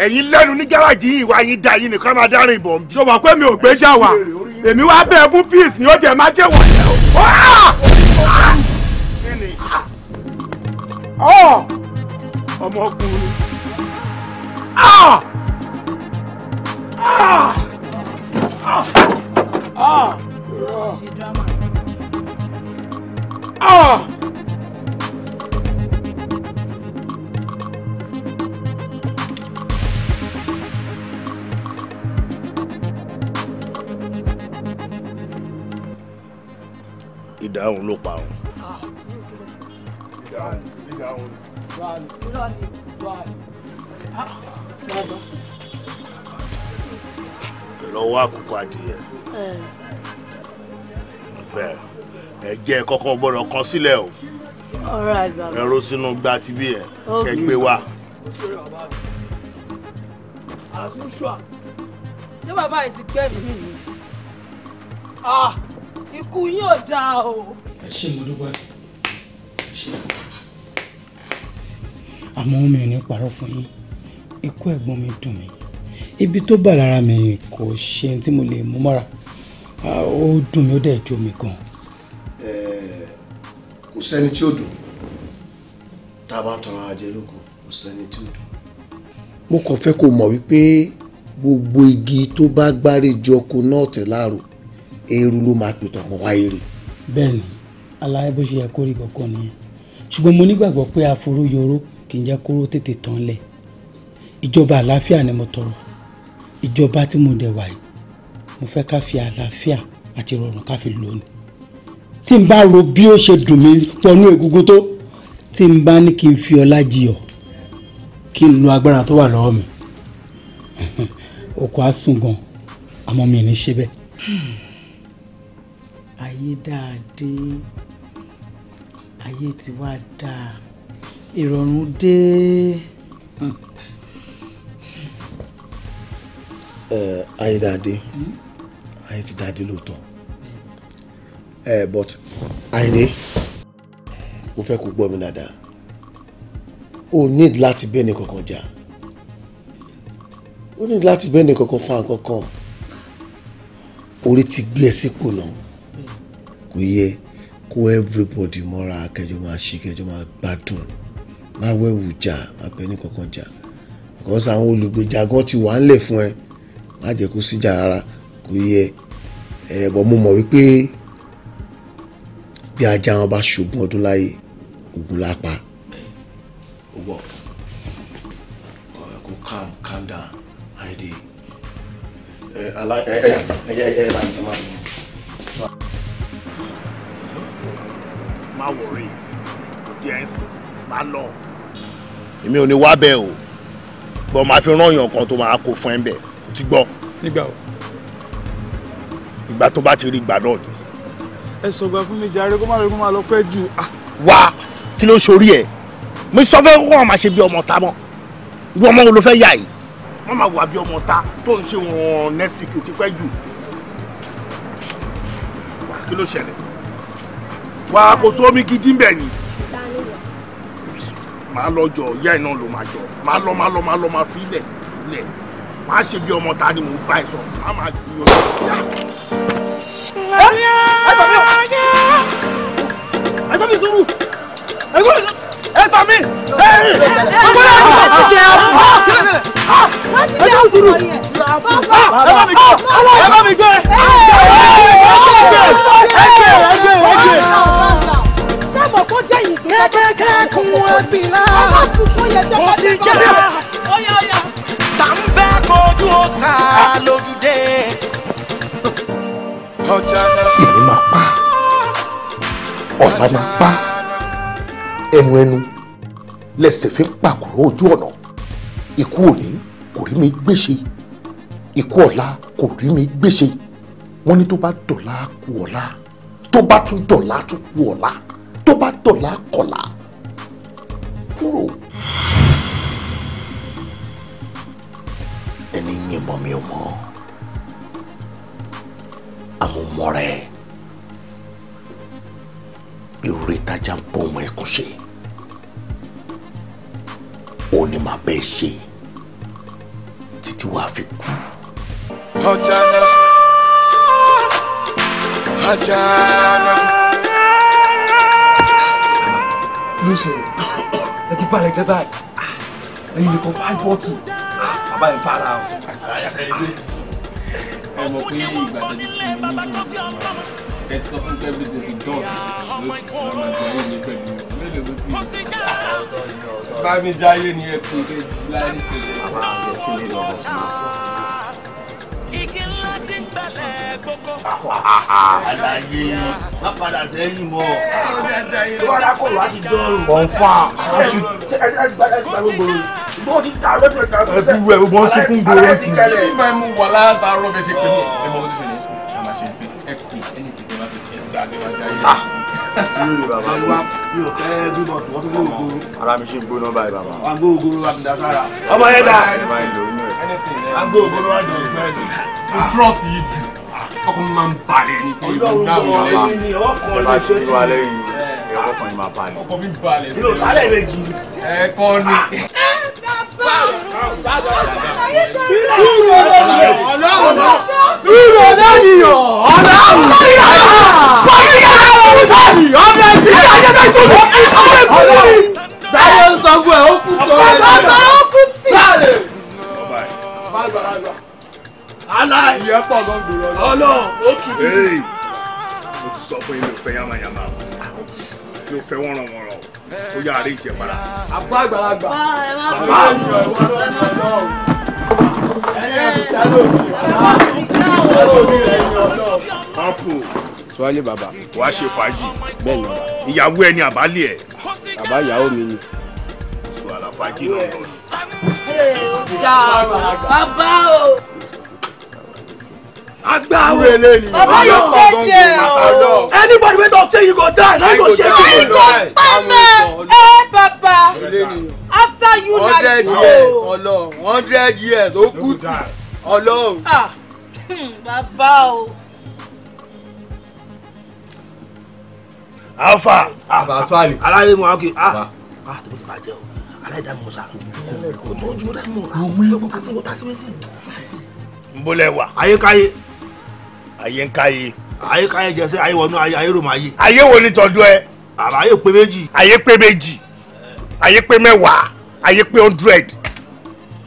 ẹ̀yin lẹ́nu ní gáràjì yìí wàá yìí dà yìí nìkan máa ọmọkùnrin. Ah! Ah! Ah! Ah! Ah! ìdáhùn ló pa òun lọ́wọ́ àkókò adìyẹ bẹ́ẹ̀ ẹ̀jẹ̀ kọ́kọ́ gbọ́dọ̀ kan sílẹ̀ o ẹ̀rọ sínú gba ti bí ẹ̀ ṣe gbé wa. ṣé bàbá yìí ti pẹ́ mi nìyí? Ah, ikú yóò dáa o. ẹ ṣé mo dúpẹ́ ṣe é àmọ́ mi ò ní parọ́ fún yín ikú ẹ̀gbọ́n mi dùn mí ibi tó bà lára mi kò ṣe tí mo lè mú mọ́ra ó dùn mí ó dẹ̀ jó mi gan. kò sẹ́ni tí ó dùn tá a bá tọrọ ajé lóko kò sẹ́ni tí ó dùn. mo kàn fẹ́ kó mọ̀ wípé gbogbo igi tó bá gbárejọ oko náà tẹ̀ láàrò eérú ló máa pè tọ̀pọ̀ wáyé rè. bẹ́ẹ̀ni aláyé bó ṣe yẹ kórìí kankan nìyẹn ṣùgbọ́n mo nígbàgbọ́ pé àforó yoró kí n jẹ́ kóró tètè tán lẹ̀ ìjọba àlàáfíà ni mo tọrọ ìjọba tí mo dẹ̀ wà yìí mo fẹ́ ká fi àlàáfíà àti ìrọ̀rùn ká fi lónìí tí n bá ro bí ó ṣe dùn mí pọnú egungun tó tí n bá ní kí n fi ọlá jiyọ̀ kí n lo agbára tó wà lọ́wọ́ mi ọkọ̀ á sùn gan àmọ́ mi ní ṣe bẹ́ẹ̀. ayé dáadé ayé ti wá dáa ìrọ̀rùn dé. ayédáadé ayé ti dáadé lóòótọ́ but ayé mo fẹ́ kó gbọ́ mi dáadáa o need láti bẹ́ẹ̀ni kankan jà o need láti bẹ́ẹ̀ni kankan fa nǹkan kan orí ti gbé ẹ sípò náà kò yẹ kó everybody mọ́ra kẹjọ máa ṣe kẹjọ máa gbádùn má wẹ̀wù jà má bẹ ní kankan jà because àwọn olùgbèjà gan ti wà ńlẹ̀ fún ẹ má jẹ́ kó síjà rárá kò yẹ ẹ bọ́ mo mọ̀ wípé bí ajá wọn bá ṣògùn ọdún láyé ogun la pa. ọwọ́ kò calm calm down àìdè ẹ alá ẹ ẹ ẹ ẹ ẹ máa ẹ máa. má wọrí kò jẹ́ ẹ̀sìn má lọ èmi ò ní wá bẹ́ẹ̀ o gbọ́ máa fi rányàn kan tó máa kó fún ẹ bẹ́ẹ̀ o ti gbọ́. nígbà o. ìgbà tó bá ti rí ìgbà náà ni. ẹ sọgbà fún mi jàre kó má lè kó má lọ pẹ́ jù. Ah. wá kí ló ṣorí ẹ mi sọ fẹ́ kó wọn máa ṣe bí ọmọ ta mọ́ bí ọmọ wo ló fẹ́ yà yìí wọ́n máa wà bí ọmọ ta tó ń ṣe wọn next week ti pẹ́ jù wá kí ló ṣẹlẹ̀ wá kò sómi gidi ń ni màá lọ ìyá iná ló máa jọ màá lọ màá lọ màá lọ màá fi ilẹ̀ lẹ̀ màá ṣe bí ọmọ ta ni mò bá ẹ sọ màá máa gbìyànjú ìyá. ẹgbẹ́ mi sùúrù ẹgbẹ́ mi ẹgbẹ́ mi ẹ̀yìn ọgbọ́n náà yóò ti jẹ́ ẹgbẹ́ mi sùúrù ẹgbẹ́ mi gbé ẹgbẹ́ mi gbé ẹgbẹ́ mi gbé ẹgbẹ́ mi gbé yẹ kẹ́kẹ́ kún wọn bí la mo sì já tá n fẹ́ kojú ọ̀sà lójúdé ọjà náà. pa ọ̀la máa pa ẹnu ẹnu lẹ́sẹ̀ fi ń pàkúrò ojú ọ̀nà ikú òní kò rí mi gbéṣe ikú ọ̀la kò rí mi gbéṣe wọ́n ní tó bá dọ̀la kú ọ̀la tó bá tún dọ̀la tún kú ọ̀la tó bá dọ̀là kọ̀là kúrò. ẹni yìnbọn mi ò mọ̀ àmúmọ́ra ẹ̀ irú ìtajà ń pọ̀ ọmọ ẹ̀kún ṣe ó ní màá bẹ́ẹ̀ ṣe títí wàá fi kú. ọjà náà ọjà náà ló ṣẹlẹ̀ ẹ ti balẹ̀ jẹ́ báyìí ẹ̀yin nìkan five forty bàbá yẹn fara o. ẹ mọ̀ pé ìgbà tó ti fún mi ní ìgbà ẹ sọ fún kẹ́bí tó ti dọ̀ ló ti fún ọmọ ìjà yìí ní pẹ̀lú mélòó ló ti bá mi jáyé ni ẹ kò dé láyé tẹ̀lé àlàyé má padà sẹ́yìn mọ́ lọ́dà kò wá ti dọ́rùn. ọ̀nfà aṣù gbogbo ti ta lọ́sẹ̀ kan. ẹ fi wẹ gbogbo ọsùn fún gbogbo ọsùn. ìgbà mu wà látàárọ̀ bẹ́ẹ̀ ṣe pé ní ah. ẹ̀mọ́ ọdún ṣẹlẹ̀ ẹ̀ máa ṣe pé ẹ̀kú ẹni kìkì máa fi ṣe ẹ̀dá àgbẹ̀wájà yìí ara mi ṣe ń gbóná báyìí bàbá. agbó ògoro abidasara. ọmọ yẹn dà. agbó ògoro adùn ìgbẹ́ ẹ̀dùn. trust yìí ọkọ máa ń balẹ̀ ní pé ìlú on, máa bá ẹ bá ti on, lẹ́yìn ẹ ọkọ ni máa balẹ̀. ọkọ mi balẹ̀. mi ò sálẹ̀ lè jì. ẹ kọ́ ni. Ìrò lẹ́yìn ọ̀ ọ̀dà ọ̀dà fọ́nìyà ọ̀dà ọ̀dà ìfìyà jẹ́ bẹ́ẹ̀ tó lọ kí ọ̀dà ìfìyà. Báyọ̀ ń sọ fún ẹ, ó kú tó ẹ lọ́dọ̀. Ọ̀pọ̀ ọ̀dà ó kú tì. Báyọ̀ bàbá àgbà aláì ìyẹn pọ̀ gan gbòòrò ọlọ́run ó kì í. mo ti sọ fún yín mi ò fẹ́ yamayama mi ò fẹ́ wọ́nranwọ́nran ó yà á rí ìjẹ̀bára. àpá àgbàlagbà àpá àgbàlagbà tuwale baba wàá ṣe fàájì bẹ́ẹ̀ ni baba ìyàwó ẹ ni àbálẹ ẹ baba ìyàwó mi ni sọ àlàfàájì náà lọ. bàbá o agbawo ọba yóò o anybody wey talk say you go die na go shake it. i go pamẹ ẹ baba after you na you go. Ọlọ́run hundred years ó kú tù Ọlọ́run. Ah, hmm, bàbá o. alfa alaye ah, ah, mu aki ah ah tó bá jẹ o alaye dá mi musa kò tó ojú mo dá mi mọ àwọn ọmọ yẹn kò tá sí mo tá sí mi sí. n bolẹ wa. ayé káyé ayé ń káyé. ayé káyé jẹ sí ayé wọnú ayé ayé rò máa yé. ayé wo ni tọdún ẹ. àbá ayé pé méjì. ayé pé méjì ayé pé mẹ́wàá ayé pé hundred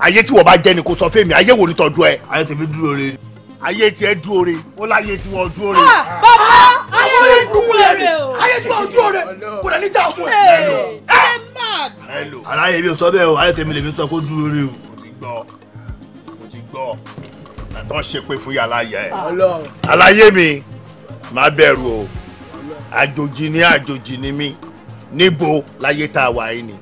ayé tí wọ́n bá jẹ́ ni kò sọ fún mi ayé wo ni tọdún ẹ. ayé tèmi dúró re. ayé tiẹ̀ dúró re ó láyé tí wọ́n dúró re. Ah, bàbá ayé rẹ̀ dúró re o. ayé tí dúró re kò dẹ̀ ní fún ẹ. ẹ mad. aláyé mi sọ bẹ́ẹ̀ o ayé tèmi lèmi sọ kó dúró re o. mo ti gbọ́ mo ti gbọ́ tó ṣe pé fún yàláyà ẹ aláyé mi má bẹ̀rù o àjòjì ni àjòjì ni mí níbo láyé tá a wà yìí ni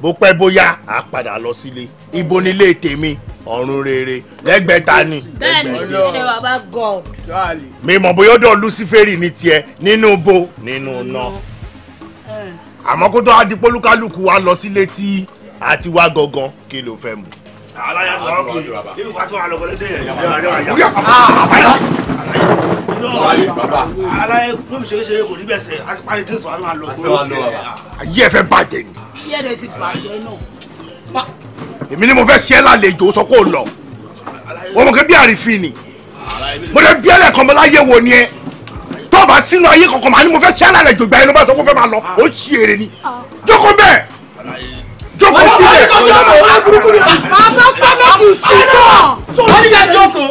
bó pẹ́ bóyá a padà lọ sílé ibo nílé tèmi ọ̀run rere lẹ́gbẹ̀ta ni. mi mọ̀ bóyá ọ̀dọ̀ luciferi ní tiẹ̀ nínú bo nínú náà àmọ́ kó tó adipo lukaluku wa lọ sílé tí a ti wá gangan kí ló fẹ́ mu aláya ayé ẹ fẹ́ ni. èmi ni mo fẹ́ ṣe é lálejò sọ kó lọ wọn mọ̀ kẹ́ bí àrífín ni mo lè bí ẹlẹ́kan bọ́lá yẹ wo ni ẹ tó o bá sínú ayé kankan màá ni mo fẹ́ ṣe é lálejò gba ẹni bá sọ kó fẹ́ máa lọ ah. ó ṣì èrè ni jókòó bẹ́ẹ̀ jókòó sílẹ̀. bàbá fẹ́mi kì í sọ. wọ́n yà jókòó.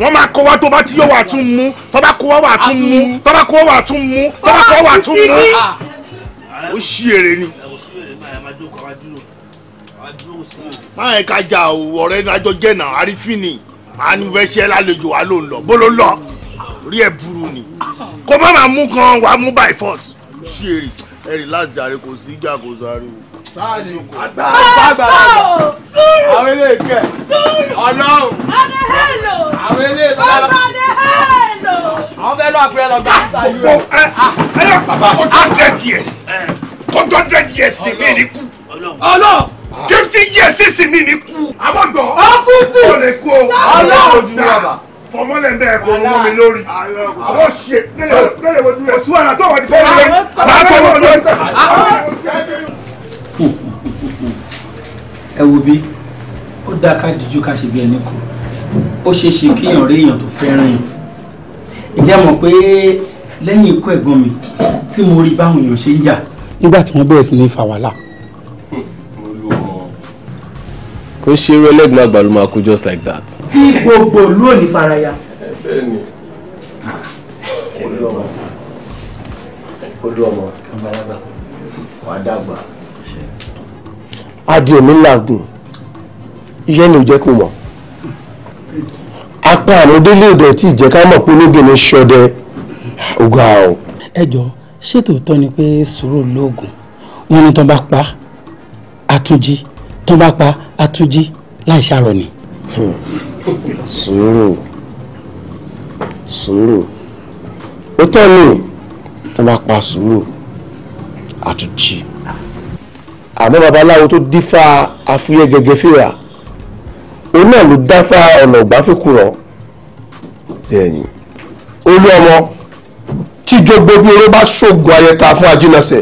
wọ́n máa kó wa tó bá ti yọ wà tún mú tó bá kó wa wà tún mú tó bá kó wa wà tún mú tó bá kó wa wà tún mú. ó ṣí èrè ni. máa yẹ ká jà ọ̀rẹ́ ìdájọ́ jẹ́ náà àrífín ni àánú fẹ́ ṣe lálejò wa ló ń lọ bó ló lọ rí ẹ burú ni kó má máa mú gan wàá mú by force ṣe èrè ẹ relax jàre kò sí ìjà kò sáré o. sáàyè ah, àgbà àgbà àgbà àwọn eléyìí kẹ ọlọ́run àwọn eléyìí kẹ àwọn fẹ́ lọ àpẹẹrẹ lọ gba àṣàyè. ẹ ẹ bàbá one hundred years one hundred years ni mi ni kú ọlọ́run ah. fifty years sísìn mi ni kú. àbọ̀gbọ̀n ọkùnkùn ọlọ́run ojú wa bá fọmọlẹ ń bẹẹ kó mọ mi lórí ó ṣe lẹlẹ wojú rẹ sùn àná tó wà ní fọmọ rẹ máa fọmọ lórí. ẹ wo bí ó dáa ká dijú ká ṣe bí ẹni kú ó ṣeé ṣe kéèyàn rí èèyàn tó fẹ́ràn yìí ìjẹ́ mọ̀ pé lẹ́yìn ikú ẹ̀gbọ́n mi tí mo rí báwọn èèyàn ṣe ń jà. nígbà tí wọ́n bẹ̀rẹ̀ sí ní fa wàhálà ó ṣe eré ẹlẹ́gbọ̀n àgbà ló máa kú just like that. tí gbogbo ìlú ò ní faraya. olú ọmọ olú ọmọ àgbàlagbà wàá dàgbà. adìẹ mi làágùn iṣẹ́ ni ò jẹ́ kó mọ̀ apá àrùn délé ìdọ̀ tí ìjẹ́ mọ̀ pé ológe ni ṣọdẹ ògùn àrùn. ẹ jọ ṣé tòótọ́ ni pé sùúrù lóògùn wọn ni tán bá pa á tún jí tó bá pa atújí láì ṣàrọ̀ ni. Hmm. sùúrù sùúrù ó tọ́ ni tó bá pa sùúrù àtújí àmọ́ babaláwo tó dífá afúyẹ́ gẹ́gẹ́ fìrà òun náà ló dáfá ọ̀nà ọ̀gbá fìkùrọ̀ bẹ́ẹ̀ni olú ọmọ tíjọgbó bí oró bá ṣògùn ayẹta fún ajínàṣẹ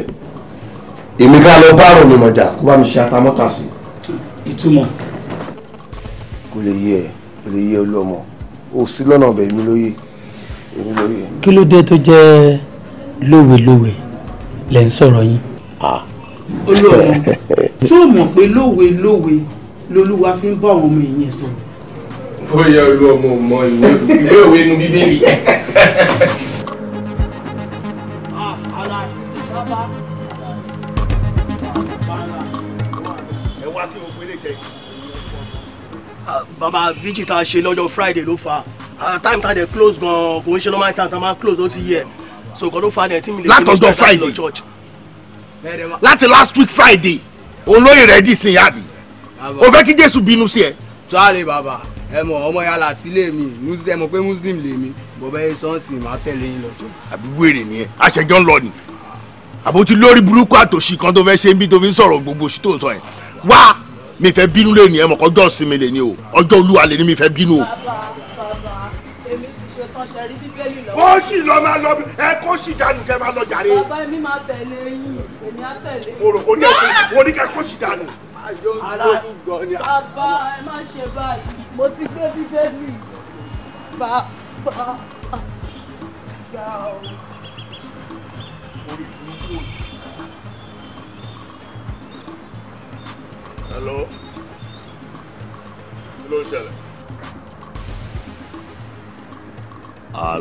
èmi ká lọ bá rùn mi mọ̀jà kó bá mi ṣe atamọ́ta sí i ìtumọ̀. kò lè yé ẹ kò lè yé olúọmọ o sí lọ́nà ọ̀bẹ mi lóye èmi lóye. kí ló dé tó jẹ́ lówelówe lẹ́ ń sọ̀rọ̀ yín. olúọmọ tó mọ̀ pé lówelówe lolúwa fi ń bá àwọn ọmọ èèyàn sọ. ó yẹ olúọmọ mọ ìwé ìwé inú bíbélì. bàbá vigi tá ṣe lọ́jọ́ friday ló fà time tá a close gan kò ń ṣe normal time tá a close ó ti yẹ so nǹkan tó fà á dẹ̀ mi lè finish time lọ church. láti last week friday olóyè rẹ̀ dì sí yàbí o fẹ́ kí jésù bínú sí ẹ. tó bàbá ẹ mọ ọmọ yàrá àti ilé mi muslim mọ pé muslim lè mi bọ̀bá yẹn sọ́ọ̀sì máa tẹ̀lé yín lọ́jọ́. àbí wèrè ni ẹ àṣẹjọ́ ń lọ ni àbótí lórí burúkú àtòṣì kan tó fẹ́ ṣe ń bí tó fi ń sọ̀rọ̀ gbogbo òṣì tó sọ yẹn wá mi fẹ́ bínú lé ní ẹ mọ̀ kọjọ́ ìsinmi lè ni o ọjọ́ olúwa lè ni mi fẹ́ bínú o. kó sì lọ máa lọ ẹ kó sì dànù kẹ máa lọ jàre. bàbá mi máa tẹ̀lé yín èmi á tẹ̀lé. mo rò ó ní ẹ̀kọ́ mo ní kẹ́ kó sì dànù. bàbá ẹ má ṣe báyìí mo ti gbé bíbélì bàbá gbà ó. hello kí ló ń ṣẹlẹ̀.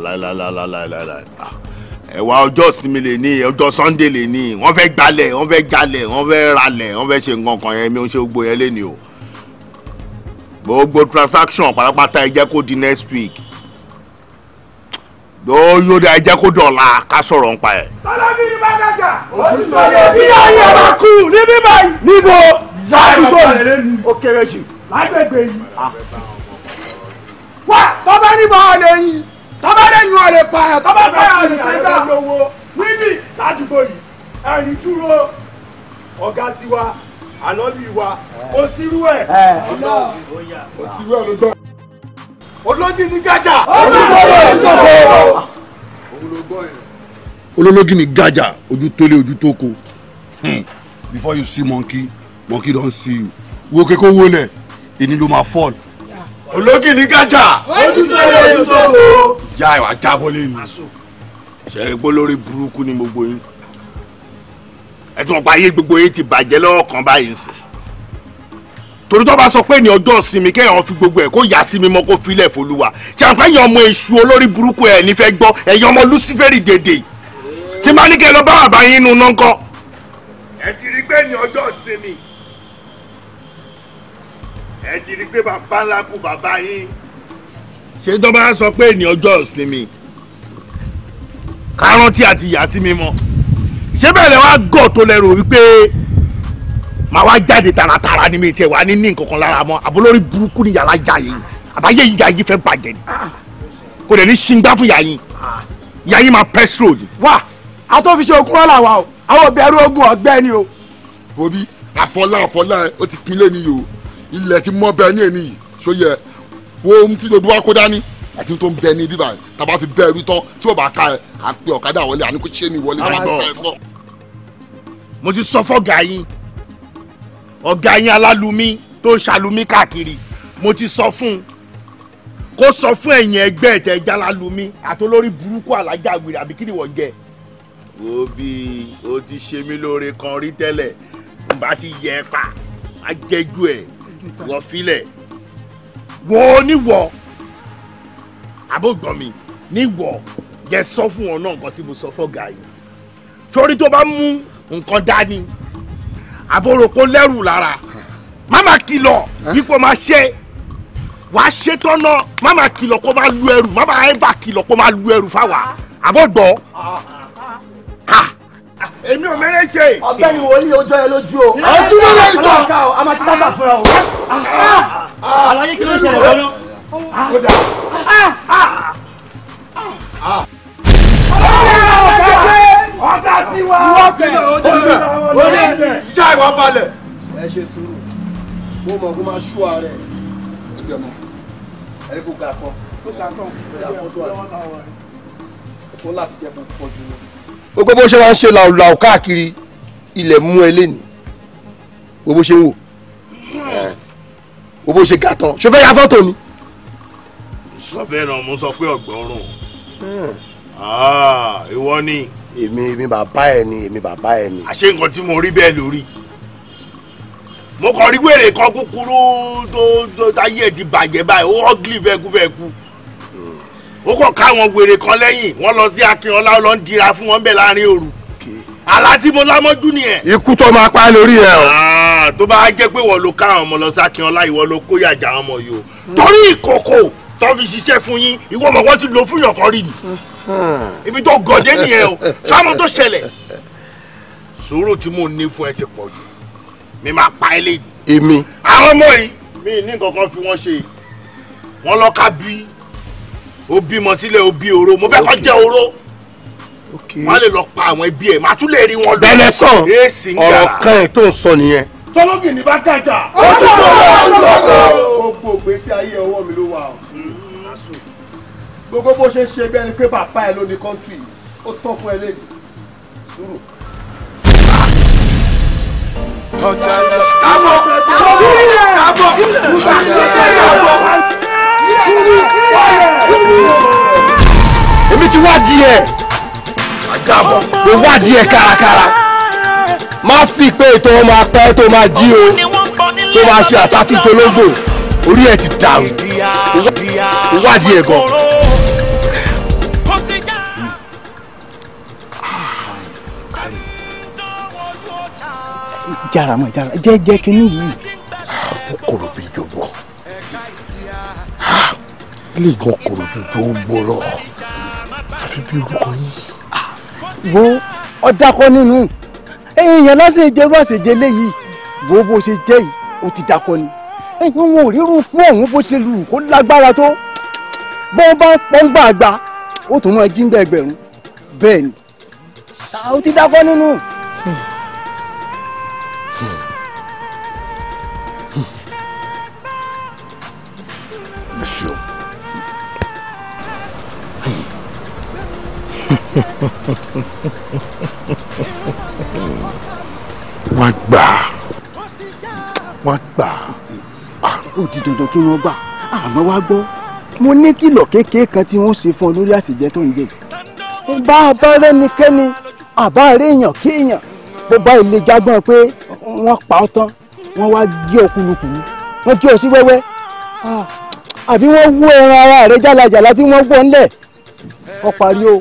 láìláìláìláìláì ah, ah, ẹwà ọjọ́ ìsinmi lè ní ọjọ́ sunday lè ní wọ́n fẹ́ gbalẹ̀ wọ́n fẹ́ jalẹ̀ wọ́n fẹ́ ralẹ̀ wọ́n fẹ́ ṣe nǹkan kan yẹn mi ò ṣe gbogbo yẹn lẹ́nu o gbogbo transaction pátápátá ẹ jẹ́ kó di next week yóò dá ẹ jẹ́ kó dọ̀la ká sọ̀rọ̀ nípa ẹ̀. tọ́lá mi ní bá dàgbà ó ti tọ́lé bí ayé wa kú ní bíbáyìí. níbo ládùúgbò ó kéré jù lágbègbè yìí. Ah. wá tọ́bẹ́ níbọn ọ̀lẹ́ yìí tọ́bẹ́ lẹ́yìn ọ̀lẹ́ pààyàn tọ́bẹ́ pààyàn ọ̀lẹ́ sẹ́gbà níbi ládùúgbò yìí ẹ̀rín dúró ọ̀gá tiwa ànábì wa kò sírú ẹ̀ kò sírú ẹ̀ ló gbọ́. olójì ní gàjà. olólógì ní gàjà ojú tó lé ojú tó ko hmm. before you see monkey monkey don see you wo keko wo nẹ èyí ló máa fall. olókìní kájà ojúṣe ojúṣe o. ìjà ìwà jábọ́ lẹ́nu ṣẹ̀rẹ̀ gbọ́ lórí burúkú ni gbogbo yín ẹ tí wọn gba ayé gbogbo yín ti bàjẹ́ lọ́wọ́ kan báyìí ń sìn torí tó bá sọ pé ní ọjọ́ ìsinmi kéèyàn fi gbogbo ẹ̀ kó yà sí mi mọ́ kó filẹ̀ fọlùwà ṣàǹpẹ́ yẹn ọmọ èṣù olórí burúkú ẹ̀ nífẹ̀ẹ́ gbọ́ ẹ̀yìn ọmọ lucifere dèdè tí má ní kẹ́ lọ bá wà báyìí nínú náà kọ́. ẹ ti rí pé ní ọjọ́ ìsinmi ẹ ti rí pé bàbá ńlá kú bàbá yín. ṣé tó bá sọ pé ní ọjọ́ ìsinmi kárán tí a ti yà sí mi mọ́ ṣé bẹ̀rẹ̀ wá gọ̀ tó lẹ́rù wípé màá wá jáde tààràtààrà ni mi tiẹ̀ wá ní ní nǹkan kan lára mọ́ àbólórí burúkú ni yàrá jà yìí àbáyé ìyá yìí fẹ́ bàjẹ́ ni ah, ah. kò dẹ̀ ní ṣingbá fún yàrá yìí ah. yàrá yìí máa pẹ́ sírò ni. wá àtọ́fiṣe okúrọ́ làwa o àwọn òbí ẹrú ogun ni o. bobi àfọlá àfọlá ẹ ó ti ni níyì o ilẹ̀ ti mọ́ bẹ́ẹ̀ ní èní yìí ṣó yẹ wo ohun tí lodúwa kó dání àti tó ń bẹ ní bíbá tàbá fi bẹ́ẹ̀ rí tán tí ò bá ká ẹ à ń pe ọ̀kadà wọlé àní kò ṣe mi wọlé tàbá fẹ́ sọ. mo ti sọ fọ́gà yín ọ̀gá yín alálùmí tó ń ṣàlùmí káàkiri mo ti sọ fún kó sọ fún ẹ̀yìn ẹgbẹ́ ẹ̀tẹ̀ jálálùmí àtolórí burúkú alájà àbí kí ni wọ́n jẹ. òbí o ti ṣe mí lóore kan rí tẹ́lẹ̀ n bá ti yẹ ẹ pa á jẹ́jú ẹ̀ wọ́n filẹ̀ wọ́n níwọ̀ àbógbọ́n mi níwọ̀ jẹ́ sọ fún wọn náà nǹkan tí mo sọ fọ́gà yìí torí tó bá mú nǹkan dání àbóròkó lẹ́rù lára máma kìlọ̀ wípé máa ṣe wàá ṣetọ́nà máma kìlọ̀ kó máa lu ẹrù máma ẹ̀ bá kìlọ̀ kó máa lu ẹrù fáwa àbọ̀gbọ́. Ah, ah, ah èmi ò mẹ́rẹ́ ṣe. ọ̀gbẹ́ni wòlíì ojó ẹ lójú o. àtúntò lè tọ̀. a máa ti sábà fúnra o. àlàyé kí ló ń ṣẹlẹ̀ lọ́nà. ọ̀tá tí wà. wọ́n fi ọdẹ ọdẹ ìjà ìwà balẹ̀. ẹ ṣe sùúrù mo mọ̀ kó máa ṣú ara ẹ̀ ibi ọmọ ẹ̀rí kò ga kan. kò ga kan. kò ga kan tó wà ní. kò láti jẹ́ fún fọ́jú gbogbo bó ṣe máa ń ṣe làwùlàwù káàkiri ilẹ̀ mú ẹ lé ní gbogbo ṣe ń wò gbogbo ṣe ga tán ṣe fẹ́ ya fọ́tò ni. sọ bẹ́ẹ̀ náà mo sọ pé ọ̀gbọ́rùn hmm. ah, ìwọ ni. èmi èmi bàbá ẹ ni èmi bàbá ẹ ni. àṣé nǹkan tí mo rí bẹ́ẹ̀ lórí mo kàn rí wèrè kan kúkúrú tó tó táyé ẹ ti bàjẹ́ báyìí ó ọ́gìlì fẹ́ẹ́kú fẹ́ẹ́kú ó kàn káwọn wèrè kan lẹ́yìn wọ́n lọ sí akínọlá ló ń dira fún wọn bẹ́ẹ̀ láàrin òru alátìmọ́ lámọ́jú nìyẹn. ikú tó máa pa lórí ẹ o. Ah, tó bá jẹ́ pé wọ́n ló ká àwọn ọmọ lọ sí akínọlá ìwọ ló kó yàjà àwọn ọmọ yìí o hmm. torí ìkòkò tó fi ṣiṣẹ́ fún yín ìwọ ọmọ wọn ti lò fún yàn rí ni hmm. ibi tó gọ̀dẹ́ nìyẹn o sọ́mọ tó ṣẹlẹ̀ sùúrù tí mo ní fún ẹ ti pọ̀ jù mi máa pa ẹ́ lé. èmi. àwọn ọmọ yìí mi ní nǹkan kan fi wọ́n ṣe wọ́n lọ́ọ́ ká bíi o bímọ sílẹ̀ o bí oró mo fẹ́ kọ́ jẹ́ oró wọ́n á lè lọ pa àwọn ẹbí ẹ̀ màá tún lè rí wọn lọ. bẹ́lẹ̀ sàn ọ̀rọ̀ kan ẹ̀ tó ń sọ nìyẹn. tọ́lọ́gì ní bá tajà. ó ti tó lọ lọ́gọ́. gbogbo ìgbésí ayé ọwọ́ mi ló wà o. gbogbo bó ṣe ń ṣe bẹ́ẹ̀ ni pé bàbá ẹ ló ní kọ́ńtì ó tọ́ fún ẹ lẹ́yìn sùúrù. ọjà lọ. kábọ̀ kábọ̀ kábọ̀ kábọ̀ kábọ̀ kábọ̀ kábọ̀ kábọ̀ wádìí ẹ̀ àjàbọ̀ mo wádìí ẹ̀ kárakára má fi pé ètò ọmọ apẹ́ tó máa jí o tó máa ṣe àtàkì tolóńgbò orí ẹ̀ ti dàrú mo wádìí ẹ̀ gan. jara mọ jara jẹ jẹ kínní yìí. kòkòrò bíi jòbó ilé ìgbọ́n kòrò bíi jòbó rọ fi bí orúkọ yín. wo ọ̀dà kọ́ nínú èèyàn lọ́sẹ̀ ìjẹ́rú àṣejẹ léyìí wo bó ṣe jẹ́ yìí ó ti dakọ ni ẹ̀yin wọn ò rírun fún òun bó ṣe lù kó lágbára tó bó bá pọ́n gbàgbà ó tún máa jí ń bẹ́ẹ̀ gbẹ̀rún bẹ́ẹ̀ ni ó ti dakọ nínú. wọ́n gbà wọ́n gbà. Ah, ó di dandan kí wọ́n gbà àmọ́ wá gbọ́ mo ní kìlọ̀ kékeré kan tí wọ́n ṣe fún ọ lórí àṣejẹ tó ń jẹ bá a bá rẹ́nikẹ́ni àbá rèèyàn kéèyàn bó bá ilé jágbọ́n pé wọ́n pa ọ́ tán wọ́n wá gé ọ kúlukùlu wọ́n gé ọ sí wẹ́wẹ́ ah, àbí wọ́n wú ẹran ara rẹ̀ jálajàla tí wọ́n gbọ́ ńlẹ̀ ọ parí o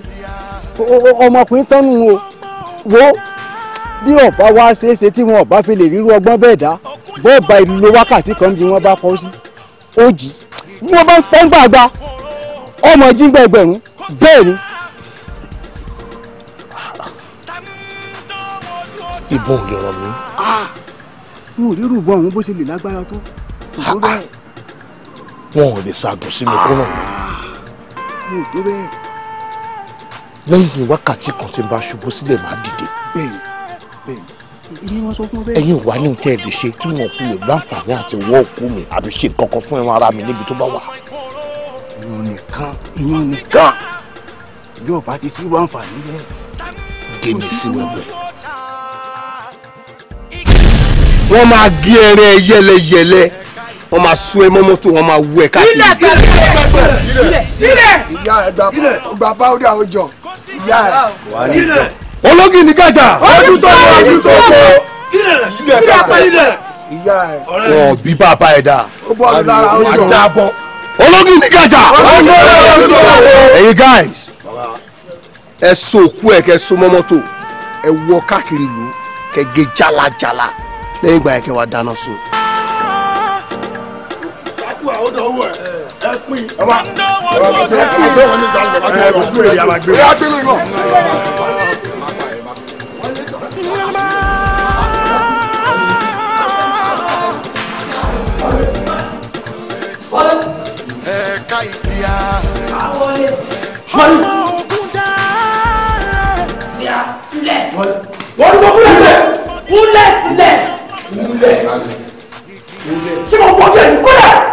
ọmọkùnrin tán nù wo bí ọba wa ṣe é ṣe tí wọn ọba fi lè ríru ọgbọ́n bẹ́ẹ̀ dá bọ́ọ̀ba ìlú lo wákàtí kan bí wọ́n bá kọ́ sí òjì bí wọ́n bá ń pọ́n gbàgbà ọmọ jíngbẹ̀gbẹ̀rún bẹ́ẹ̀ ni. ìbọn ò lè ràn mí. n ah! ò rírù ìbọn àwọn bó ṣe lè lágbára tó. Ah! wọn ò lè ṣàgùn sí mi mo ò bẹ́ẹ̀ lẹ́yìn wákàtí kan tí n bá ṣubú sílẹ̀ máa dìde. bẹ́ẹ̀ni bẹ́ẹ̀ni ẹ̀yin wà ní nǹkan ẹ̀dẹ̀ ṣe tí wọn kú lè láǹfààní àti wọ́ òkú mi àbí ṣe nǹkan kan fún ẹran ara mi níbi tó bá wà. ìyún nìkan ìyún nìkan ìjọ bá ti sí wàǹfààní yẹn. gèmí sí wẹ́wẹ́. wọ́n máa gé ẹran ẹ yẹlẹyẹlẹ wọ́n máa sún ẹ mọ́mọ́tò wọ́n máa wú ẹ káàkiri. ilẹ̀ ilẹ̀ ilẹ̀ ilẹ̀ ìyá ẹ̀gbà bá ó dé àwọn jọ ìyá rẹ̀ ilẹ̀. ní kájà. ojú tó ní ojú tó kó. ilẹ̀ bàbá ilẹ̀. ìyá ẹ̀. ọ bí bàbá ẹ̀ dá. ó bọ́ ọdún lára ó ajá bọ́. ológì ní kájà. ojú tó ní ojú tó kó. ẹ̀yin guys ẹ so òkú ẹ kẹ so mọ́mọ́tò ẹ wọ káàkiri ìlú kẹ gé jalajala lẹ́yìn ìgbà yẹn kẹ wá dáná sun. káàkiri àwọn ọ̀dọ́ wọ̀ ẹ́ ẹ pín. ẹ wá ẹ wá lọ sí àgbẹ̀ wọn ní ìdájọ́ wọn ní ọ̀rọ̀ sún èyí alágbèrè. ẹ á dé lóyún náà. Mali. Wọ́n lọ kúlẹ̀ sílẹ̀. Kúlẹ̀ sílẹ̀. Kúlẹ̀. Kí ló ń bọ́ bí ẹ̀yìn kúlẹ̀?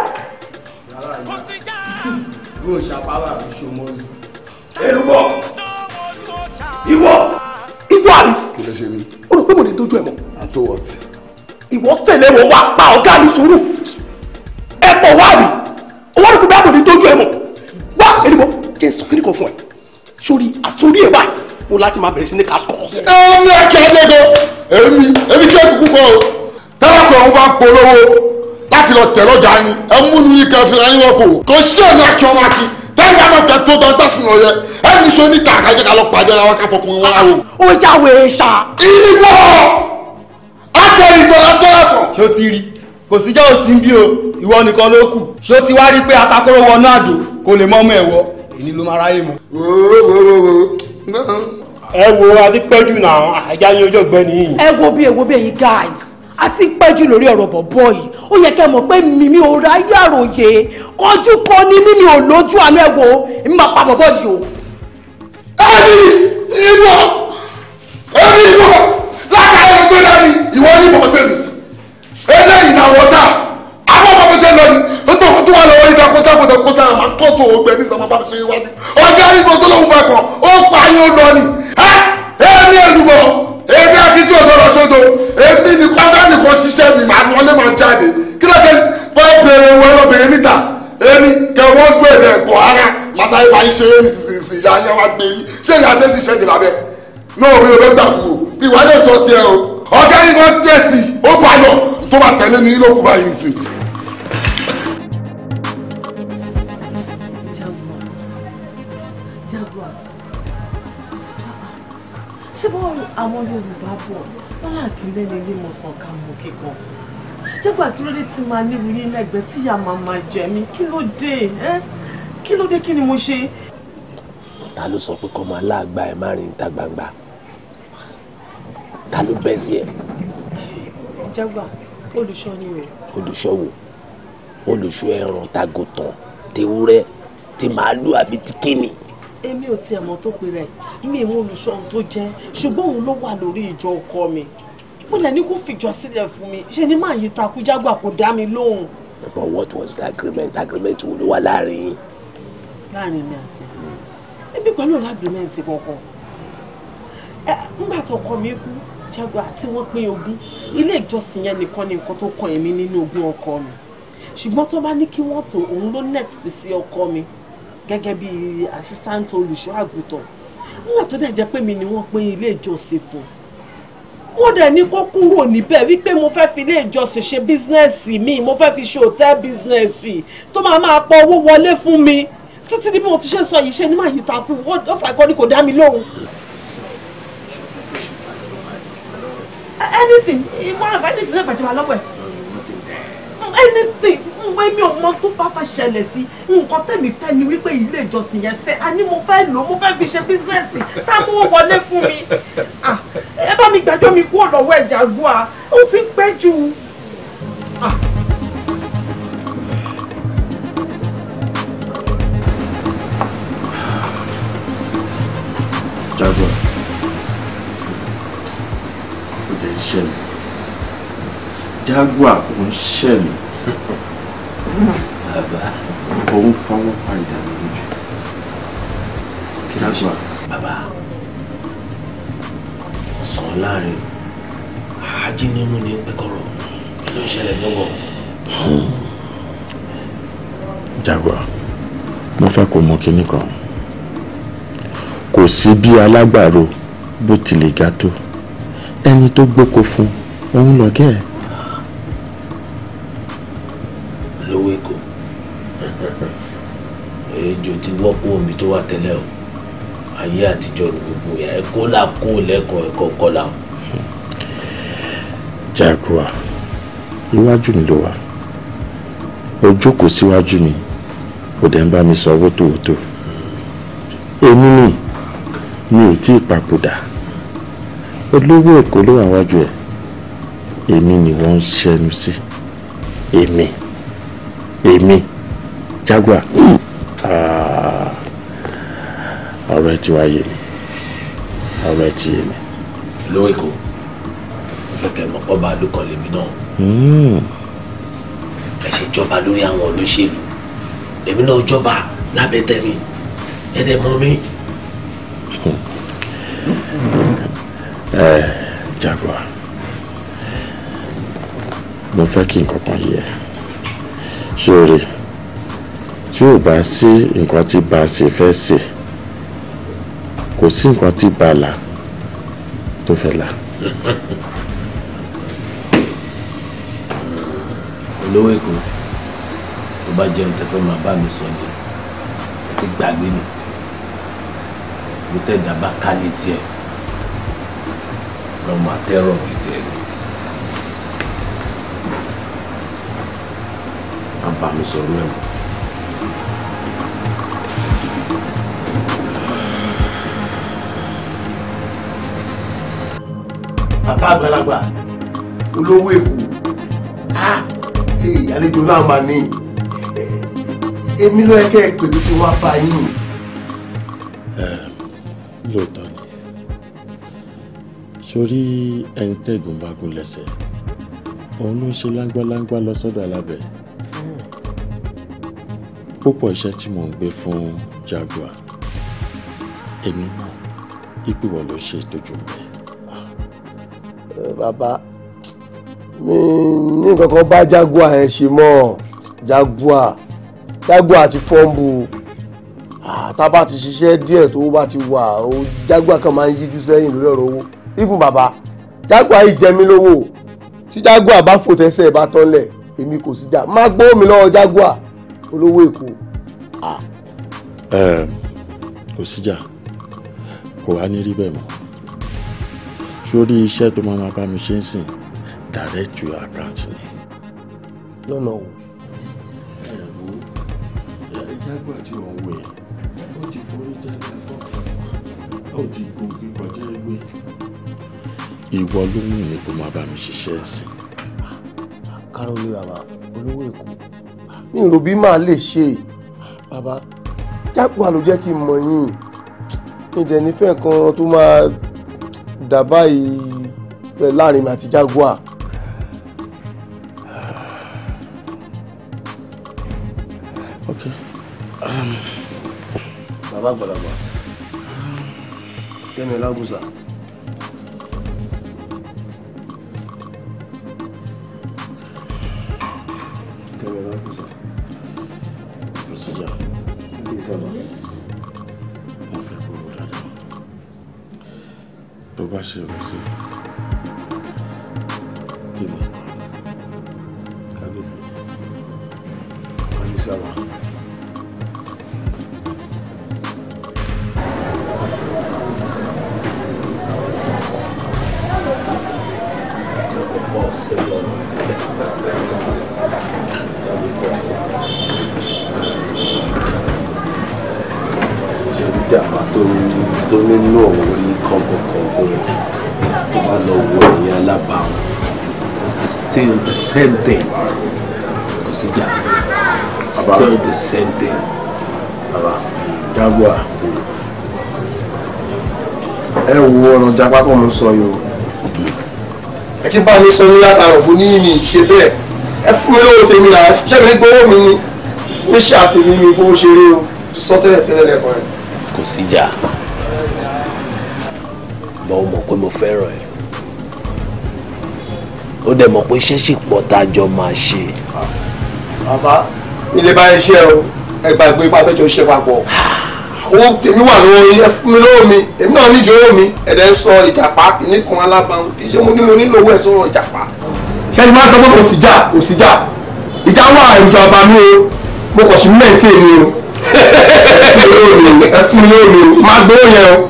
yóò ṣàpárà fi ṣomọlú. èlùbọ́ ìwọ ìwọ àbí. kí ló ṣe mí. o rò pé mo lè dojú ẹ mọ́. and so what. ìwọ tẹ̀lé wọn wá pa ọ̀gá mi sùúrù ẹ pọ̀ wá àbí owó rẹ̀ kó bá mo lè dojú ẹ mọ́ wá èlùbọ́ jẹ́ sọ kí ni kan fún ẹ sórí àtúndì ẹ̀ báyìí mo láti máa bẹ̀rẹ̀ sí ní kásìkò. ẹ mi ẹ kí ẹ dẹ́gbẹ́ èmi èmi kí ẹ kúkú kọ́ ọ tẹ́lẹ̀ láti lọ tẹ̀ lọ́jà yín ẹ múnú yín kẹfìrà yín wọ́pọ̀ kò ṣe èmi àti ọmọ akin tẹ́lẹ̀ àmọ́ tó dán gbẹ̀sùn lọ yẹ ẹ ní sọ níta àkájẹ́ ká lọ pàdé ara wa ká fọkùnrin wọn àwò. ó já wèé ṣá. ìwọ àtẹ̀yìn tó lásán lásán. ti rí kò síjọ́ òsín bí o ìwọ nìkan ló kù ṣé ti wá rí pé atakóró wọnú àdó kò lè mọ́mọ́ ẹ̀wọ́ èyí ló máa ráyè mọ́. ẹ wo adépẹ́jù náà àjáyé ojú ọgbẹ́ni ẹ wo bí ẹ wo bí ẹ̀yin guys àti pẹ́jù lórí ọ̀rọ̀ bọ̀bọ̀ yìí ó yẹ kẹ́ mọ̀ pé mímí ò ráyè àròyé kọjú kọ ní mímí ò lójú àánú ẹ̀ wò èmi máa pa bọ̀bọ̀ yìí o. ẹni ìwọ ẹni ìwọ látàrí ẹgbẹ́ náà ni ìwọ ní bọ̀ọ̀sẹ̀ mi eléyìí náà wọ́n dà àwọn ọmọ mi ṣe lọ ni ó tó tó wà lọ́wọ́ níta kóṣá kóṣá kóṣá àmà tọ́jú ògbẹ́ ní sàmà bá mi ṣe wájú ọjọ́ ìgbò tó lóun bá kàn ó pa yín ó lọ ni ẹ ẹ ní èlùbọ̀ èmi àti tí o tọrọ sódò èmi ni kọ́ńtà nìkan ṣiṣẹ́ mi màá wọlé màá jáde kí ló ṣe bá bèrè wọ ọlọ́bìnrin níta èmi kẹwọ́n gbé ẹ̀dẹ̀ ẹ̀kọ́ ara màsá ibà ń ṣe é nísinsìnyí ìyá yẹn wá gbé yín ṣé ìyá tẹ́sí iṣẹ́ jìlá bẹ́ẹ̀ náà mi ò fẹ́ gbà kú o bí wàá yóò sọ tiẹ̀ o ọ̀gá yín kan tẹ̀sí ó bá yọ tó bá tẹ̀lé mi lókùnrin báyìí nìsín. àwọn Yorùbá bọ̀ wọ́n là kí lẹ́nu ilé mo sàn ká mú kíkan jẹ́gbà kí ló dé tí máa nírú yín lẹ́gbẹ̀ẹ́ tí ìyá máa máa jẹ mí kí ló dé ẹ́ kí ló dé kí ni mo ṣe. ta ló sọ pé kọ́ máa láàgbá ẹ̀ má rìn níta gbangba ta ló bẹ́ sí ẹ. jẹ́gbà olùṣọ́ ni o. olùṣọ́ wo olùṣọ́ ẹran tagotàn tewúrẹ́ tí màálù àbí ti kíni èmi ò tiẹ̀ mọ̀ tó pe rẹ̀ mi mú olùṣọ́ ohun tó jẹ́ ṣùgbọ́n òun ló wà lórí ìjọ ọkọ mi mo lẹ̀ ní kó fìjọ sílẹ̀ fún mi ṣe ni máa yí takú jágbà kó dá mi lóhùn. but what was the agreement agreement wo ló wà láàrin yín. láàrin mi àti ẹbí pẹ̀lú agreement kankan nígbà tó kọ mi kú jágbà tí wọ́n pín ogún ilé ìjọsìn yẹn nìkan ni nǹkan tó kàn èmi nínú ogún ọkọ mi ṣùgbọ́n tó bá ní kí wọ́n tó òun ló next sí ọkọ mi gẹ́gẹ́ bí assistant olùṣọ́ àgùntàn nígbà tó dẹ̀ jẹ́ pé mi ni wọ́n pín ilé ìjọsìn fún mo dẹ̀ ní kó kúrò níbẹ̀ wípé mo fẹ́ fi ilé ìjọsìn ṣe bísínẹ́sì mi mo fẹ́ fi ṣe hòtẹ́ẹ̀lì bísínẹ́sì tó máa máa pọ owó wọlé fún mi títí bí mo ti ṣe sọ yìí ṣe ni máa yí takú ó fà kọ́ ni kò dá mi lóhùn. anything one of anything náà bàjẹ́ wa lọ́wọ́ ẹ̀ anything èmi ò mọ tó bá fẹ́ ṣẹlẹ̀ sí nǹkan tẹ̀mí fẹ́ ni wípé ilé ìjọsìn yẹn sẹ́ a ní mo fẹ́ lò mo fẹ́ fi ṣe bísíǹsì tá a mú owó wọlé fún mi ah, ẹ bá mi gbàjọ́ mi kúrò lọ́wọ́ ẹ̀ jàgùà ó ti ń pẹ́ jù. Ah. jàgùà ó lè ṣẹlẹ̀. Jagua, ò ń ṣẹ̀ mí bàbá òun fọwọ́ pa lójú jaguar. bàbá sàn láàrin ajínigbó ní pẹ́kọ̀rọ̀ kí ló ń ṣẹlẹ̀ lọ́wọ́. jaguar mo fẹ́ kó mọ kinní kan kò sí bí alágbàro bó tilẹ̀ ga tó ẹni tó gbóko fún òun lọ́gẹ́ bọ́ kó omi tó wà tẹ́lẹ̀ o ayé àtijọ́ ni gbogbo yà ẹ̀kọ́ là kó lẹ́kọ̀ọ́ ẹ̀kọ́ kọ́là o. Jaguar iwájú mi ló wà ó jókòó síwájú mi ó dẹ̀ ń bá mi sọ wótòwótò èmi ni mi ò tí ì papòdà olówó èkó ló wà wájú ẹ̀ èmi ni wọ́n ń ṣẹnu sí èmi èmi Jaguar. Uh, ah ọ̀rọ̀ ẹ ti wá yé mi ọ̀rọ̀ ẹ ti yé mi. lórí kò fẹkẹ mọ ọba àdúkọ lèmi náà hmm. ẹ ṣe jọba lórí àwọn olóṣèlú lèmi náà jọba lábẹ́ tẹ̀mí ẹ dẹ̀ mọ́ mi. ẹ Jagua mo fẹ́ kí nǹkan kan yẹ ṣé o rí tí o bá sí nǹkan tí bá ṣe fẹ́ ṣe. Si, kò sí nǹkan tí bàálà tó fẹ́ là. olówó èkó tó bá jẹun tẹ́fẹ́ máa bá mi sọ jẹ ẹ ti gbàgbé mi mo tẹ́ dàbá ká létí ẹ lọ́mọ àtẹ́rọ̀ létí ẹ ni. àbàmì sọ̀rọ̀ ẹ̀ mọ́. bàbá àgbàlagbà olówó èkó àlejò náà máa ní èmi ló yẹ pé kí wọ́n bá yín. lóòótọ́ ni sórí ẹni tẹ́gùn bá gún lẹ́sẹ̀ òun ló ń ṣe láńgbáláńgbá lọ sọ́dọ̀ alábẹ̀ púpọ̀ iṣẹ́ tí mò ń gbé fún Jaguar èmi náà ipò wọ̀ ló ṣe ìtọ́jú mi baba mi ní nǹkan kan bá jagua yẹn ṣe mọ́ jaguar jaguar ti fọ́ǹbù tábà ti ṣiṣẹ́ díẹ̀ tó bá ti wà ó jaguar kan máa ń yíjú sẹ́yìn lórí ọ̀rọ̀ owó even bàbá jaguar yìí jẹ mí lówó tí jaguar bá fò tẹ́sẹ̀ bá tọ́lẹ̀ èmi kò sí jà má gbọ́ mi lọ́wọ́ jaguar olówó èkó. kò síjà kò wá ní rí bẹ́ẹ̀ mọ́ sórí iṣẹ́ tó máa bá mi ṣe ń sìn direct to your account ni. lọ́nà wo. ẹ̀rọ jágbà tí ò ń wẹ̀ ó ti forí jáde fọ́ọ̀kan ó ti gun kíkọjá ewé. ìwọ ló mú ní kó máa bá mi ṣiṣẹ́ ẹ̀sìn. kárólì bàbá olówó èkó mi ò rò bí màá lè ṣe bàbá jágbà ló jẹ́ kí n mọ̀ yín mi dẹ̀ nífẹ̀ẹ́ kan tó máa dà báyìí láàrin àti Jaguar. Okay. bàbá àgbàlagbà kẹ́mi lágùsà. same thing kò sí jà still the same thing baba Jaguar ẹ wo ọ̀rọ̀ japa kọ́ mo sọ yìí o. ẹ ti bá mi sọ ní látara òkú ní mi ṣe bẹ́ẹ̀ ẹ fún mi lówó tèmi là ṣé mi gbowó mi ni mi ṣe àtẹ̀mí mi fowó ṣeré o ti sọ tẹ́lẹ̀ tẹ́lẹ̀ lẹ́kọ̀ọ́ rẹ̀. kò sí jà bọ́ọ̀ mọ̀ pé mo fẹ́ràn ẹ ó dẹ̀ mọ̀ pé iṣẹ́ sì pọ̀ tá a jọ máa ṣe. bàbá mi lè bá iṣẹ́ o ẹ gbàgbé pàfẹ́jọ iṣẹ́ papọ̀ owó tèmi wà lọ́wọ́ yẹ fún mi lọ́wọ́ mi èmi náà níjọ owó mi ẹ̀dẹ̀ ń sọ ìjàpá nìkan alábàáwò iye mo nílò nílò owó ẹ̀ sọ̀rọ̀ ìjàpá. ṣẹ́ni máa ń sọ pé kò sí jà kò sí jà ìjà wà ìjà mi o mo kọ̀ sí mẹ́ǹtì mi o ẹ fún mi lóòrè máa gbóòyẹ o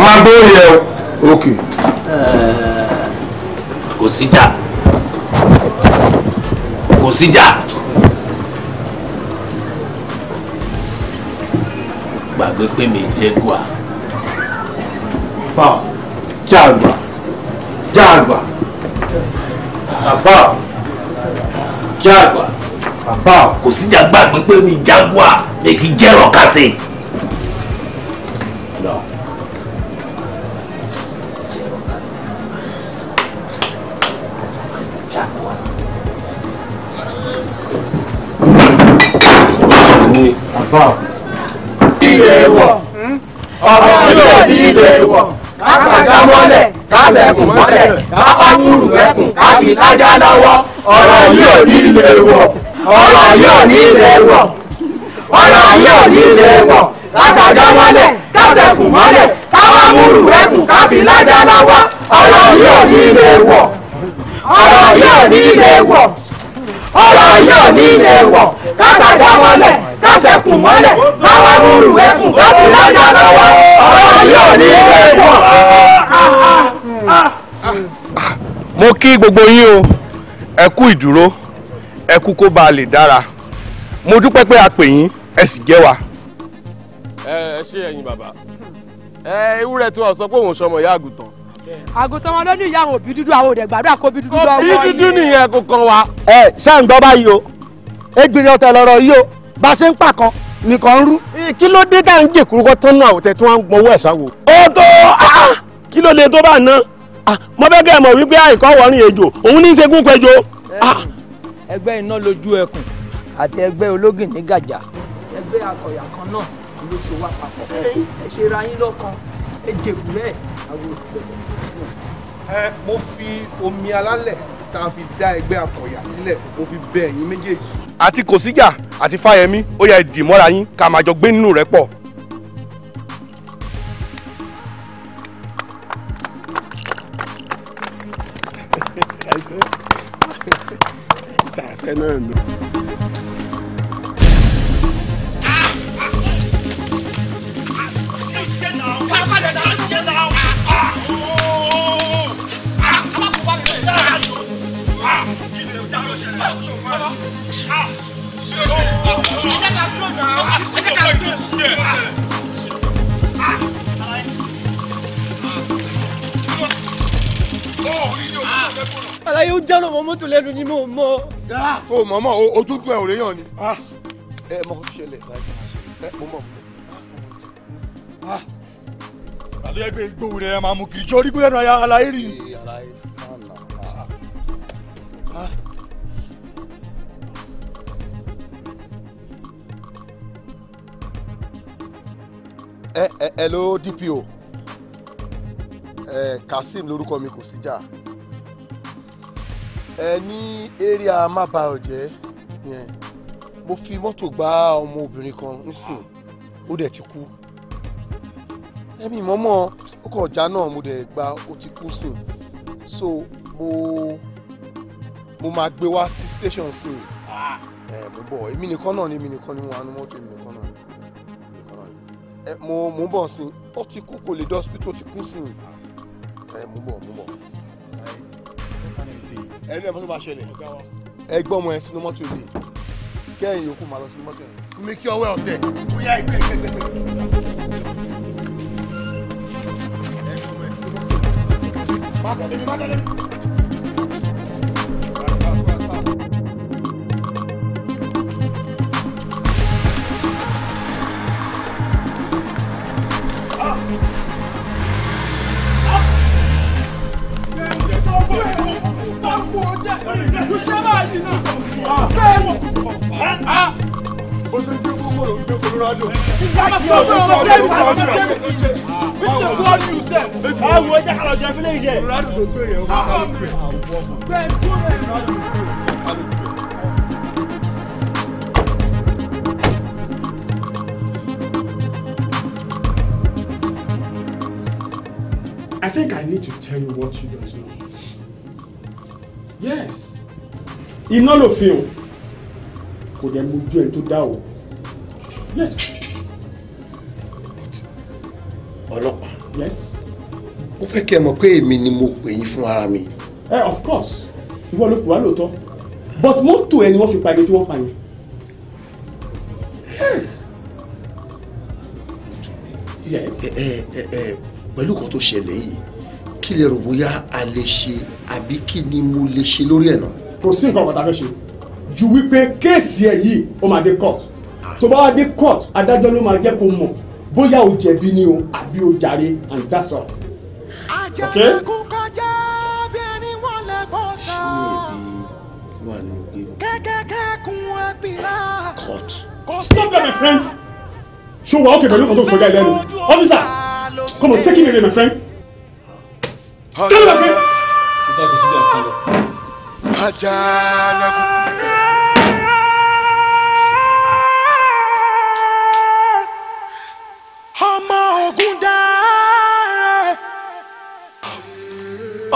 máa gbóòyẹ o kò síjà kò síjà. gbàgbé pé mi jẹ́ gùà. bá jàgbà jàgbà bàbá jàgbà bàbá kò síjà gbàgbé pé mi jàgbà lè kí jẹ́rọ̀ kásẹ̀. kì lájà lọ́wọ́ ọ̀rọ̀ yóò ní ilé wọ̀ ọ̀rọ̀ yóò ní ilé wọ̀ ọ̀rọ̀ yóò ní ilé wọ̀ lásàjọ mọ́lẹ̀ kásẹ̀kù mọ́lẹ̀ káwá múrù rẹ́kù káfí lájà lọ́wọ́ ọ̀rọ̀ yóò ní ilé wọ̀ ọ̀rọ̀ yóò ní ilé wọ̀ ọ̀rọ̀ yóò ní ilé wọ̀ kásàjọ mọ́lẹ̀ kásẹ̀kù mọ́lẹ̀ káwá múrù rẹ́kù káfí lájà lọ́wọ́ ọ̀rọ̀ yóò ní ilé wọ̀ mo kí gbogbo yín o ẹ kú ìdúró ẹ kú kó ba lè dára mo dúpẹ́ pé a pè yín ẹ sì jẹ́ wa. ẹ ẹ ṣé ẹ̀yin bàbá ẹ ewúrẹ́ tí wọ́n sọ pé òun sọmọ ìyá àgùntàn. àgùntàn wọn ló ní ìyá àwọn òbí dúdú àwọn òde gbàdúrà kó bí dúdú lọ́wọ́ yìí. kó bí dúdú nìyẹn kò kan wa. ẹ ṣáà gbọ́ báyìí o ẹgbẹ̀rẹ̀ ọ̀tẹ̀ lọ́rọ̀ yìí o bá a ṣe ń pàkan nìkan ń rú. kí ló dé tá à ń jèkúrú kọ́ tán náà àwòtẹ́ tí wọ́n ń gbọ́wọ́ ẹ̀sáwò. ó tó ah, kí ló le tó bá ná Ah, mo fẹ́ kẹ́ ẹ mọ̀ wípé àìkọ́ wọ̀rin ejò òun ní í según pẹjọ. Ah. ẹgbẹ́ iná lójú ẹkùn àti ẹgbẹ́ ológin ní gàjà ẹgbẹ́ akọ̀yà kan náà ló ṣe wá papọ̀ ẹ ṣe ra yín lọ́kan ẹ jẹ̀kúrẹ́ àwọn olùgbẹ̀dẹ̀. mo fi omi alálẹ̀ tá a fi dá ẹgbẹ́ akọ̀yà sílẹ̀ mo fi bẹ ẹ̀yin méjèèjì. àti kòsíjà àti fáyemí ó yẹ dìmọ́ra yín ká máa jọ gbé nínú rẹ̀ pọ̀. fẹ́ náà nù. Oh, he knows aláyé ó jáná mọ mọ́tò lẹ́nu ni mo mọ. Ah, o mọ̀ mọ́ ojútú ẹ̀ ò lè yàn ni. Ah. ẹ mọ ṣẹlẹ̀ ẹ mo mọ̀. àti ẹgbẹ́ igbó rẹ̀ ẹ máa mú kiri jọ rí gbẹ́nu aya aláyé rí. Ah. ẹ ẹ hello DPO ẹ Kasim lórúkọ mi kò síjà. Si ẹ ní area mábàọ̀jẹ́ yẹn mo fi mọ́tò gbá ọmọ obìnrin kan nísìn ó dẹ̀ ti kú ẹ̀mí mọ́mọ́ ó kàn já náà mo dẹ̀ gba ó ti kú sìn so mo mo máa gbé wá sí station sìn ẹ mo bọ̀ èmi nìkan náà ni èmi nìkan ni mo wà ní mọ́tò èmi nìkan náà ẹ mo mo bọ̀ sìn ó ti kú kò lè dé hospital ó ti kú sìn ẹ mo bọ̀ mo bọ̀ ẹni ẹ̀ mọ́tò máa ṣẹlẹ̀ ẹgbẹ́ ọmọ yẹn sínú mọ́tò yìí kẹ́yìn yòókù máa lọ sínú mọ́tò yẹn. mi kí ọwọ́ ẹ̀ ọ̀tẹ̀ ó yá ìgbẹ́ ìgbẹ́ ìgbẹ́. má tẹ̀lé mi má tẹ̀lé mi. I think I need to tell you what you don't know yes iná lòfin o kò dẹ̀ mojú ẹni tó dá o yes ọlọ́pàá yes ó fẹ́ kí ẹ mọ̀ pé èmi ni mo pè yín fún ara mi. ẹ eh, of course ìwọ ló pè wá lóòótọ́ but mọ́tò ẹ ni wọ́n fi pa ẹni tí wọ́n pa yẹn yes yes. ẹ ẹ ẹ pẹ̀lú kan tó ṣẹlẹ̀ yìí kí lè rò bóyá a lè ṣe àbí kí ni mo lè ṣe lórí ẹ̀ náà. kò sí nǹkan kan fẹ́ ṣe ju wípé kéèsì ẹ̀ yìí ó máa dé court tó bá wá dé court adájọ́ ló máa jẹ́ kó mọ̀ bóyá o jẹ̀bi ni o àbí o jàre and that's all. okay. court. Stop that, my friend. Show wa okay, but look at those soldiers there. Officer, come on, take him away, my friend stand up here. Isaac Osudia stand up. Ajanaku. ọmọ ogun dá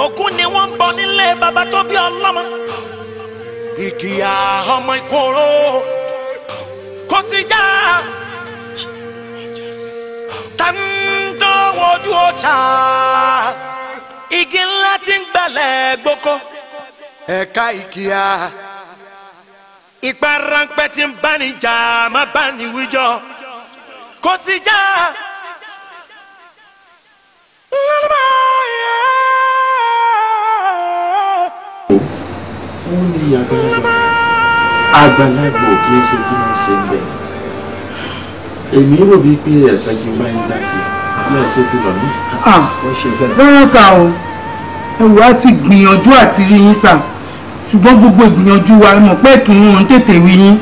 ogun ni wọ́n bọ nílé bàbá tó bí ọlọ́mọ ìkìyà ọmọ ìkorò kò sí já tá ń ọ̀sà igi ńlá ti ń gbalẹ̀ gboko. ẹ̀ka ìkíyà. ipa ráńpẹ́ ti ń báni jà má báni wíjọ kò sí já. ó kí ń ṣe kí wọ́n ṣe ń bẹ̀ èmi rò bíi pé ẹ̀fẹ́ kí n bá yín dá sí i rárá sá o ẹwù á ti gbìyànjú àti rí yín sá ṣùgbọ́n gbogbo ìgbìyànjú wa mọ̀ pé kì í hàn tètè rí yín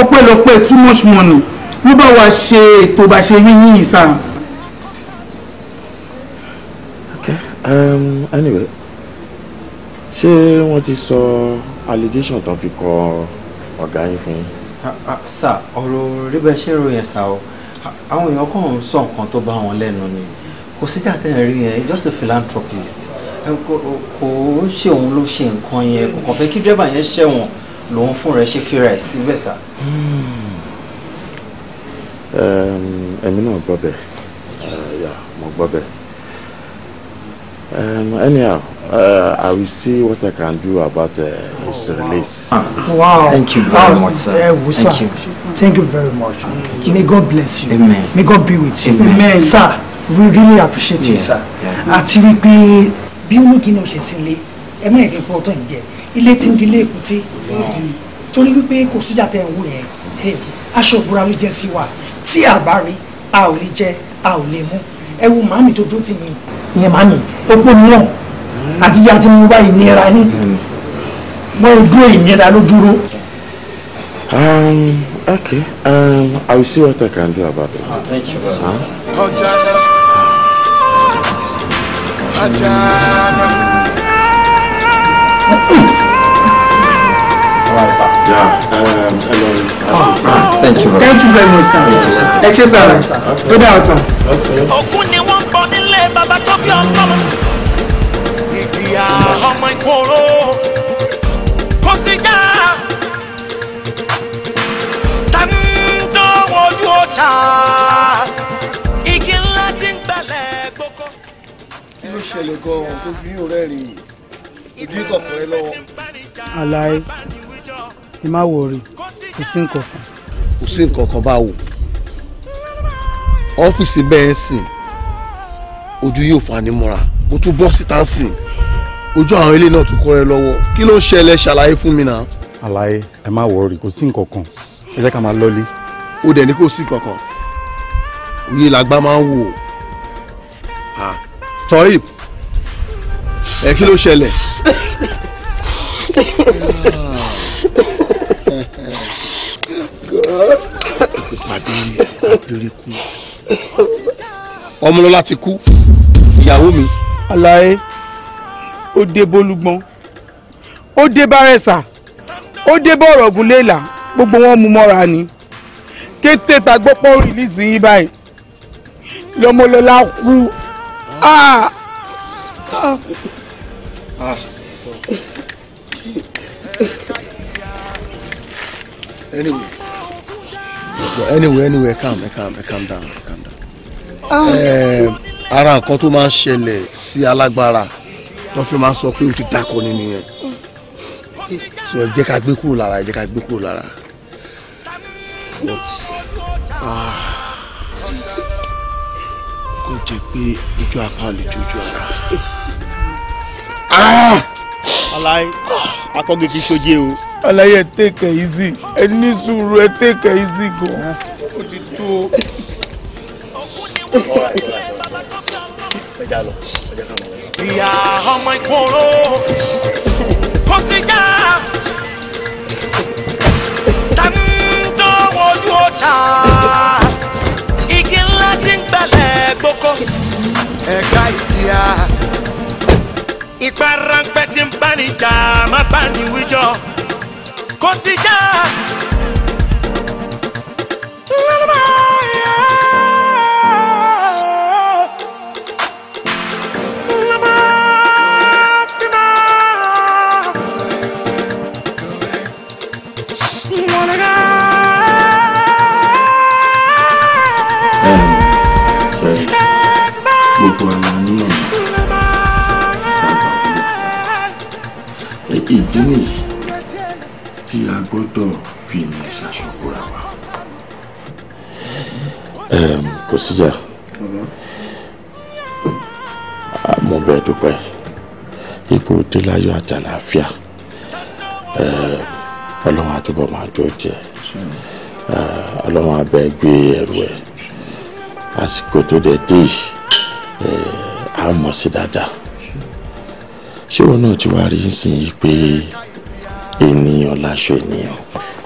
ọpẹ́lọpẹ́ too much money ló bá wa ṣe ètò bá ṣe rí yín sá. okay um, anyway ṣé wọ́n ti sọ allegation tán fi kọ ọ̀gá yín fún yín. Ah, ah, sá ọ̀rọ̀ rí bẹ́ẹ̀ ṣe ròyìn sá o àwọn èèyàn kàn ń sọ nǹkan tó bá wọn lẹ́nu ni kò síjà tẹ́ ẹ̀ rí yẹn he's just a philanthropist kò ń ṣe òun ló ṣe nǹkan yẹn kò kàn fẹ́ kí dírẹ́bà yẹn ṣẹ̀wọ̀n lòun fún rẹ̀ ṣe fira ẹ̀ síbẹ̀ sá. èmi náà gbọ́ bẹ́ẹ̀ mo gbọ́ bẹ́ẹ̀ anyhow Uh, I will see what I can do about uh, his oh, release. Wow. Ah, wow. Thank you very wow. much, sir. Uh, Thank you. Thank you very much. Thank May God bless you. Amen. May God be with you. Amen. Amen. Sir, we really appreciate yeah. you, sir. Àti wípé bí ológin náà ṣe sílé, ẹ má yẹ pọ̀ tán jẹ, ilé tí ń dilé èkúté. Torí wípé kò síjà tẹ̀ ń wò yẹn, aṣọ òbúra ló jẹ́ sí wa. Tí a bá rí, a ò lè jẹ, a ò lè mú. Ẹ wo màámi tó dúró tì mí. Ìyẹn màámi, ó pọ̀ mìíràn àti ìyá tí mo bá ìnira ní hmm. wọ́n dúró ìnira ló dúró. Um, okay, um, I will see what I can do about it. Oh, thank you very much. Yeah, um, hello. Oh, ah, thank you. very much, sir. Thank you, sir. Good afternoon, kòkòrò kò sí já tá ń dánwò ojú ọ̀ṣà igi ńlá ti ń gbẹ̀lẹ̀ gboko. kí ló ṣẹlẹ̀ gan-an tó fi yóò rẹ́rìn ojú ìkọ̀kọ̀ rẹ lọ́wọ́. àlàyé ẹ má wọrí kò sí nǹkan kan. kò sí nǹkan kan báwo ọ́fíìsì bẹ́ẹ̀ sìn ojú yóò fani mọ́ra mo tún bọ́ síta sìn ojú àwọn ilé náà tún kọ́ ẹ lọ́wọ́ kí ló ń ṣẹlẹ̀ ṣàlàyé fún mi náà. àlàyé ẹ má wọrí kò sí nǹkan kan ẹ jẹ́ ká máa lọ́lé. ó dẹ̀ ní kò sí kankan òye làgbà máa ń wò ó. tọ́yì ẹ kí ló ṣẹlẹ̀. pàdé àdórí kú. ọmọlọ́lá ti kú ìyàwó mi. àlàyé ó dé bólúgbọ́n ó dé bárẹ̀sà ó dé bọ̀rọ̀ ògúnléèlà gbogbo wọn mú mọ́ra ni kété ta gbọ́ pọ́n rìlíìsì yín báyìí lọ́mọlọ́lá kú. Ah! Ah! Ah! anyway, anyway, anyway, calm, eh, calm, eh, eh, calm down, Ah. Eh, ara nǹkan tó máa ń ṣẹlẹ̀ sí alágbára tó fi máa sọ pé o ti dákọ ni nìyẹn so ẹ jẹ́ ká gbé kúrò lára ẹ jẹ́ ká gbé kúrò lára but ah, kò jẹ́ pé ojú apá lè jojú ara. Ah! aláì akọ́gi kì ṣojé o. aláì ẹ easy ẹ ní sùúrù ẹ tèkè easy gan. ó ti tó o. ẹ já lọ ẹ jẹ́ ká mọ̀. Kòsíyá ọmọ ìkóró Kòsíyá tàǹdọ̀wọ̀ ojú ọ̀ṣà igi ńlá ti ń gbẹ̀lẹ̀ gboko ẹ̀ka ìkíyà ipa bá ní jà má bá ní wíjọ Kòsíyá lọ́lọ́mọ́. ìdí nìyí tí a gbọ́dọ̀ fi ìmọ̀ ìṣàṣọ́gbóra wa. kò síjà mo bẹ̀ dúpẹ́ ipò délayọ̀ àtàlàáfíà ọlọ́run àtúbọ̀ máa jọ jẹ́ ọlọ́run abẹ gbé ẹrù ẹ̀ àsìkò tó dẹ̀ dé yìí á mọ̀ sí dáadáa ṣé wọn náà ti wá rí nísìnyí pé ènìyàn láṣọ ènìyàn.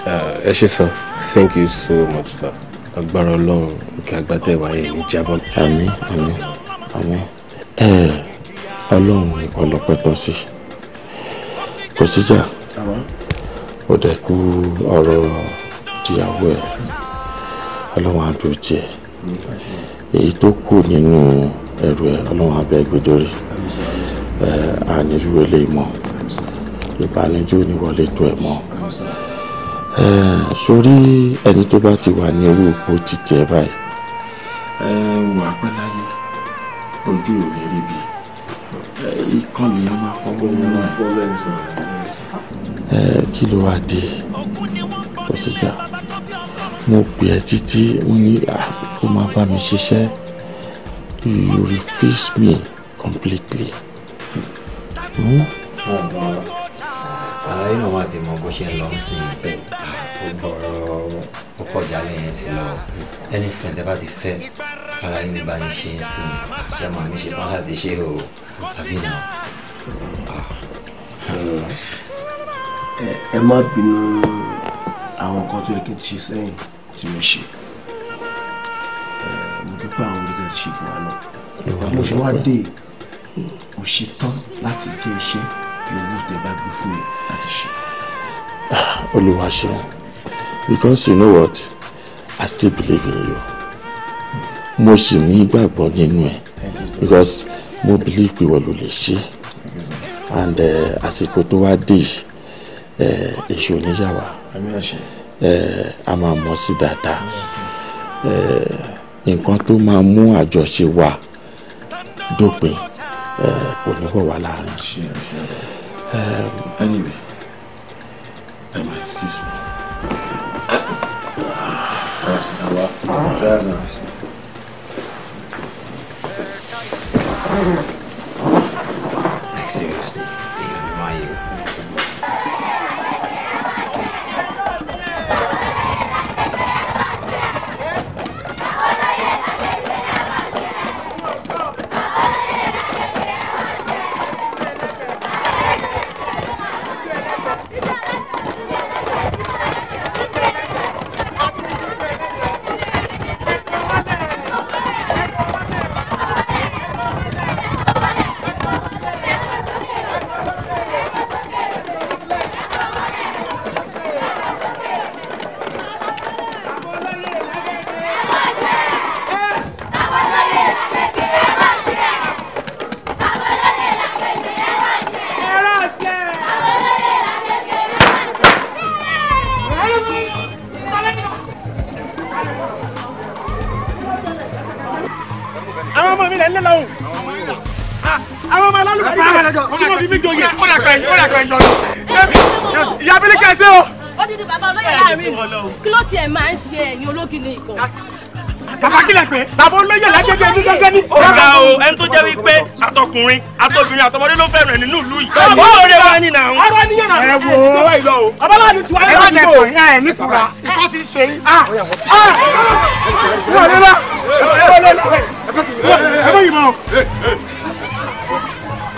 Ah, ẹ ṣé sir thank you so much sir agbára Ọlọ́run kí agbátẹ wáyé ní jábọ. àmín àmín àmín ẹ Ọlọ́run ọlọpẹ tán sí kò síjà ó dẹ kú ọ̀rọ̀ ìyàwó ẹ Ọlọ́run àdójì ẹ èyí tó kù nínú ẹrù ẹ Ọlọ́run abẹ gbẹdọrí àníjú eléyìí mọ́ ìbànújẹ́ ò ní wọlé tó ẹ̀ mọ́ sórí ẹni tó bá ti wà ní irú ipò títí ẹ báyìí wà pẹ́ láyé ojú ò ní rí bi ìkànnì yẹn máa kọ́ bó wọn náà kí ló wá dé kò sí jà mo pè ẹ́ títí ó ní kó máa bá mi ṣiṣẹ́ you refuse me completely wọn mọ àlàyé náà wà ti mọ bó ṣe ń lọ sí gbogbo ọ̀rọ̀ ó kọjá lẹ́yìn ti lọ ẹni fẹ́ tẹ́ bá ti fẹ́ àlàyé mi bá ń ṣe é sí ṣé màá mi ṣe tán láti ṣe o àbí náà. Ah. ẹ má bínú àwọn nǹkan tó yẹ kí n ti ṣe sẹ́yìn tí mo ṣe eh, mo dúpẹ́ àwọn olùdíje ṣe fún wa náà mo ṣe wá dé yìí o ṣetán láti jẹ́ iṣẹ́ bí owó tẹ bá gbé fún mi láti ṣe. Ah, olúwa ṣeun because you know what i still believe in you mo sì ní ìgbàgbọ́ nínú ẹ because mo believe pé wọ́n ló lè ṣe and eh, àsìkò tó wá dé eh, èṣù oníyàwó eh, a máa mọ̀ sí dáadáa nǹkan tó máa mú àjọṣe wa dópin kò ní wọ̀ wá láàrin. anyway emma excuse me. Like seriously, even my you. ṣe ẹ̀yin olókìlì ikọ̀. bàbá kílẹ̀ pé bàbá olóyè lágbègbè ní gẹ́gẹ́ ní. ọ̀gá o ẹni tó jẹ́ wípé àtọkùnrin àtọbìnrin àtọmọdé ló fẹ́ràn ẹ̀ nínú ìlú yìí. bàbá òde wa ni nàá. ọ̀rọ̀ ni yàrá ẹ wo babalá ni tiwa yàrá ni tó. ẹ ní fura ikọ́ ti ṣe yín.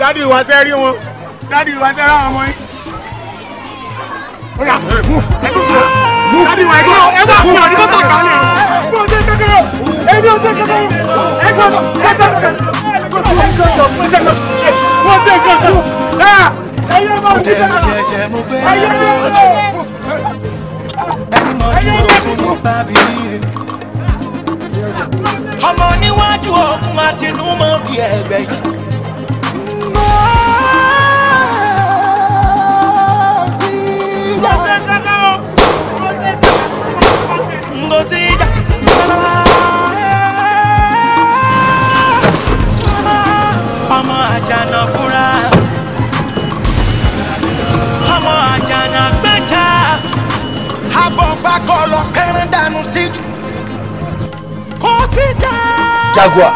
dádì wa ṣe rí wọn dádì wa ṣe rá wọn mọ́ yín mi wà ẹ̀gbọ́n ẹ̀gbọ́n àpò àti mọ́tò kálẹ̀ o. ẹ̀gbọ́n ọjọ́ kékeré ẹ̀gbọ́n ọjọ́ kékeré ẹ̀gbọ́n ọjọ́ kékeré ẹ̀gbọ́n ọjọ́ kékeré ẹ̀gbọ́n ọjọ́ kékeré ẹ̀yẹ yìí. ngosija ọmọ àjànà fúra ọmọ àjànà gbẹjà. abọ́ bá kọ́ lọ kẹrin dànù síjú. kò síjà. Jaguar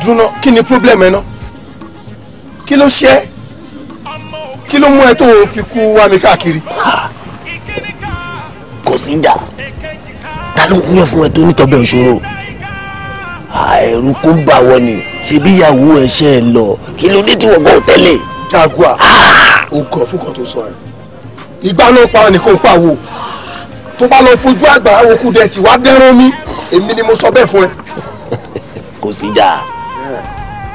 dúró náà kí ni problem ẹ náà kí ló ṣe é kí ló mú ẹ tó fi kú wá mi káàkiri. kò sí dáa ta ló ń yàn fún ẹ tó nítọ́bẹ̀ ìṣòro ẹ̀rù kó bà wọ́n ni ṣebí ìyàwó ẹ̀ ṣe lọ kí ló dé tí wọ́n gbọ́ tẹ́lẹ̀. jagua o ah! kọ fún kan tó sọ ẹ ìgbà ló ń pa nìkan pàwọ tó bá lọ fojú àgbàrá okú dẹ tí wàá dẹrùn mi èmi ni mo sọ bẹ́ẹ̀ fún ẹ. kò sí jà eh.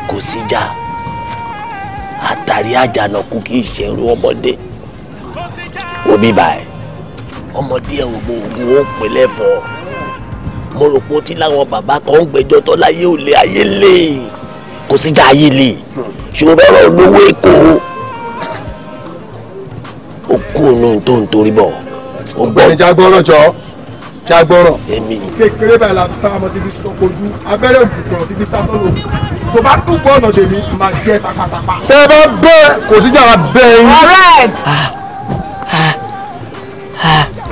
kò sí jà àtàrí àjànàkú kì í ṣẹrú ọmọdé omi báyìí ọmọdé ẹ ò mọ ògùn ó pè lẹfọọ mo rò pé ó ti láwọn bàbá kan ń gbẹjọ tọ́ láyé ò ayé lè kò sí já ayé lè ṣòro bẹ́ẹ̀ olówó èkó ó kú ònú tó ń torí bọ̀. ọ̀gbẹ́ni jágbọ́ràn jọ jágbọ́ràn. èmi kékeré báyìí la bá ọmọ ti sọkojú abẹ́rẹ́ ògùnkàn ti fi tó bá dúpọ̀ ọ̀nà dèmi máa jẹ́ tapatapa. tẹ́ bá bẹ́ẹ̀ kò sí jà bẹ́ẹ̀ yín. all right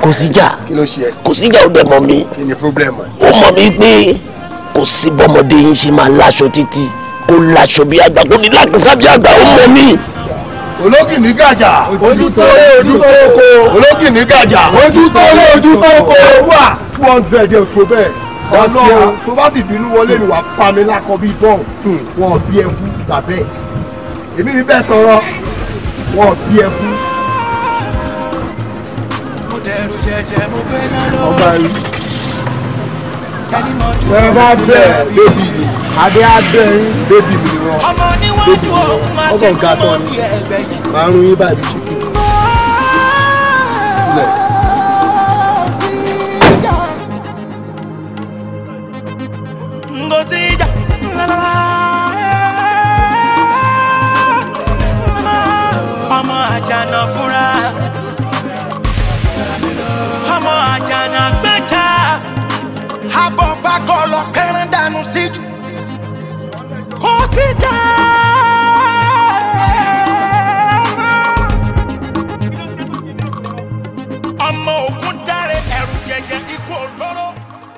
kò síjà kò síjà ó dẹ̀ mọ̀ mi ó mọ̀ mi pé kò sí bọ́mọdé yín ṣe máa láṣọ títí kó láṣọ bí àgbà kó ní lákàtà bí àgbà ó mọ̀ mi. ológìní gàjà ojútóore ojútóoko ológìní gàjà ojútóore ojútóoko wà two hundred yẹn tó bẹ́ẹ̀ ọlọ́run tó bá sì bínú wọlé ni wà á pa mi lákọ bí bọ́ọ̀ hmm. wọn bí ẹkú bàbẹ́ èmi ni bẹ́ẹ̀ sọ̀rọ̀ wọn bí ẹkú ọba rí ẹ bá bẹ bébì yìí adé abẹ yín bébì mi ni wọn bébì mi ọgbọ̀n gàtọ̀ ni màá rún yín bàbí ṣe.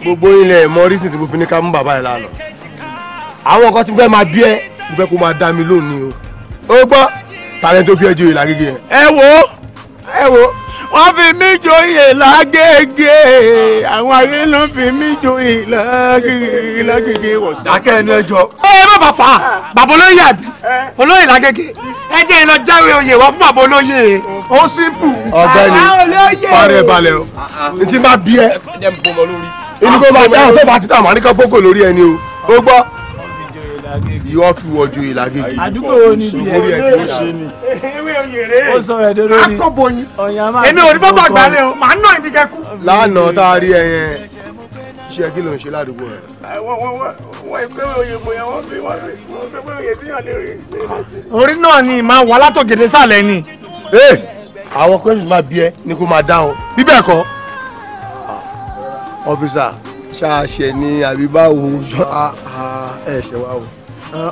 gbogbo ilẹ̀ mọ rísìn tí mo fi ní ká mú bàbá yẹn lánàá àwọn nǹkan tí mo fẹ́ máa bí ẹ mo fẹ́ kó máa dá mi lónìí o ó gbọ́ talent tó fi ẹ joyè lágége yẹn. ẹ wo ẹ wo wọ́n fi mí joyè lágége àwọn ayé ló fi mí joyè lágége lágége wọ̀sán. dákẹ́ ẹni ẹjọ́. ẹ má bà fà á bàbá olóyè àbí olóyè lágége ẹ jẹ́ ẹ lọ jáwé oyè wá fún bàbá olóyè ó simple. ọ̀gbẹ́ni fara ẹ balẹ̀ o ah, ah. n ti má bí ẹ. ẹ bọ́ ọmọ lórí ibi tó bá ah, dáhùn tó bá ti tàmọ́ àníkàn fókò lórí ẹni o ó gbọ́ ìwọ fi wọ ju ìlàgéjì. àdúgbò wo ni tiẹ̀ orí ẹ̀ tí ó ṣe ni. ewé oyè rè é. ó sọ ẹ̀dọ́ lórí. akọ́bọ̀yìn. ọ̀yàn máa ń sọ fún ọ. èmi ò ní fọ́tò àgbàlẹ̀ o màá nà ibi kẹ́kù. lánàá tá a rí ẹ yẹn iṣẹ́ kí ló ń ṣe ládùúgbò rẹ̀. wọ́n wọ́n wọ́n wọ́n ìpé oyè bò yẹn wọ́n fi wọ́n fi wọ́n fi pé oyè tíyàn lè rí. orí náà ni màá wà látòkèdè sàlẹ̀ ni. àwọn kwesì máa bí ẹ ni kò máa dáhùn bíbẹ̀ kọ́ ọ́fíìsà ṣáàṣẹ ni àbí báwo ẹ ṣe wá o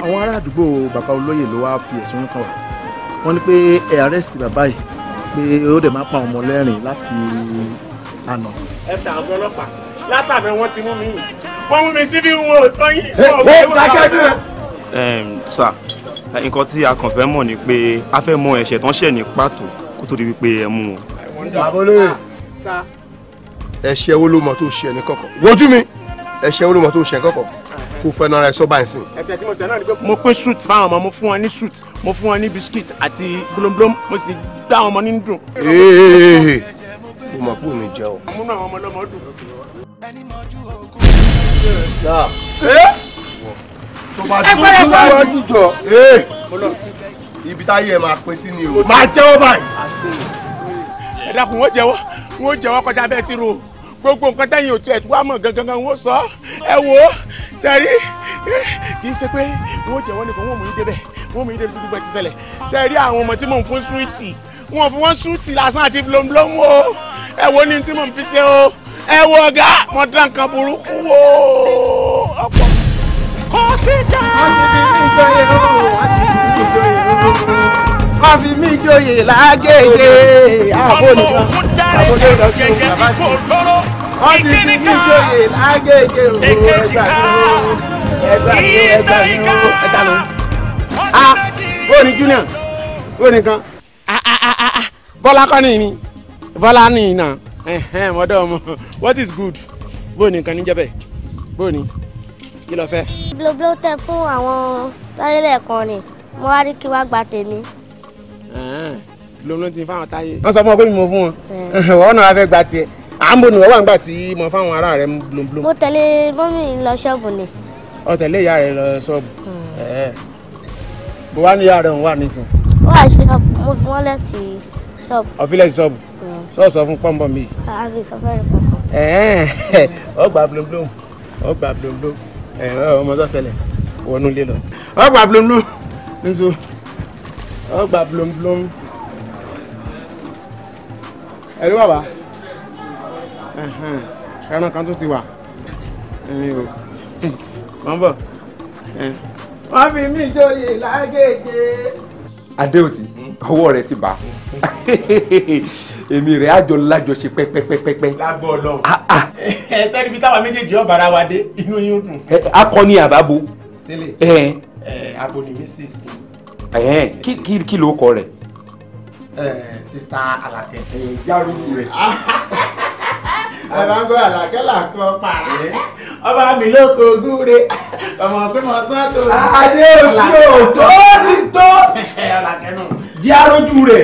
àwọn ará àdúgbò bàbá olóyè ló wá fi ẹ̀sùn kàn wá wọ́n ní pé ẹ arrest bàbá yìí pé ó dẹ̀ máa pa ọmọ lẹ́rìn láti àná. ẹ ṣàwọn ọlọ́pàá látàbẹ̀ wọ́n ti mú mi yìí wọ́n mú mi síbí wọn ò sọ yìí. ẹ ẹ ṣàkẹ́dùn. sà nǹkan tí a kàn fẹ́ mọ̀ ni pé a fẹ́ mọ ẹ̀ṣẹ̀ tán ṣẹ̀ ní pàtó kó tó di wípé ẹ mú wọn. bàbá olóyè ẹ̀ṣẹ̀ wo ló tó ṣe ẹni kọ̀kọ̀ wojú mi ẹ̀ṣẹ̀ wo tó ṣe ẹni kọ̀kọ̀ kò fẹ́ nára ẹ báyìí sìn. ẹ̀ṣẹ̀ tí mo ṣe náà ni pé mo pín suit fáwọn ọmọ mo fún wọn ní suit mo fún wọn ní biscuit àti blomblom mo sì dá àwọn ọmọ ní dùn. ee mo mọ̀ pé òun jẹ́ o. àmúnú àwọn ọmọ ọlọ́mọ dùn. ẹni mọ ojú ogun. tó bá dùn tó bá wájú jọ ibi táyé ẹ máa pín sí ni o. máa jẹ́wọ́ báyìí. ẹ dákun wọ́n jẹ́wọ́ wọ́n jẹ́wọ́ kọjá bẹ́ẹ̀ tí ro gbogbo nǹkan tẹ́yìn òtún ẹ̀ tí mọ̀ gangan wọ́n sọ ẹ wò sẹ́rí kì í ṣe pé wọ́n jẹ́ nìkan wọ́n mú yín débẹ̀ wọ́n mú yín débẹ̀ tí gbogbo ẹ̀ ti sẹ́rí àwọn ọmọ tí mò ń fún súwìtì wọn fún wọn súwìtì lásán àti blomblom o ẹ wo ni tí mò ń fi ṣe o ẹ wo ọ̀gá mo dán burúkú wo ọ̀pọ̀. kò sí dáa kọ́ fi mí joyè lágége àbónì àbónì ìdọ̀tí bàbá ti wọ́n ti fi mí joyè lágége òwò ẹgbà ni ó ẹgbà ni ó ẹgbà ni ó ẹgbà ni ó. a ó ní junior ó ní kan. bọ́lá kọ́ ni ni bọ́lá ni iná mọ́dọ̀ ọmọ what is good bó ní nǹkan níjẹ́ bẹ́ẹ̀ bó ní kí lo fẹ́. blow blow tẹ fún àwọn táyé lẹ́ẹ̀kan ni mo wá ní kí wá gba tèmi lóun ló ti fáwọn táyé wọ́n sọ fún ọ pé mi mọ fún wọn eh. wọ́n náà wá fẹ́ gba tiẹ̀ à ń bò ní wọ́n wà nígbà tí mo fáwọn ará rẹ̀ blomblom. mo tẹ̀lé mọ́mí lọ ṣọ́ọ̀bù ni. ọ tẹ̀lé ìyá rẹ̀ lọ ṣọ́ọ̀bù bó wá ní ìyá rẹ̀ òun wà nífun. ó wà ṣọ́ọ̀bù mo fi wọ́n lẹ́sì ṣọ́ọ̀bù. ọ̀fílẹ̀ ṣọ́ọ̀bù sọ́ọ̀sọ́ fún pọ́ńpọ́ mi. àbí sọ fẹ́ẹ́ pọ́ńpọ́. ó gbà blomblom ó gbà blomblom ọmọ tó ṣẹlẹ̀ wọnú ilé lọ ó gbà blomblom nítorí ó gba blomblom ẹ̀rí bàbá ẹran kan tó ti wà wọ́n bọ̀ wọ́n fi mí joyè lágége. adéòtí ọwọ́ rẹ ti bá èmi rẹ̀ àjọ lájọṣe pẹ́pẹ́pẹ́pẹ́. lágbó Ọlọ́run ah, ah. ẹ tẹ́lifí táwa méjèèjì ọ̀bàrà wa dé inú yín ó dùn. akọni àbábo. sílẹ̀ ẹ abo ni mrs ni kí kí kí ló kọ rẹ̀. sista alatẹ. járùkù rẹ. àbágbó àlàkẹ́ là kọ́ para ọba mi ló kọ ogún re ọmọ pé mo sọ tó. adé òsì ò tó ní tó. alatẹ nù. járùkù rẹ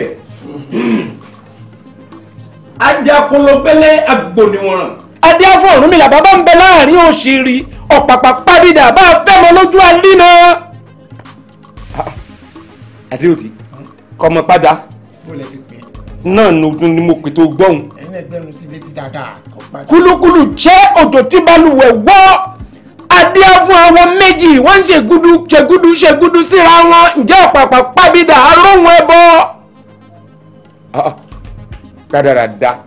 ajakolopele agboniwọ̀n. adé afọ ọ̀rúnmìlà bàbá ń bẹ láàrin òṣèré ọ̀pàpà pàdídà bá a fẹ́ mọ lójú alínà àdéhùtì kọmọ padà náà nùdún ni mo pè tó gbọ́hùn. ẹni ẹgbẹ́rún sí létí dáadáa kò padà. kúlúkúlù jẹ́ òjò tí balùwẹ̀ wọ́ adé fún àwọn méjì wọ́n ń ṣègúdú ṣègúdú ṣègúdú síra wọn ǹjẹ́ ọ̀pàpà pàbídà aróhùn ẹbọ. rádaràda ah,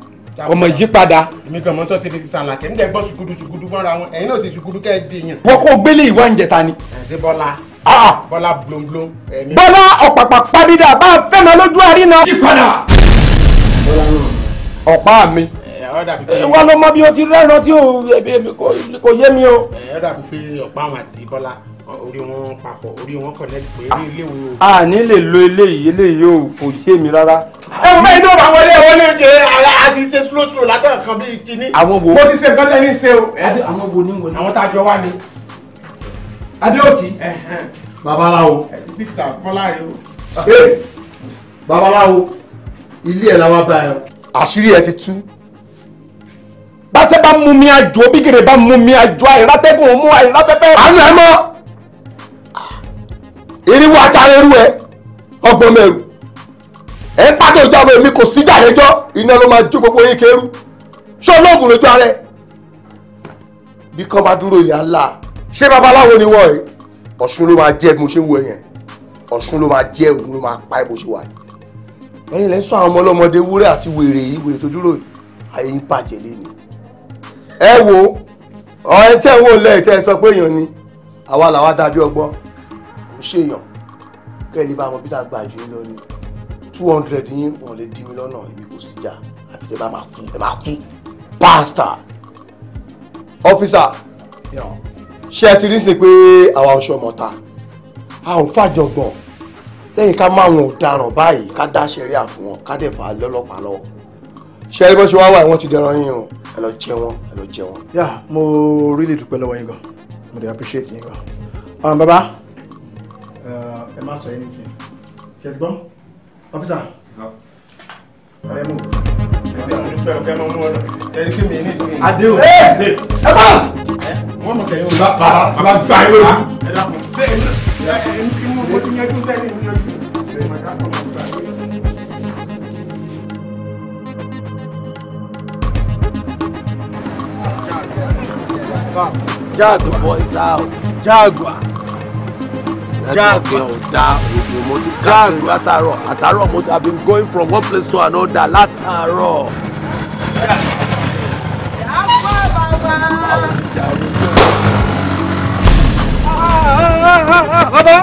ah. ọmọ yípadà. èmi kan mọ tó ṣe lè ṣiṣan àlàkẹ́ ń dẹ́ gbọ́ ṣùgúdú mọ́ra wọn ẹ̀yin náà ṣe ṣùgúdú kẹ́ẹ́ bí yẹn. wọ́n kó gbélé ìwà ń ni. ẹ̀ bọ́lá. Ah, ah. bọ́lá blonblon. bọ́lá ọ̀pàpà pàdídà bá a fẹ́ mọ lójú àríná. yípadà. ọ̀pá mi. wọ́n ló mọ bí o ti rẹ́ran tí kò yé mi o. ó dàbí pé ọ̀pá àwọn àti bọ́lá orí wọn papọ̀ orí wọn connect pé eré iléèwé o. a ní lè lo eléyìí eléyìí o kò yé mi rárá. ẹ wọ́n bẹ́ẹ̀ ní òun àwọn ilé ìwọlé oúnjẹ ara ṣe slow slow látọ̀ kan bíi kínní. àwọn wo mo ti ṣe nǹkan tẹ́ ní ṣe o. àwọn wo ni wọ́n ní. àwọn tá a jọ Adéòtí. Babaláwo. Ẹ̀tí six and Kọ́láre o. Babaláwo, ilé ẹ̀ làwọn bá ẹ. Àṣírí ẹ ti tú. Báṣẹ́ bá mú mi àjò, bígèrè bá mú mi àjò, àìrátẹ́gùn mú àìrátẹ́fẹ́. Àánú ẹ mọ́. Irinwó atarẹ́rú ẹ, ọgbọ́n mẹ́rù. Ẹ ń pàdé ìjọ ọmọ èmi kò sí jàrẹ́jọ́, iná ló máa jó gbogbo yín kẹrù. Ṣé olóògùn lójú ara ẹ? Bí kò bá dúró ìyá ńlá ṣé babaláwo ni wọ́n yìí ọ̀ṣun ló máa jẹ́ bí mo ṣe ń wo ẹ̀yẹn ọ̀ṣun ló máa jẹ́ òun ló máa pa ẹ̀ bó ṣe wà yìí ẹ̀yin àwọn ọmọ ọlọ́mọdé wúrẹ́ àti wèrè yìí wèrè tó dúró ayé ń bàjẹ́ lé ẹ wo ọ̀rẹ́ tẹ́ ń wò lẹ́yìn tẹ́ ẹ sọ pé èèyàn ni àwa làwa dájú ọgbọ́n ń ṣèyàn kẹ́lí bá wọn bí tá jù lọ ni two hundred yín wọn lè dí mi lọ́nà ibi kò sí jà àfi tẹ́ bá máa kú ẹ máa kú pásítà ọ́fíìsà yàn ṣé ẹ ti rí sí pé àwa ò ṣọmọta a ò fàjọgbọ̀n lẹ́yìn ká máa wọn ọ̀daràn báyìí ká dá ṣẹ̀ríà fún wọn ká dẹ̀ fà á lọ́lọ́pàá lọ́wọ́ ṣe ẹ bó ṣe wáá wà wọ́n ti dẹran yín o ẹ lọ jẹ wọn ẹ lọ jẹ wọn. yà mo really dúpẹ́ lọ́wọ́ yín gan mo dey appreciate yín gan. Um, bàbá uh, ẹ má sọ anything ṣe gbọ́ ọ́fíìsà ẹ mú ẹ sí àwọn pẹ́ ọ̀kẹ́ mọ́ mú ọ̀nà tẹ̀lé kí mi ní ìsìn. adéhùn ẹ Jaguar. Jaguar. Jaguar. Jaguar. been going from one place to another. Látàárọ̀ baba baba baba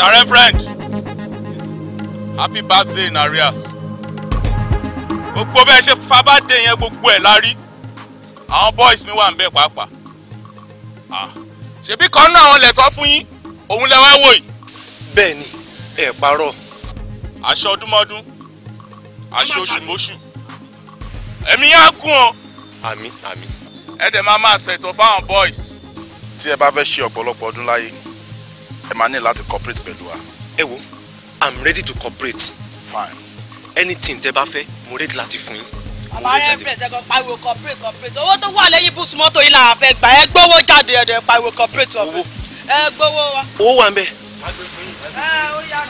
na reverend happy birthday in arrears gbogbo bẹ́ẹ̀ ṣe fa bá dé yẹn gbogbo ẹ̀ la àwọn boys mi wà ń bẹ̀ pàápàá ah, ṣebí kan náà àwọn lẹ̀tọ́ fún yín òun lẹ wá wò yìí. bẹ́ẹ̀ ni ẹ parọ́. aṣọ ọdúnmọ́dún aṣọ oṣùmọ́ṣù ẹ̀mí yá gùn ọ́. àmín àmín. ẹ dẹ̀ máa máa ṣètò fáwọn boys. tí ẹ bá fẹ́ ṣe ọ̀pọ̀lọpọ̀ ọdún láyé ẹ máa ní láti cooperate pẹ̀lú wa. ẹ wo i'm ready to cooperate. fine. anything tẹ bá fẹ́ mo ready láti fún yín. àbá rẹ ń bẹ̀rẹ̀ sẹ́kọ̀ pariwo cooperate cooperate owó tó wà lẹ́yìn bùsùn mọ́tò yìí là ń fẹ́ gbà ẹ gbowó jáde ẹ̀dẹ̀ pariwo cooperate ọ̀fẹ́. ẹ gbowó wa. owó wà ń bẹ̀.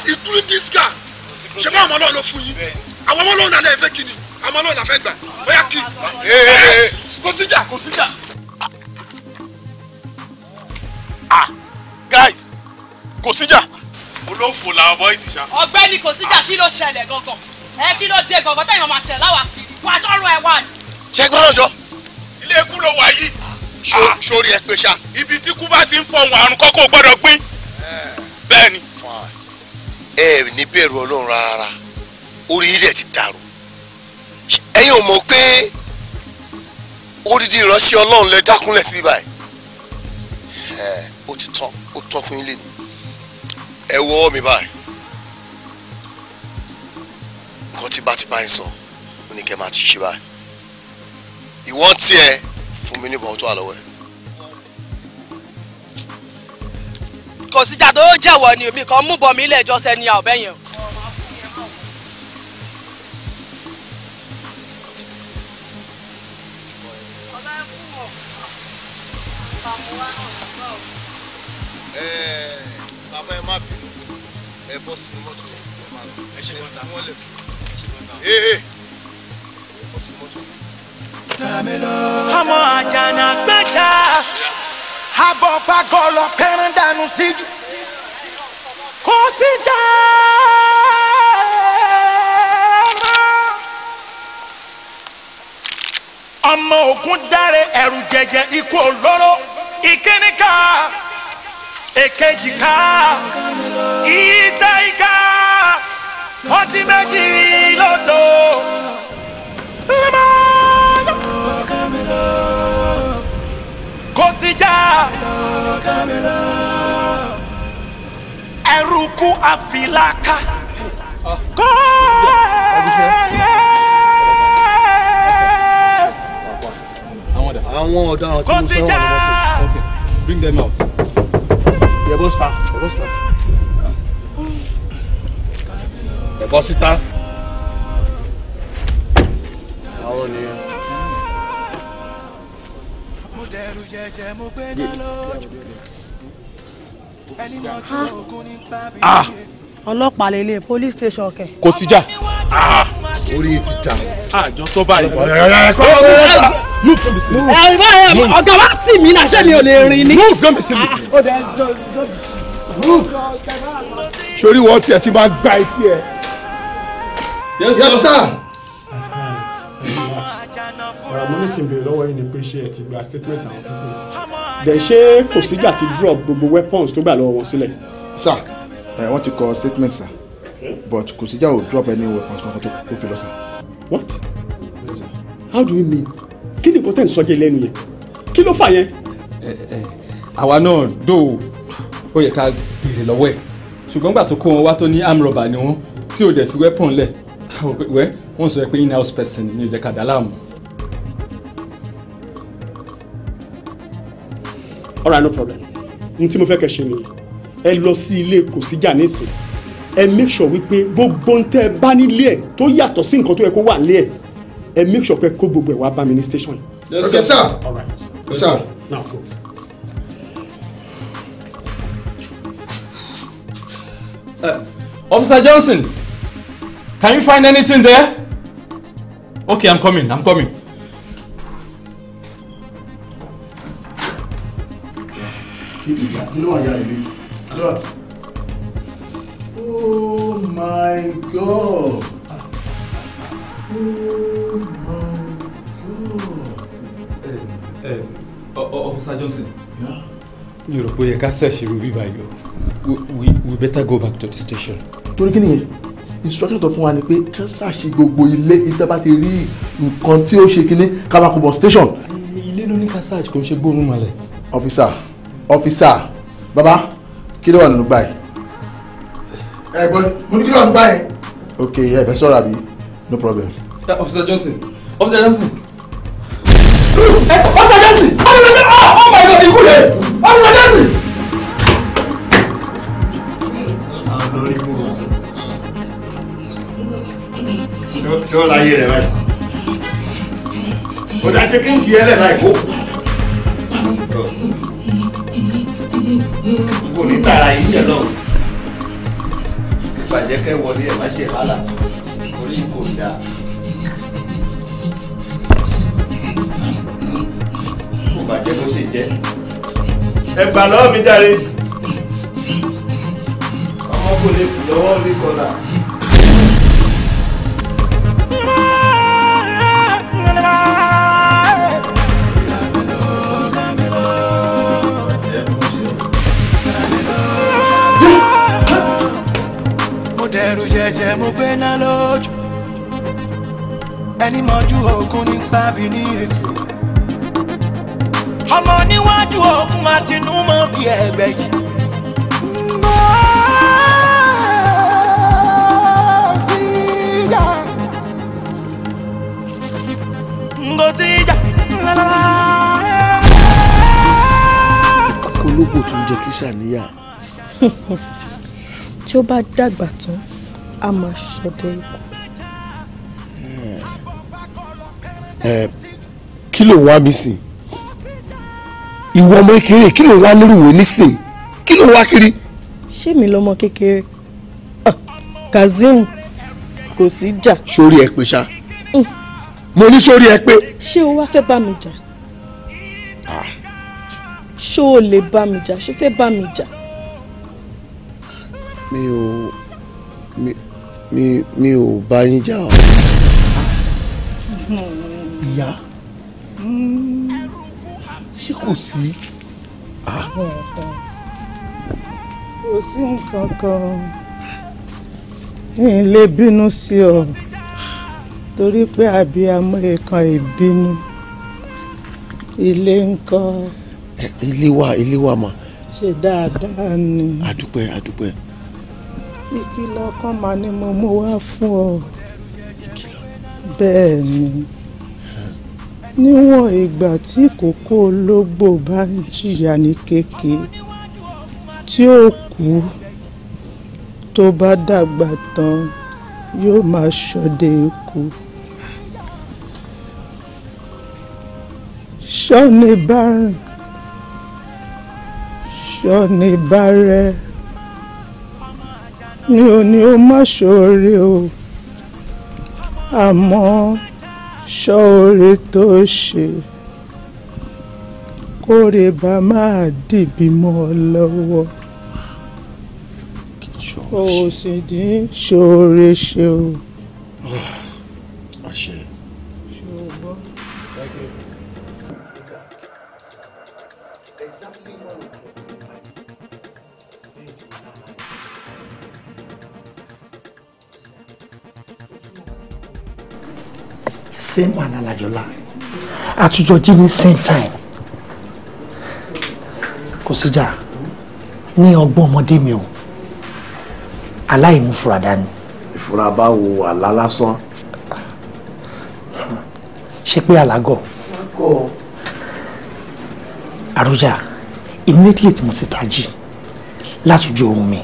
including this car ṣé bá àwọn ọlọ́run ló fún yín àwọn ọlọ́run náà lè fẹ́ kí ni àwọn ọlọ́run náà fẹ́ gbà bóyá kí. kò síjà. Ah, guys kò síjà olófò làwọn bọ́ìsì ṣá. ọ̀gbẹ́ni kò síjà kí ló ṣẹlẹ̀ gangan ẹ kí ló dé gangan tẹ̀yìn ọmọ àṣẹ láwa wà tọrọ ẹ wà. ṣé gbọ́dọ̀ jọ. ilé ikú ló wà yìí. sórí ah. ẹ pé ṣá. ibi tí kú bá ti ń fọhùn àrùn kọ́kọ́ gbọ́dọ̀ pín. bẹ́ẹ̀ ni. ẹ ní bẹ̀rù ọlọ́run rárá orí ilẹ̀ ti dàrú ẹ̀yin ò mọ̀ pé odidi ìránṣẹ́ ọlọ́run lẹ dákúnlẹ̀ síbí báyìí ó ti tán ó tán fún ilé ni ẹ wọ́ mi báyìí nǹkan tí bá ti bá yín sọ ó ní kẹ́ máa ti ṣe báyìí ìwọ tiẹ̀ fún mi níbọn tó wà lọ́wọ́ ẹ̀. kò síjà tó jẹ́wọ́ ni omi kan mú bọ̀ lẹ́jọ́ sẹ́ni àbẹ́ yẹn. bàbá ẹ má bínú ẹ bọ́ sínú mọ́tò ẹ máa lọ ẹ ṣe gbọ́n sá wọ́n lè fún ee ẹ bọ́ sínú mọ́tò. ọmọ àjànà gbẹ́jà abọ́ pàgọ́ lọ kẹrin dànù síjú kò sí já. ọmọ òkun dáre ẹrù jẹjẹ ikú olóró ìkíníkà èkejì ká ìtẹ́ ìka ọtí méjì lódò. kò sí já ẹrù kú àfìlàkà bring them out ẹ bọ́ síta ẹ bọ́ síta ẹ bọ́ síta àwọn nìyẹn. mo ọlọ́pàá lélẹ̀ police station kẹ̀. kò síjà. Ah! orí ti ta. Ah, àjọ sọ báyìí. ọ̀gá wa sì mí náà ṣé mi ò lè rìn ni. Ah, sori wọ́n tiẹ̀ ti máa gba etí ẹ̀. yes sir. ọ̀rọ̀ mo ní kí n béèrè lọ́wọ́ yín ni pé ṣé ẹ ti gba statement àwọn pípé. dẹ̀ ṣé kò sígbà tí drop gbogbo weapons tó gbà lọ́wọ́ wọn sílẹ̀. sir ẹ wọ́n ti call statement sir but kò will drop any weapons kan tó sir. what how do you mean kí ni important sọjẹ lẹ́nu yẹn kí ló fà yẹn. ẹ eh, ẹ eh, àwa náà dò ó yẹ ká béèrè lọ́wọ́ ẹ̀ ṣùgbọ́n gbà tó kó wọn wá tó ní amrọ̀bà ni wọ́n tí ò dẹ̀ fi weapon lẹ̀ Once wọ́n sọ in house person ni ìjẹ́ kàdá alarm. all right no problem n tí mo fẹ́ kẹ́ ẹ lọ sí ilé kòsíjà nísìn ẹ make sure wípé gbogbo ń tẹ́ bá nílé ẹ̀ tó yàtọ̀ sí nǹkan tó yẹ kó wà nílé ẹ̀ ẹ make sure pé kó gbogbo ẹ̀ wá bá mi ní station yìí. okay, sir. All right. sir. Now go. Uh, Officer Johnson, can you find anything there? Okay, I'm coming. I'm coming. Kí ni ìyá? Inú àyà ilé Oh my God. Oh my God. Eh, eh, officer Johnson. yeah. ò rò pé ó yẹ ká ṣẹ̀ṣirò bíbá yìí o. We better go back to the station. Torí kí nìyẹn? Instruction tó fún wa ni pé ká ṣàṣì gbogbo ilé ìtẹ́ bá ti rí nǹkan tí ó ṣe kínní ká station. Ilé ló ní ká ṣáàjì kò ń ṣe gbóòórùn malẹ̀. Officer, officer, baba kí ló wà nínú báyìí. ẹ gbọ́n mo ní kí ló wà nínú báyìí. ok ẹ fẹ́ sọ̀rọ̀ àbí no problem. officer johnson officer johnson. officer johnson officer johnson oh, oh my god ikú rẹ officer johnson. tí ó láyé rẹ báyìí kò dá ṣe kí n fi ẹ lẹ láì kó. kò ní tara yìí ṣe lọ́wọ́ ìpàjẹ́ kẹ́ wọlé ẹ̀ má ṣe wàhálà orí kò dáa. kò bàjẹ́ kó sì jẹ́ ẹ gbà lọ́wọ́ mi jáde ọmọ kò lè kù lọ́wọ́ orí kọlà. ẹ̀rù jẹ̀jẹ̀ mo gbé náà lójú ẹni mọ́jú ogun ní pàbí ní ìrètí. ọmọ níwájú ogun àtinúmọ̀ bíi ẹgbẹ̀jì. Ngozija. ológbò tó ń jẹ kí sàníyà. tí ó bá dàgbà tán a máa ṣọdẹ ikú. kí ló ń wá mi sìn ìwọ ọmọ kékeré kí ló wá nírúwé nísìn kí ló wá kiri. ṣé mi lọmọ kékeré ah, Kazeem kò sí jà. sórí ẹ pé ṣá mm. mo ní sórí ẹ pé. ṣé o wá fẹ́ bá mi jà ah. ṣó o lè bá mi jà ṣó fẹ́ bá mi jà. mi ò mi mi mi ò bá yín jà o. ìyá ṣé kò sí. Ah. kò sí nǹkan kan n lè bínú sí ọ torí pé àbíamọ ẹ̀kan ìbínú ilé ńkọ́. Eh, ilé wa ilé wa mà. ṣe dáadáa ni. a dúpẹ́ ìkìlọ̀ kan mà ni mo mú wá fún ọ bẹ́ẹ̀ ni níwọ̀n ìgbà tí ìkókó ológbò bá ń jìyà ní kéke tí ó kú tó bá dàgbà tán yóò máa ṣọdẹ ikú. ṣọ́ni bá rìn ṣọ́ni bá rẹ́ mi ò ní o má ṣoore o àmọ́ ṣọ́ọ̀rẹ́ tó ṣe kóre bá máa dìbì mọ́ ọ lọ́wọ́ o sì dín ṣoore ṣe o. Ah. same àlàlàjọlá àtújọ jí ní same time kò síjà ní ọgbọ́n ọmọdé mi o aláìmú fura dání. ìfura bá wo àlá lásán. ṣé pé àlágọ̀. àròjà immediately tí mo ti tají látòjú oorun mi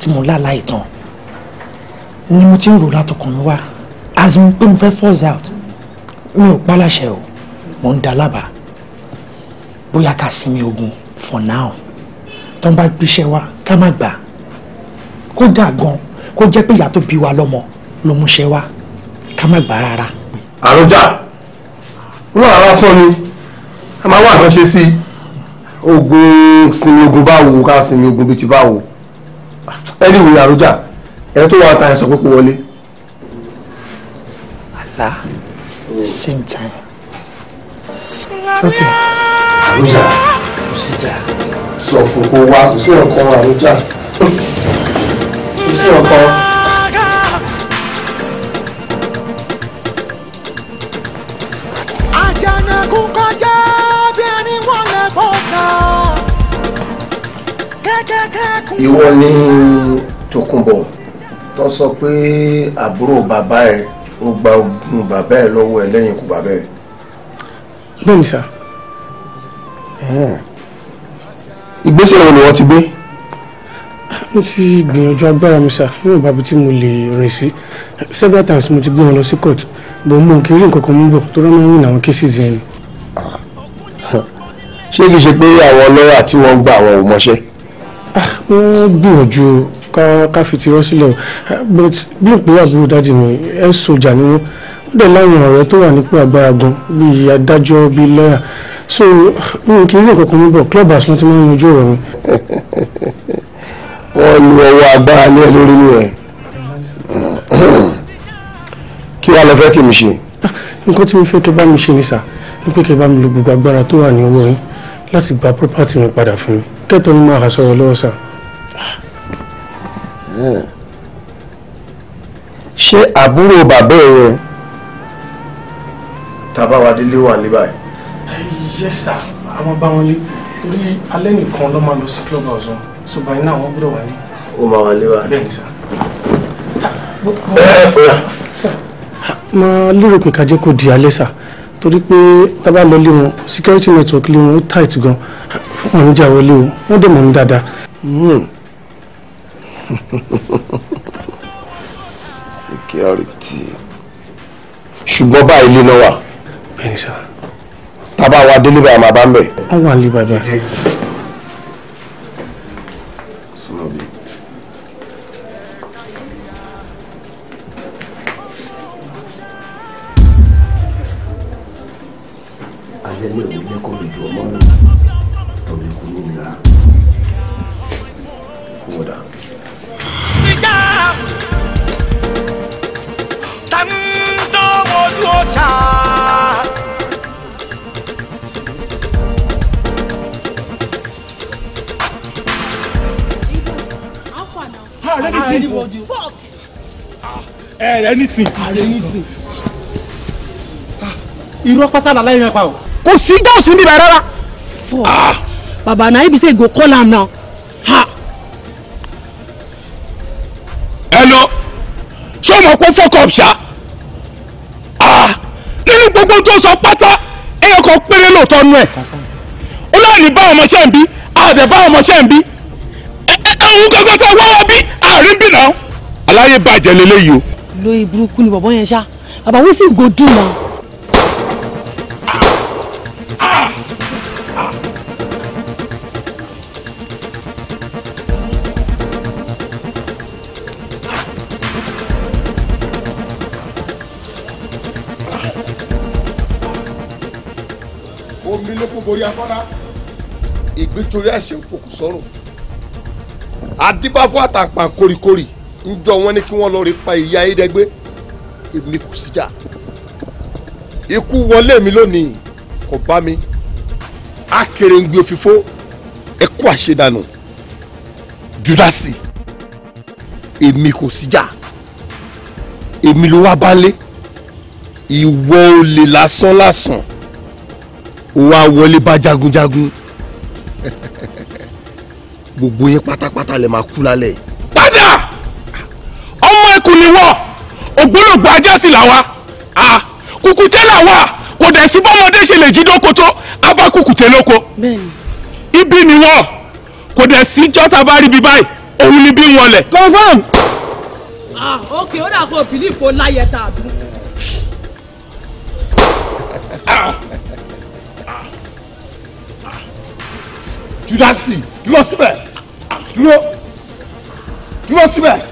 tí mo lálàá ìtàn ni mo ti ń rò látọkàn wá as in pé mo fẹ́ force out mi ò paláṣẹ o mo ń da lábàá bóyá ká sinmi ogun for now tó ń bá gbéṣẹ́ wa ká má gbà kódà gan kó jẹ́ pé ìyá tó bí wa lọ́mọ ló múṣẹ́ wa ká má gbà rárá. àròjà lọ́wọ́ àwa sọ ni a máa wá àtúnṣe sí ogun sinmi ogun báwo ká sinmi ogun bíi ti báwo ẹni wòye àròjà ẹni tó wà ta ẹ sọ pé kó wọlé. Ọ̀la same time. Okay. Àrújà kò sí jà. Sọ fún kó wá kò sí ọ̀kan àrújà. Kò sí ọ̀kan. ìwọ ni Tòkunbọ̀ tó sọ pé àbúrò bàbá ẹ ó gba ogun bàbá ẹ lọ́wọ́ ẹ lẹ́yìn ikú bàbá ẹ. bẹ́ẹ̀ni sá ìgbésẹ̀ wo ni wọ́n ti gbé. mo ti gbìyànjú agbára mi sá ní ìbábi tí mo lè rìn sí several times mo ti gbé wọn lọ sí court bó mú un kiri nǹkan kan mú bọ̀ tó rọ́mọ́ rìn àwọn cases yẹn ni. ṣé kìí ṣe pé àwọn ọlọ́rà tí wọ́n gbà àwọn ò mọṣẹ́. Ah, wọ́n gbìyànjú ká fi tirọ́ sílẹ̀ but bí ìpè àbúrò dáàdì mi ẹ̀ sọjà ni wọ́n ó dẹ̀ láwọn ọ̀rẹ́ tó wà nípò agbára gan bíi adájọ́ bíi lọ́yà so mi kì í rí nǹkan kan níbọ̀ club àti wọn ti máa ń yanjú ọ̀rọ̀ mi. wọ́n lu ọwọ́ agbára ní ẹ lórí mi ẹ̀ kí wàá lọ fẹ́ kí mi ṣe. nǹkan tí mo fẹ́ kẹ́ bá mi ṣe ni sà ní pé kẹ́ bá mi lo gbogbo agbára tó wà ní ọwọ́ yín láti gba property mi padà fún mi kẹ́tọ́ ni mo àhàsọ̀rọ̀ lọ́wọ́ sà ṣé àbúrò bàbá rẹ. Tabáwadélé wà ní báyìí. yes sir àwọn bá wọn lé torí alẹ́ nìkan ló máa lọ sí club house wọn so by now wọ́n gbọ́dọ̀ wà ní. ó máa wà ní báyìí. bẹ́ẹ̀ ni sir. máa lérò pé kájẹ́ kò di alẹ́ sà torí pé tábà lọ lé wọn security network lé wọn ó tight gan wọn ò ní jà wọlé o wọn dẹ̀ mọ̀ ní dáadáa. Hmm. security ṣùgbọ́n báyìí lé náà wà. bẹ́ẹ̀ni sá. tábà wa délé báyìí màá bá ń bẹ̀. a wà lé bàbá. ayẹyẹ o. anything. ààrẹ anything. irọ́ pátá làlá yẹn pa o. kò sí jọ́sùn bíbẹ̀ rárá. fọ baba na ibi say go call am now. hello ṣé o mọ̀ pé fọ́kọ̀ ṣá ah. nínú gbogbo tó sọ pátá ẹ̀yọ̀ kan péré lóòótọ́ nú ẹ̀ ó láàánú bá ọmọọṣẹ́ ń bí àdẹ̀ bá ọmọọṣẹ́ ń bí ẹ̀hún gángan tá a wá wá bí àárín bì náà. aláyé bàjẹ́ lélẹ́yìí o lórí burúkú ni bọ̀bọ̀ yẹn ṣá bàbá wọ́n sì go do now. omi ló kó borí afárá ìgbín torí ẹ̀sìn kòkò sọ̀rọ̀ adébáfọ́ àtàpà kórìkórì njọ wọn ni kí wọn lọ rí pa ìyá ayédẹgbẹ èmi kò síjà ikú wọlé mi lónìí kò bá mi akèrèǹgbè òfìfo ẹkú àṣedànù judasi èmi kò síjà èmi ló wá balẹ̀ ìwọ olè lásán lásán ó wọlé bá jagunjagun gbogbo yín pátápátá lè máa kú lálẹ́ padà ni wọ́ ògbólógbò ajá sì làwa kùkùté làwa kò dẹ̀ sí bọ́mọdé ṣe lè jí dóko tó kùkùté lóko ibi ni wọ́ kò dẹ̀ sí jọ́ta bá ríbi báyìí òun ni bí wọn lẹ̀. confam. ah ok ó dà kó bìlíìfù láyẹ tààdù. judasi dúró síbẹ̀ dúró dúró síbẹ̀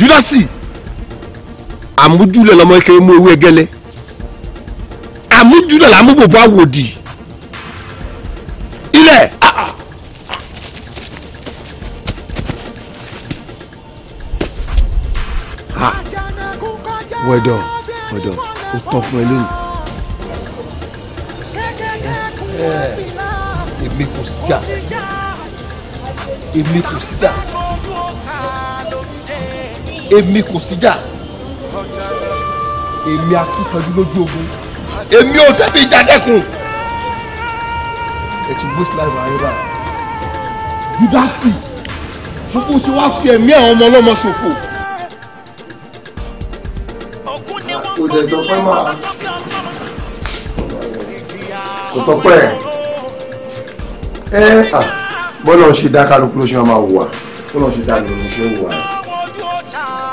júdásì àmújúlẹ̀ lọmọ kékeré mú ewé gẹ́lẹ́ àmújúlẹ̀ làmúbòbò àwòdì ilẹ̀. Ah, ah. wẹ̀dọ̀ wẹ̀dọ̀ ó tán fún ẹ lónìí. èmi kò sí dà èmi kò sí dà èmi kò sí jà èmi akíkanjú lójú ogun èmi ò tẹ́bi ìjà dẹ́kun ẹ ti gbé síláì wà ayé báyìí júdásì tí wàá fi ẹ̀mí àwọn ọmọ ọlọ́mọ ṣòfò. kò dẹ̀ dọ́pẹ́ máa kò tọ́pẹ́ ẹ bọ́lá ń ṣe dá kálukú ló ṣe máa wà bọ́lá ń ṣe dá lórí ṣe wà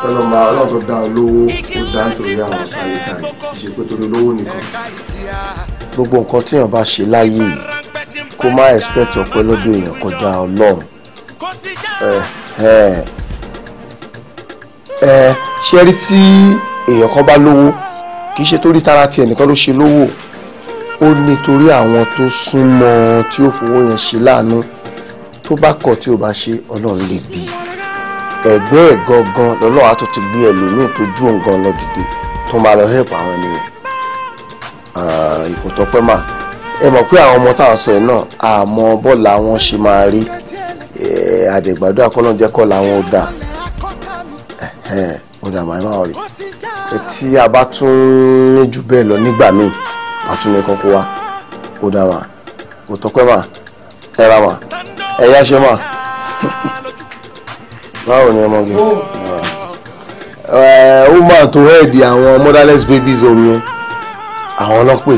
ọlọ́mọ ọlọ́run tó dá olówó ó dá nítorí àwọn àyíká yìí ṣe pé torí olówó nìkan. gbogbo nǹkan téèyàn bá ṣe láyé yìí kó má expect ọpẹ́ lọ́dọ̀ èèyàn kọjá ọlọ́run ṣe rí tí èèyàn kan bá lówó kì í ṣe torí tara ti ẹnìkan ló ṣe lówó ó nítorí àwọn tó súnmọ́ tí ó fowó yẹn ṣe láàánú tó bá kọ̀ tí ó bá ṣe ọlọ́run lè bí i ẹ̀gbẹ́ ẹ̀ gangan lọ́lọ́wà tó ti gbé ẹlòmíì tó ju nǹkan lọ dìde tó máa lọ hẹ́pù àwọn ènìyàn ah, ipò tọpẹ́ mà ẹ mọ̀ pé àwọn ọmọ tá à ń sọ yìí náà àmọ́ bọ́ọ̀lù àwọn ṣe máa rí àdègbàdo eh, akọ́lọ́jẹ́kọ́ làwọn ò dà ó dà máa máa rí tí a bá tún ní jù bẹ́ẹ̀ lọ nígbà míì àtúnlẹ̀ kọ́kọ́ wa ó dà mà kò tọpẹ́ mà ẹ ra mà ẹ ṣe mà. báwo ni ọmọge oh. ó máa tó hẹ́ẹ̀dì àwọn motherless babies omi yẹn àwọn ọlọ́pẹ̀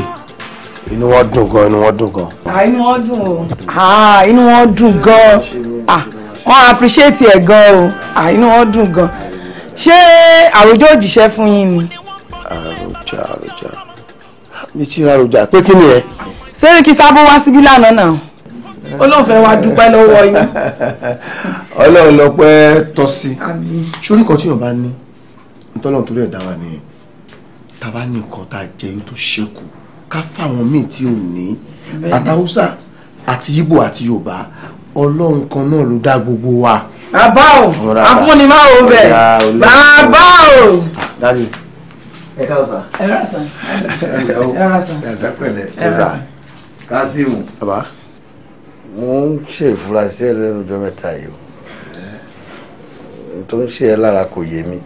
inú wọn dùn gan inú wọn dùn gan. Ah, inú wọn dùn o ah, inú wọn dùn gan ah, wọn appreciate ẹ gan o inú wọn dùn gan ṣé àròjọ òjìṣẹ́ fún yín ni. àròjà àròjà mi ti ráròjà pé kí ni ẹ. sẹ́ríkì sábó wá síbí lánàá náà. Ọlọ́run fẹ́ wá dúpẹ́ lọ́wọ́ yín. Ọlọ́run lọ́pẹ́ tọ́ sí sórí kan tí yóò bá ní ntọ́lọ́run torí ẹ̀ dá wa nìyẹn tá a bá ní nǹkan tá a jẹ yóò tó ṣẹ́kù ká fáwọn míì tí ò ní àtàwùsà àti Ìgbò àti Yorùbá Ọlọ́run kan náà ló dá gbogbo wa. bàbá o àfúnni máa wò bẹ bàbá o. dájú ẹ ká ọsà. ẹ rà sàn ẹ rà sàn ẹ rà sàn ẹ rà sàn kásímù. bàbá mo ń ṣe ìfurasí ẹ lẹ́nu ọjọ́ mẹ́ta yìí o tó ń ṣe ẹ lára kò yé mi.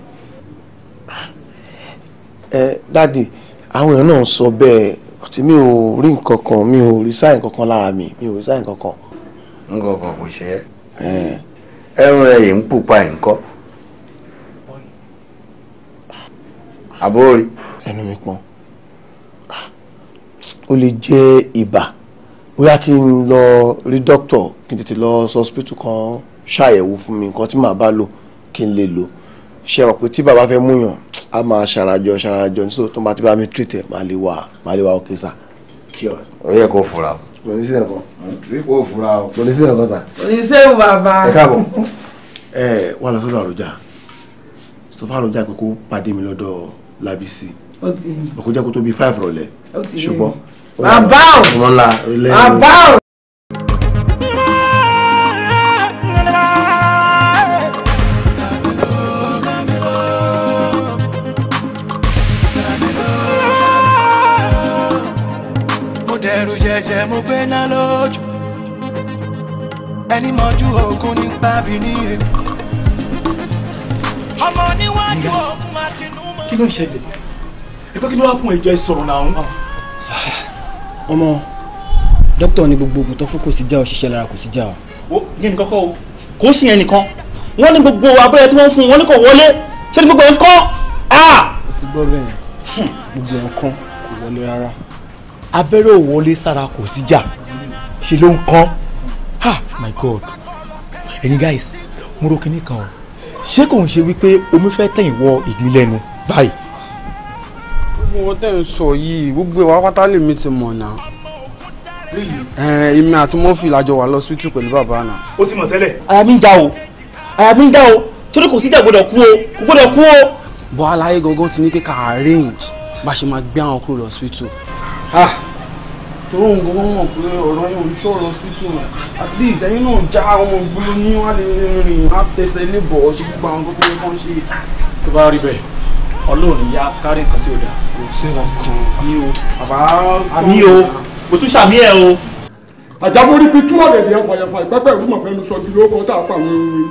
ẹ dáàdi àwọn èèyàn náà sọ bẹ́ẹ̀ ọtí mi ò rí nǹkan kan mi ò rí sáìn kankan lára mi mi ò rí sáìn kankan. nǹkan kan kò ṣe é ẹrun rẹ yìí ń pupa ẹ̀ ń kọ́ àbórí. ẹnu mi pọ́n ah, ó lè jẹ́ ibà bóyá kí n lọ rí dókítọ̀ kí n tètè lọ sọ hospital kan ṣàyẹ̀wò fún mi nǹkan tí màá bá lò kí n lè lò ṣe mọ̀ pé tí bàbá fẹ́ múyàn á máa ṣàràjọ ṣàràjọ nítorí tó bá ti bá mi treat ẹ̀ máa lè wà máa lè wà òkè sà. kí ọ. ó yẹ kó fura o. kò rí kó fura o. kò ní sà. kò ní bàbá. ẹ káàbọ̀ ẹ wà lọ sọ́dọ̀ àròjà sọfà àròjà pé kó pàdé mi lọ́dọ̀ Lábísí. ọkọ̀ jẹ́ kó tó five rọ̀lẹ́. ó ti ṣùgbọ́n about about. jẹjẹ mo gbé ná lójú ẹni mọjú ogun nípa bí níye. ọmọ níwájú ogun àtinúmọ. kí ló ń ṣẹlẹ̀ ẹgbẹ́ kí ló wá kún ẹ̀jẹ̀ sọ̀rọ̀ náà ọmọ dókítà ní gbogbo oògùn tó fún kò sí já ọ ṣiṣẹ́ lára kò sí já ọ. ó yé mi kọ́kọ́ o kò sí yẹn nìkan wọ́n ní gbogbo abẹ́rẹ́ tí wọ́n fún wọn ní kò wọlé ṣé ní gbogbo ẹ̀ ń kọ́ a. o ti gbọ́ bẹ́ẹ̀ hmm. gbogbo ẹ̀ ń kọ́ kò wọlé rárá. abẹ́rẹ́ ò wọlé sára kò sí já ṣe ló ń kọ́ ah my god ẹ̀yin guys mo ro kinní kan o ṣé kò ń ṣe wípé omi fẹ́ tẹ̀yìn wọ ìgbín lẹ́nu báyìí gbogbo wọn tẹ̀ ń sọ yìí gbogbo ìwà pátá lèmi ti mọ̀ náà. èmi àti murphy lájọ wà lọ́sibítù pẹ̀lú bàbá náà. ó ti mọ̀ tẹ́lẹ̀. àyà mi ń já o àyà mi ń já o torí kò sí ìjà gbọ́dọ̀ kú o kò gbọ́dọ̀ kú o. bọ́ aláyé gangan ti ní pé ká arrange bá ṣe máa gbé àwọn kúrò lọ́sibítù. Ah! torí òun gbogbo mọ̀ pé ọ̀rọ̀ yẹn ò ń ṣọ̀rọ̀ lọ́sibítù at least ẹ̀yin náà já ọmọ gbóló ní wàá lè rìn á ọlọ́run yá kárí nǹkan tí ò dáa. kò sí ọkàn àmì o. bàbá àmì o kò tún ṣàmì ẹ o. àjàmọ́ níbi tú ọ̀dẹ̀dẹ̀ ẹ̀fọ̀yẹ̀fọ̀ ìpẹ́pẹ́ ìlú mọ̀fẹ́nu sọ bíi lóko tá a pa àwọn ewé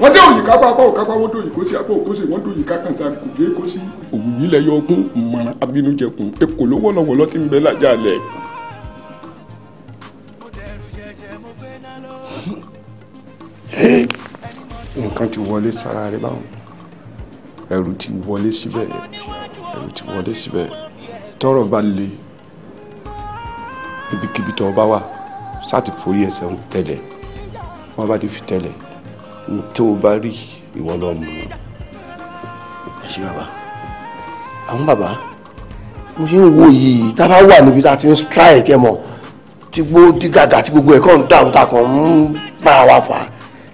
wọ́n dé òyìnká bá apá òkápá wọ́n dòyìn kó sí apá òkóṣe wọ́n dòyìn ká kàn sáré kò dé kó sí. òwúyí lẹ yọ ogún mọ̀ràn abínújẹkùn èkó ló wọ́lọ́wọ́lọ́ ti ń bẹ lájà lẹ̀. nǹkan ti wọlé sára rẹ báwọn ẹ̀rù ti wọlé síbẹ̀ ẹ̀rù ti wọlé síbẹ̀ tọ́rọ̀ bá le ibikíbi tó bá wà sáti forí ẹsẹ̀ ń tẹ̀lẹ̀ wọ́n bá ti fi tẹ̀lẹ̀ ní tó o bá rí ìwọ lọ mú un. ẹ ṣe bàbá àwọn bàbá mo ṣe ń wo yìí tá a bá wà níbi tá a ti ń strike ẹ mọ̀ tí gbó dí gàgà tí gbogbo ẹ̀ ń dàrú ta kàn ń bára wa fà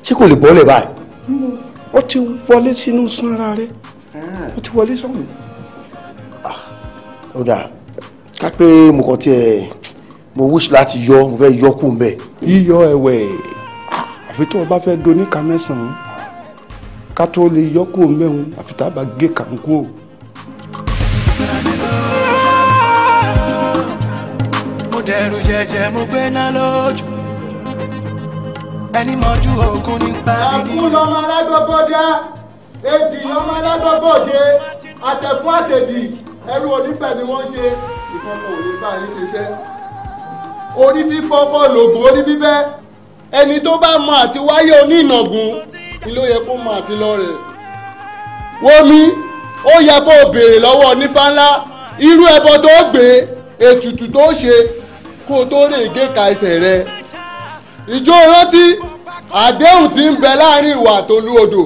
ṣé kò lè bọ́lẹ̀ báyìí. ó ti wọlé sínú sanra rẹ̀. Ah. ó ti wọlé sọ́hùn. Ah, ó dà ká pé mo kàn tiẹ̀ mo wish láti yọ mo fẹ́ yọ kù mbẹ́. yíyọ ẹ̀wẹ̀ ah, àfi tó o bá fẹ́ do níka mẹ́sàn-án ká tó lè yọ kù mbẹ́ òun àfi tá a bá gé kàǹkú o. mo jẹjẹ mo gbé náà lójú ẹni mọ̀jú ogun nípa mi. àkúlọ́mọ alágbọ́gbọ́dá èdì ọmọ alágbọ́bọ̀dé àtẹ̀fún àtẹ̀dì ẹrú onífẹ̀ ni wọ́n ṣe ìfọ̀kọ̀ òní bá yín ṣiṣẹ́ orí fífọ́ fọ́ lògùn orí fífẹ́ ẹni tó bá mọ àti wáyé onínàgún ni ló yẹ kó mọ àti lọ rẹ̀ wọ́mi ó yẹ kó o béèrè lọ́wọ́ onífáńlá irú ẹbọ tó gbé ètùtù tó ṣe kó o tó lè gé ka ẹsẹ̀ rẹ̀ ìjọ rántí àdéhùn tí ń bẹ láàrin ìwà àtolú odò.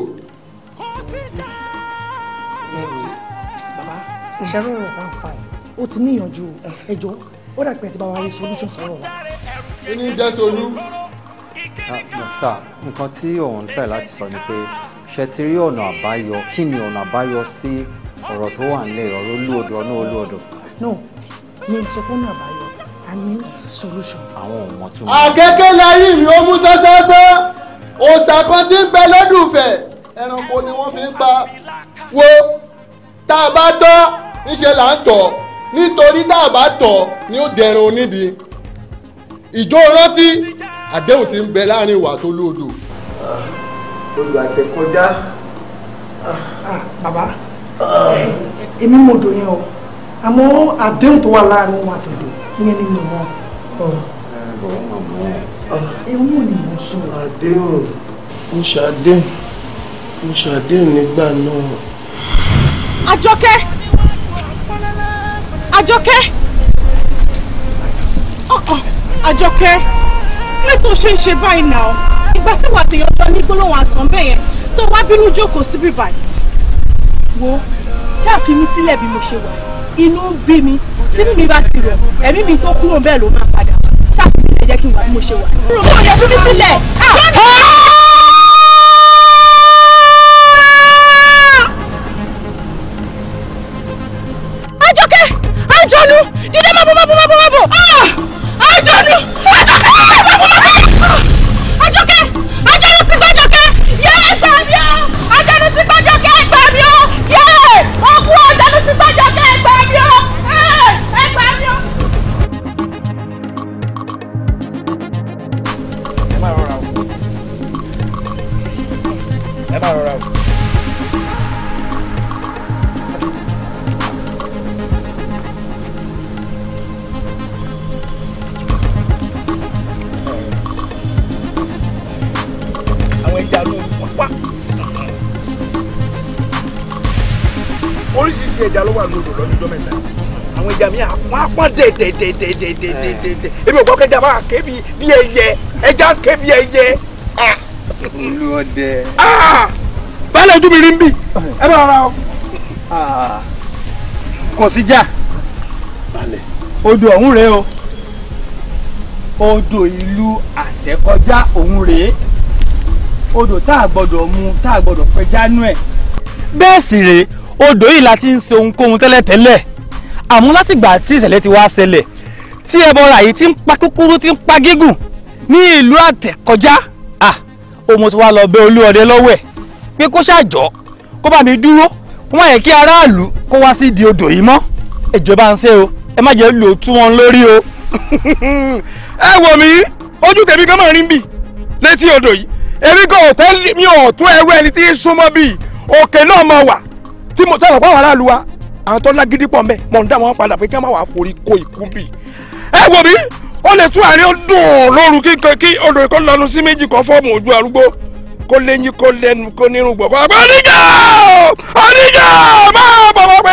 ìṣẹ́rú rẹ̀ kan kan yìí. ó ti níyànjú ẹjọ́ ó dàpẹ́ ti bá wa rí solution sọ̀rọ̀ wa. kí ni jẹ́ solú. Ah, sà nǹkan tí òun ń tẹ̀ láti sọ ni pé ṣe ti rí ọ̀nà àbáyọ kí ni ọ̀nà àbáyọ sí ọ̀rọ̀ tó wà nílẹ̀ ọ̀rọ̀ olúodò ọ̀nà olúodò. no mi ò sọ pé ọ̀nà àbáyọ a ní solution. àwọn ọmọ tó. àkẹ́kẹ́ láyé mi ó mú sẹ́sẹ́sẹ́ òòsà kan ti ń bẹ lọ́dún ìfẹ́ ẹranko ni wọ́n fi ń pa wo tá a bá tọ́ níṣẹ́ là ń tọ̀ nítorí tá a bá tọ̀ ni ó dẹrun onídìí ìjọ rántí àdéhùn ti ń bẹ láàrin ìwà tó lódò. Ah, olùwàtẹ̀kọjá. Ah, ah, bàbá èmi mo dò yẹn o àmọ́ àdéhùn tó wà láàrin ìwà tó dò ìyẹn ni mi mọ̀. ewu ni mo sọ. àdéhùn mo ṣàdéhùn mo ṣàdéhùn nígbà náà. àjọkẹ́ àjọkẹ́ ọkàn àjọkẹ́ lẹ́tọ̀ ṣe ń ṣe báyìí náà ìgbà tí wàá tèèyàn jọ ní gbólóhùn àsán bẹ́ẹ̀ yẹn tó wá bínú jókòó síbí báyìí wo ṣáàfin mi sílẹ̀ bí mo ṣe wà inú ń bí mi tínú mi bá ti rọ̀ ẹ̀mí mi tó kúrò bẹ́ẹ̀ ló máa padà ṣáàfin mi lẹ́jẹ́ kí n wà bí mo ṣe wà. kúrò kúrò yẹ fún mi sílẹ̀. Ah! dẹ̀dẹ̀dẹ̀dẹ̀dẹ̀dẹ̀dẹ̀ èmi ò gbọ́ kẹjá máa ké bí bí ẹyẹ ẹja ń ké bí ẹyẹ. olùọdẹ. báyọ̀ ojú mi rí ń bì ẹ bá ara o. kò sí já odò ọ̀hún rèé o odò ìlú àtẹ́kọjá ọ̀hún rèé odò tá a gbọ́dọ̀ mu tá a gbọ́dọ̀ pẹja nú ẹ̀. bẹ́ẹ̀ sì rèé odò yìí la ń ṣe ohunkóhun tẹ́lẹ̀tẹ́lẹ̀ àmọ́ látìgbà tí ìṣẹ̀lẹ̀ ti wá ṣẹlẹ̀ tí ẹbọra yìí ti ń pa kúkúrú ti ń pa gígùn ní ìlú àtẹ̀kọjá òun ti wá lọ bẹ olúọdẹ lọ́wọ́ ẹ̀ pé kó ṣàjọ́ kó bá mi dúró kó má yẹ kí aráàlú kó wá sí di odò yìí mọ́ ìjọba ń ṣe o ẹ má jẹ́ lò ó tú wọn lórí o ẹ wò mí ojú tèmi kan máa rí bì létí odò yìí èmi kan ò tẹ́ mi ò tó ẹwẹ́ ẹni tí ń súnmọ́ bíi òkè náà máa wà tí mo sọ̀rọ̀ fáwọn aráàlú wa àwọn tó lágídí pọ̀ mbẹ́ mọ̀ ń dá wọn padà pé kí wọ́n máa wà forí kó ikú bì. ẹ wò mí ó lè tún àárín dùn lóru kíkan kí odò ìkọ́ lọ́nu sí méjì kan fọ́ọ̀mù ojú arúgbó kó léyìn kó lẹ́nu kó nírun gbọ̀gbọ́. àgbà oníjà oníjà máa bọ̀ wọ́n pé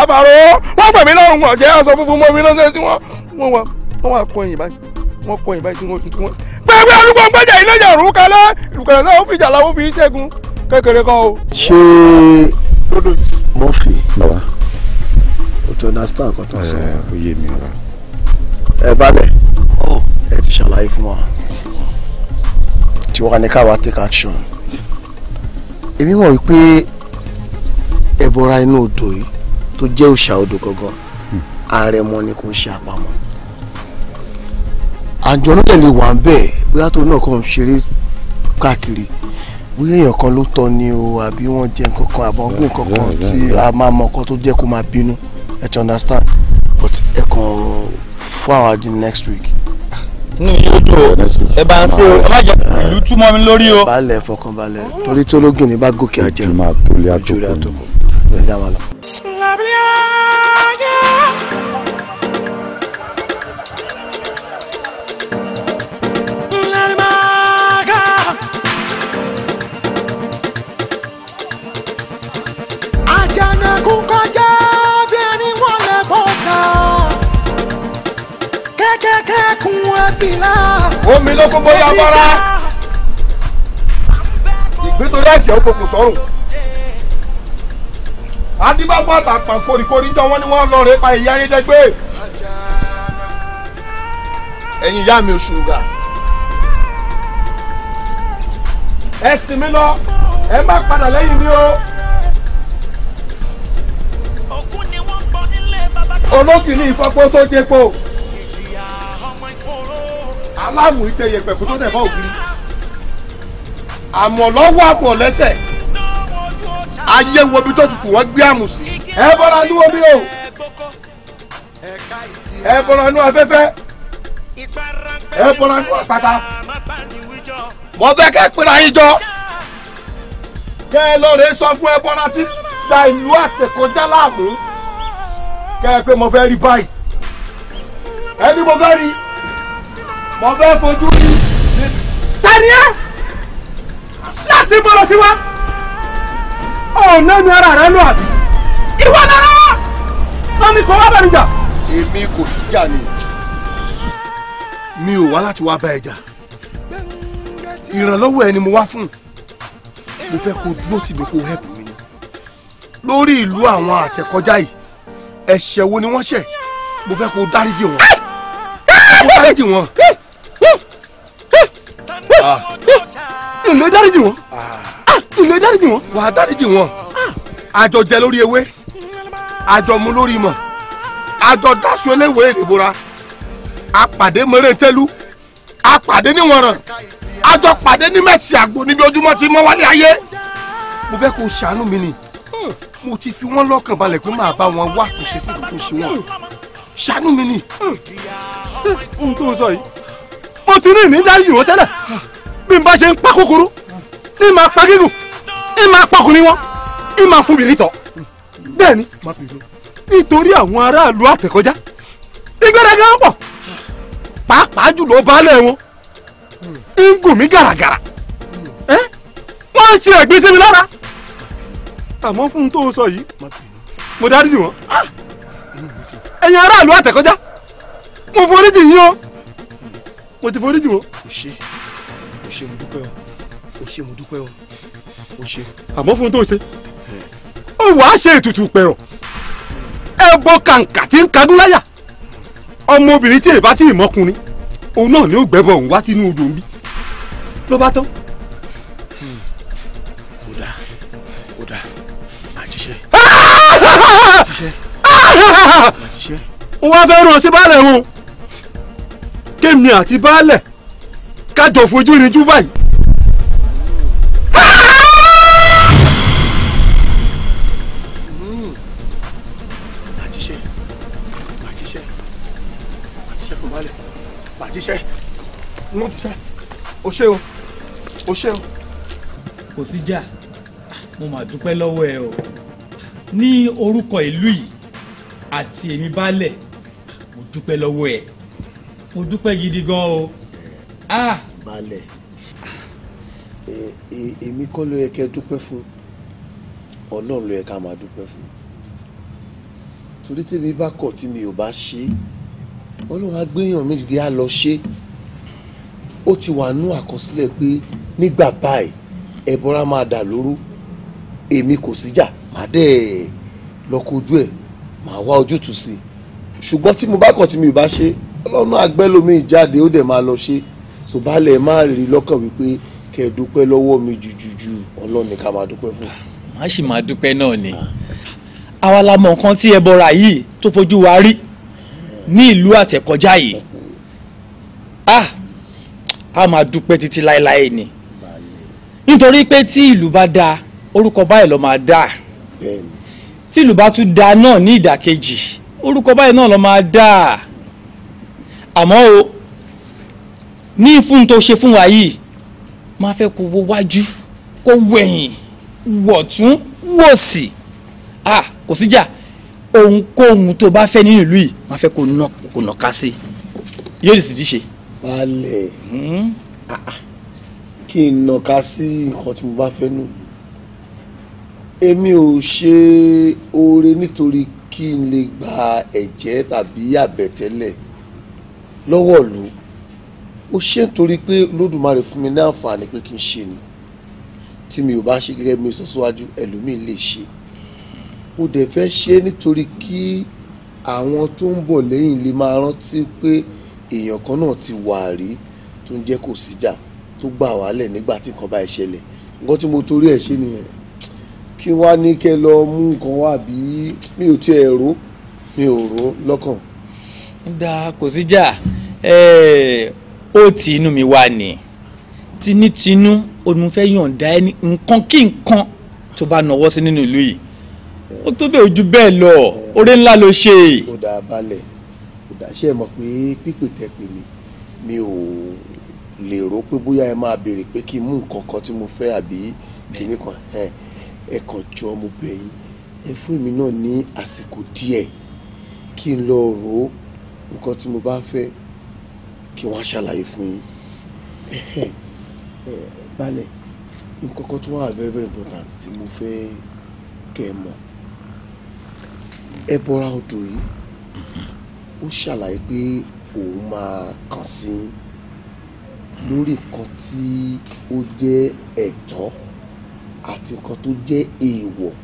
àfàrò wọ́n pè mí lọ́rùn wọn jẹ́ aṣọ funfun mọ́ mi lọ́sẹ̀ tí wọ́n wọ́n wà wọ́n wà kọ́ ẹ̀yìn báyìí wọ́n kọ́ tí wọ́n tuntun wọn. pẹ̀lú arúgbó ń ìlẹ́jà rú kalẹ́ ìkọ̀lẹ́sẹ̀ ó fi ìjà làwọn fi ṣẹ́gun kékeré kan o. ṣé Murphy. Bàbá. O ti understand nǹkan tó ń sọ. Ẹ eh, oyè mi bàbá. Ẹ balẹ̀. Oh. Ẹ ti ṣàlàyé fún wa. Tí wọ́n ní káwa take action. Èmi mọ̀ wípé ẹ̀bọra inú odò yìí tó jẹ́ òòṣà odò gangan hmm. àrẹ̀mọ ni kò ń ṣe àpamọ́. Àjọ onílẹ̀ lè wà ń bẹ̀ bóyá tó náà kàn ń ṣeré káàkiri bóyá èèyàn kan ló tọ́ ni o àbí wọ́n jẹ nǹkan kan àbọ̀ gbé nǹkan kan tí a máa mọ nǹkan tó jẹ́ kó máa bínú ẹ ti understand but ẹ kàn fún àwọn àjẹ next week. inú yóò dùn o ẹ bá ń ṣe o ẹ má jẹ ìlú túmọ̀ mi lórí o. balẹ̀ fọkànbalẹ̀ torí tí ológun ní bá gòkè àjẹun ìjùmọ̀ àtòlẹ́ àtòkùn ìjùmọ̀ àtòkùn ìdáwàlà. omi ló kó bóyá bọ́ra ìgbétorí àìsàn ó kòkò sọ́rùn adibafo àtàpà foríkorí jọ wọn ni wọn lọ rẹ pa ìyá yín dẹgbẹ. ẹ̀yin ìyá mi Òṣùrùgà. ẹ sìn mí lọ ẹ má padà lẹ́yìn mi o. olókìní ìfọpọ́ tó dépo aláàmù ìtẹ̀yẹ pẹ̀kú tó tẹ̀ bá ògiri àmọ̀ lọ́wọ́ àmọ̀ lẹ́sẹ̀ ayé wo ibi tó tutù wọ́n gbé àmù sí. ẹ bọ́ra ní omi o ẹ bọ́ra ní afẹ́fẹ́ ẹ bọ́ra ní àpáta. mo fẹ́ kẹ́ pínra yín jọ. kẹ́ ẹ lọ rè sọ fún ẹ bọ́ra tí gba ìlú àtẹ̀kọjá láàmú. kẹ́ ẹ pé mo fẹ́ rí báyìí ẹni mo fẹ́ rí mo fẹ́ fojú rí. tani ẹ láti bọ̀rọ̀ tiwa ọ̀nà mi ara rẹ lọ àbí ìwọ nára wọn mi kò wá bẹ̀rù jà. èmi kò síjà ni mi ò wá láti wá bá ẹ jà ìrànlọ́wọ́ ẹni mo wá fún mo fẹ́ kó dúró tìbí kó hẹ́pù mi ni lórí ìlú àwọn àtẹ̀kọjá yìí ẹ̀ṣẹ̀ wo ni wọ́n ṣẹ̀ mo fẹ́ kó dáríjì wọn kó dáríjì wọn ǹlẹ́ ah. dáríjì wọn ǹlẹ́ ah. dáríjì wọn. wà á dáríjì wọn ah. àjọ jẹ lórí ewé àjọ mu lórí mọ àjọ dásun eléwé ìdìbòra àpàdé mẹrẹntẹlu àpàdé níwọ̀nràn àjọ pàdé ní mẹ́sì àgbo níbi ojúmọ́ tí mọ́ wálé ayé mo fẹ́ kó o ṣàánú mi ni hmm. mo ti fi wọ́n lọ́kàn balẹ̀ pé màá bá wọn wá àtúnṣe sí kókó ṣe wọn hmm. ṣàánú mi ni. Hmm. ohun tó ń sọ yìí mo ti ní ìní dárí ìró tẹ́lẹ̀ bí n bá ṣe ń pa kúkúrú ní máa pa gígùn ní máa pọkùnrin wọn ní máa fún bìrì tọ bẹ́ẹ̀ ni nítorí àwọn aráàlú àtẹ̀kọ́já ìgbéraga ń pọ̀ pàápàá jùlọ baálé wọn ń gùn mí gàràgàrà wọ́n ń ẹ̀gbin sí mi lára àmọ́ fún un tó sọ yìí mo dárí sí wọn ẹ̀yin aráàlú àtẹ̀kọ́já mo foríjì yín o mo ti forí jù o. o ṣe o ṣe mo dúpẹ́ o o ṣe mo dúpẹ́ o o ṣe. àmọ́ fún tó ṣe ó wàá ṣe ètùtù pẹ̀rọ̀ ẹ bọ kàǹkà tí ń kagún láyà ọmọbìnrin tí èbá tí ì mọkùnrin òun náà ni ó gbẹ́bọ̀ òun wá sínú odò nbí ló bá tán. Hmm. ó dà ó dà má jíṣẹ́. Ah! má jíṣẹ́. Ah! wọ́n fẹ́ sí bá rẹ̀ wọn kémi àti baálẹ̀ kájọ fojú rinjú báyìí. jíṣẹ́ wọ́n jíṣẹ́ o ṣé o o ṣé o. kò sí jà mo mà dúpẹ́ lọ́wọ́ ẹ o ní orúkọ ìlú yìí àti èmi baálẹ̀ mo dúpẹ́ lọ́wọ́ ẹ mo dúpẹ́ gidi gan o. Ah! balẹ̀ e, e, èmi kọ́ ló yẹ kẹ́ dúpẹ́ fún ọlọ́run ló yẹ ká máa dúpẹ́ fún torí tèmi bá kọ̀ tí mi ò bá ṣe ọlọ́run á gbéyàn mi dìde á lọ ṣe ó ti wà nú àkọsílẹ̀ pé nígbà báyìí ẹ̀bọra máa dà lóru èmi kò síjà màá dẹ̀ lọ kojú ẹ̀ màá wá ojútùú sí i ṣùgbọ́n tí mo bá kọ̀ tí mi ò bá ṣe é ọlọ́run àgbẹ́lómi jáde ó dẹ̀ máa lọ ṣe ṣùgbọ́n má rí lọ́kàn wípé kẹ́ ẹ dúpẹ́ lọ́wọ́ mi jùjùjù ọlọ́run ni ká máa dúpẹ́ fún. má sì máa dúpẹ́ náà ni àwa la mọ nǹkan tí ẹ bọra yìí tó fojú wa rí ní ìlú àtẹ̀kọjá yìí ah a máa dúpẹ́ títí láéláé ni nítorí pé tí ìlú bá dáa orúkọ báyìí ló máa dáa tí ìlú bá tún dáa náà ní ìdàkejì orúkọ báyìí náà ló máa dáa àmọ́ o ní ìfún tó ṣe fún wa yìí máa fẹ́ kó wo wájú kó wẹ̀yìn wọ̀tún wòsì à kò síjà ohunkóhun tó bá fẹ́ nínú ìlú yìí máa fẹ́ kó nàka sí yóò sì ti ṣe. balẹ̀ kí n nàka sí nǹkan tí mo bá fẹ́ nù èmi ò ṣe oore nítorí kí n lè gba ẹ̀jẹ́ tàbí àbẹ̀tẹ́lẹ̀ lọ́wọ́ ìlú ó ṣe ń torí pé Olódùmarè fún mi ní àǹfààní pé kí n ṣe ni tí mi ò bá ṣe gẹ́gẹ́ bí mi sọ síwájú ẹlòmíín lè ṣe ó dẹ̀ fẹ́ ṣe nítorí kí àwọn tó ń bọ̀ lẹ́yìn lè máa rántí pé èèyàn kan náà ti wà rí tó ń jẹ́ kò síjà tó gbà wálẹ̀ nígbà tí nǹkan bá ṣẹlẹ̀ nǹkan tí mo torí ẹ̀ ṣe nìyẹn kí wá ní kẹ́ lọ mú nǹkan wá bí mi ò tiẹ̀ rò mi ò rò lọ́kàn da kò sí jà ó ti inú mi wá ni tinútinú òun fẹ́ yọ̀ǹda ẹni nǹkan kí nǹkan tó bá nọwọ́ sí nínú ìlú yìí ó tó bẹ̀ ojú bẹ́ẹ̀ lọ oore ńlá ló ṣe. ó dà balẹ̀ ó dà ṣe é mọ̀ pé pípè tẹ pè mí mi ò lè rò pé bóyá ẹ máa béèrè pé kí n mú nǹkan kan tí mo fẹ́ àbí kìíní kan ẹ kàn jọ mo bẹ̀ ẹ fún mi náà ní àsìkò díẹ̀ kí n lọ rò ó nǹkan tí mo bá fẹ́ kí wọ́n á ṣàlàyé fún yín balẹ̀ nǹkan kan tó wà very very important tí mo fẹ́ kẹ́ ẹ mọ̀ ẹ bọ́ra odò yìí ó ṣàlàyé pé òun máa kàn sí lórí nǹkan tí ó jẹ́ ẹ̀tọ́ àti nǹkan tó jẹ́ èèwọ̀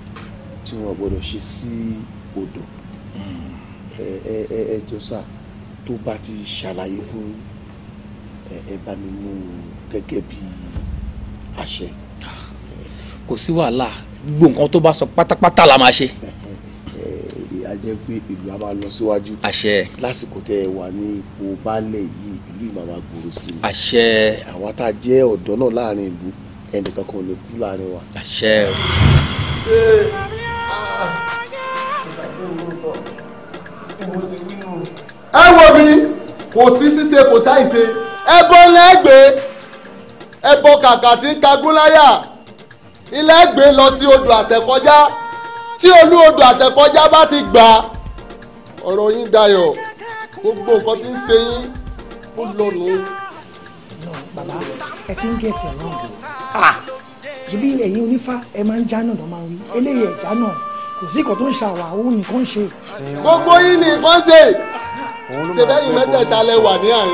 tí wọ́n gbọ́dọ̀ ṣe sí odò ẹ jọ sà tó bá ti ṣàlàyé fún ẹ bá mi mú un gẹ́gẹ́ bí àṣẹ. kò sí wàhálà gbogbo nǹkan tó bá sọ pátápátá la máa ṣe. a jẹ́ pé ìlú a máa lọ síwájú. àṣẹ. lásìkò tẹ ẹ wà ní ipò baálẹ̀ yìí ìlú ìmọ̀ máa gbòòrò sí i. àṣẹ. àwa tá a jẹ́ ọ̀dọ́ náà láàrin ìlú ẹnìkan kan ò ní kú láàrin wa. àṣẹ. Hey. Ah ẹ wo mi kò sí ṣíṣe kò sáìṣe. ẹbọ lẹ́gbẹ̀ẹ́ ẹbọ kàkà tí ń kagún láyà ilẹ̀gbẹ́ lọ sí odò àtẹ̀kọjá tí olú odò àtẹ̀kọjá bá ti gbà ọ̀rọ̀ yín dayọ̀ gbogbo nǹkan tí ń ṣe yín ó lọ nù. bàbá ẹ ti ń gẹ̀ẹ́tì ẹ̀ náà lò ah, ó ṣebí ẹ̀yin onífá ẹ máa ń já náà wí eléyìí ẹ̀já náà kò sí nǹkan tó ń ṣàwà òun nìkan ń ṣe. gbogbo yín nìkan ṣe ṣe bẹ́yìn mẹ́tẹ̀ẹ̀ta lẹ wà ní àyè.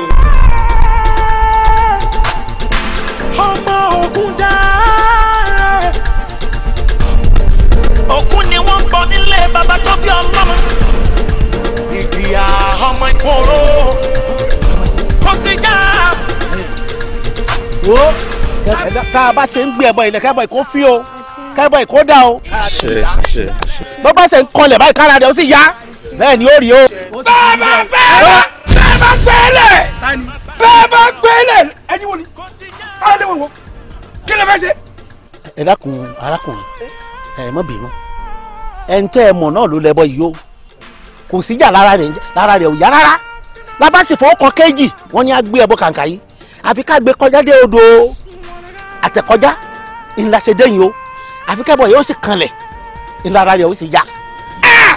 ọmọ ogun dáa òkun ni wọ́n ń nílé bàbá tó bí ọlọ́mọ ìgbìyà ọmọ ìgboro kò sí já. wo tá a bá ṣe ń gbé ẹbọ ilẹ̀ kẹ́bọ̀ ìkó fí o kẹ́bọ̀ ìkódà o. bó bá ṣe ń kọlẹ̀ báyìí kára rẹ̀ ó sì yá bẹ́ẹ̀ ni ó rí o. bàbá bẹ́ẹ̀ bàbá gbẹ́lẹ̀ e bàbá gbẹ́lẹ̀ e ẹ̀yin wo ni alẹ́ wo wo kí lè fẹ́ ṣe. ẹ dákun arákùnrin ẹ má bínú ẹ ń tẹ́ ẹ mọ̀ náà ló lẹ́bọ̀ yìí o kò síjà lára rẹ̀ lára rẹ̀ ò yá rárá lábàṣìfọ́ ọkọ̀ kéjì wọ́n ní á gbé ẹbọ kàǹkà yìí àfi ká gbé kọjá dé odò àtẹ̀kọjá ńlá ṣe dẹ́yìn o àfi kẹ́bọ̀ yóò sì kanlẹ̀ ìlara rẹ̀ ó sì yá. Ah!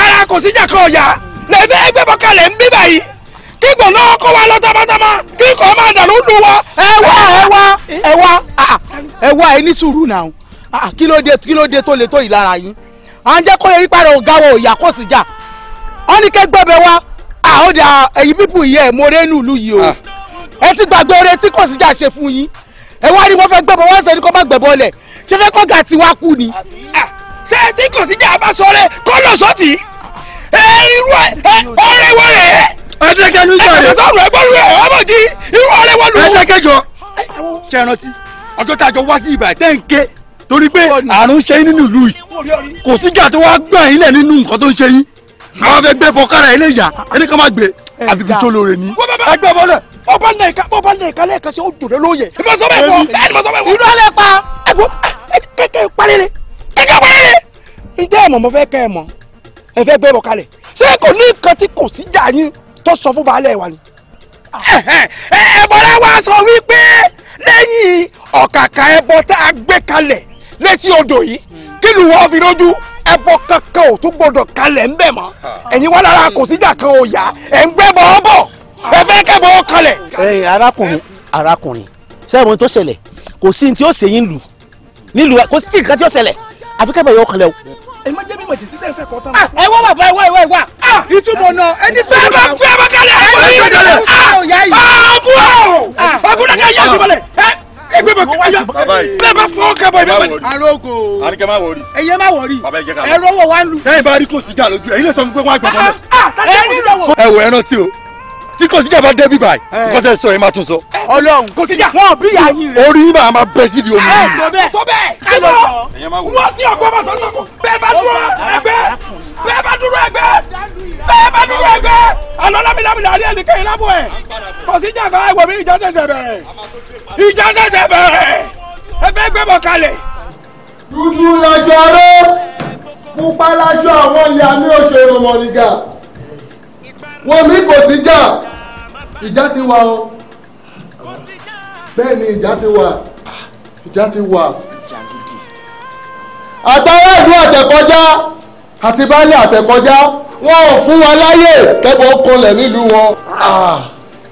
ara kò sí jà kan ọ̀yà lẹ́fẹ́ ẹgbẹ́bọ̀ kalẹ̀ ń bí báyìí kí gbọ̀n náà kó wa lọ tamatama kí kò má dàrú lu wa. ẹ wá ẹ wá ẹ wá ah, ah. ẹ wá ẹ ní sùúrù náà kí ló dé kí ló dé tó lè tó ìlara yìí à ń jẹ́ kó yẹ ipa rẹ̀ ọ̀gá wo ìyá kò sí jà wọ́n ní kẹ́ gbẹ́bẹ̀ wá àhódà ẹ̀yìn pípù yìí ẹ̀ mo rẹ́ nù lù yìí o ẹ ti gbàgbé oore tí kò sí jà ṣe fún yín ẹ wá ní wọ́n fẹ́ gbẹ́bọ̀ wọ́n sọ ní kó má gbẹ́bọ̀ lẹ̀ ṣe fẹ́ kọ́ ga tiwa kú ni. Ah, ṣé ẹ ti kò sí jẹ́ abásọ́rẹ́ kọ́ lọ sọ́ọ̀tì ẹ irú ẹ ọ̀rẹ́ wọ rẹ̀. ẹ dẹ́kẹ́ ní ìjọ rẹ̀ ẹ sọ̀rọ̀ ẹ bọ́ọ̀rù ẹ ọmọ jí irú ọ̀rẹ́ wọ lù. ẹ dẹ́kẹ́ jọ ṣe é rántí ọjọ́ tá a jọ wá sí ibà tẹ́ ń ké torí pé àrùn ṣe é nínú ìlú yìí kò síjà tó wá gbà yín lẹ̀ nínú nǹkan tó ń ṣe yín àwọn fẹ́ gbé bọ́kára ilé ìyá ẹni kan máa gbé àbíbi tó lóore ni. ẹ gbé bọ́lẹ̀. ọba nàìka ọba nàìka lẹ́ẹ̀kan sí ó dòdò lóye. ìmọ̀sọ́mọ̀ ẹ̀fọ́ ẹ̀ ìmọ̀sọ́mọ̀ ẹ̀fọ́. ìlú ọlẹ́pàá. ẹ̀gbọ́n kẹkẹ parẹrẹ kẹkẹ parẹrẹ ǹjẹ́ ẹ̀mọ̀ mo fẹ́ kẹ́ ẹ mọ̀ ẹ fẹ́ gbẹ́bọ̀ kalẹ̀ ṣé kò ní nǹkan tí kò sí jà yín tó sọ fún baálé wa ni. ẹ̀bọ̀lá wa sọ wípé lẹ́yìn ọ̀kàkà ẹbọ tá a gbé kalẹ̀ létí odò yìí kí ni wọ́n fi lójú ẹbọ kankan ò tún gbọdọ̀ kalẹ̀ ń bẹ̀ mọ́ ẹ̀yin wà lára kò sí jà kan ò yá ẹ̀ ń gbẹ́bọ̀ ọ́ bọ̀ ẹ fẹ́ kẹ́bọ̀ kalẹ̀. arákùnrin arákùnrin sẹ́wọ̀n tó ṣẹlẹ̀ kò sí ní tí ó ṣèyí lù nílùú wa kò sí nǹkan tí ó ṣẹlẹ̀ àfi kẹ́bẹ̀ yọ ọkànlẹ̀ o. ẹ má jẹ́ bí mọ̀jẹ̀sí tẹ̀ ń fẹ́ kọ́ tán. Ah, ẹ wọ́n bàbá ẹ wá ẹ wá ẹ wá. Ah, ìtumọ̀ náà ẹni sọ. ẹ bá gbé ẹ bá kálẹ̀ ẹ bá yọ ọdọlẹ. ọgùn ọ ọgùn dàgẹ́ yẹ síbọ̀lẹ̀ ẹ ẹgbẹ́ bọ̀ kíkọ́ bẹ́ẹ̀ bá fọ́ ká bọ̀ ẹgbẹ́ bọ̀ ni. arogo arike má wọrí. ẹyẹ eh, má wọrí. ẹrọ wọ wá lu. ẹ̀yin bá rí kò sí jà lójú ẹ̀yin lè sọ fún pé wọn àgbà ah, bọlẹ. Eh, ẹ nílò wọ. ẹ wọ ẹran tí o tí kò síjà bá débi báyìí eh. kò tẹ sọ yẹn máa tún sọ. Ọlọ́run kò síjà wọn ò bí ìyá yín rẹ. orí máa ma bẹ di omi. ẹ eh, tó bẹ́ẹ̀ tó bẹ́ẹ̀ kí ló wọn ní ọgbọ́n bá sọ sọkún bẹ́ẹ̀ bá dúró ẹgbẹ́ bẹ́ẹ̀ bá dúró ẹgbẹ́ bẹ́ẹ̀ bá dúró ẹgbẹ́ àlọ́ lámìlámì làálí ẹnìkan yìí lábọ̀ ẹ̀ kò síjà kan ẹ̀wọ̀ mi ìjà ṣẹ̀ṣẹ̀ bẹ̀rẹ̀ ìjà ṣẹ̀ṣẹ̀ bẹ̀rẹ̀ ẹ fẹ́ gbé bọ̀ kalẹ̀. dúdú lọ́jọ́ ró pupa lájọ àwọn ìyá mi ò ṣe wọ́n mi kò sí jà ìjà ti wà o bẹ́ẹ̀ ni ìjà ti wà ìjà ti wà. àtàwọn ìlú àtẹ̀kọjá àti baálé àtẹ̀kọjá wọn ò fún wa láyè kẹ́bọ̀ ó nílùú wọn. Ah.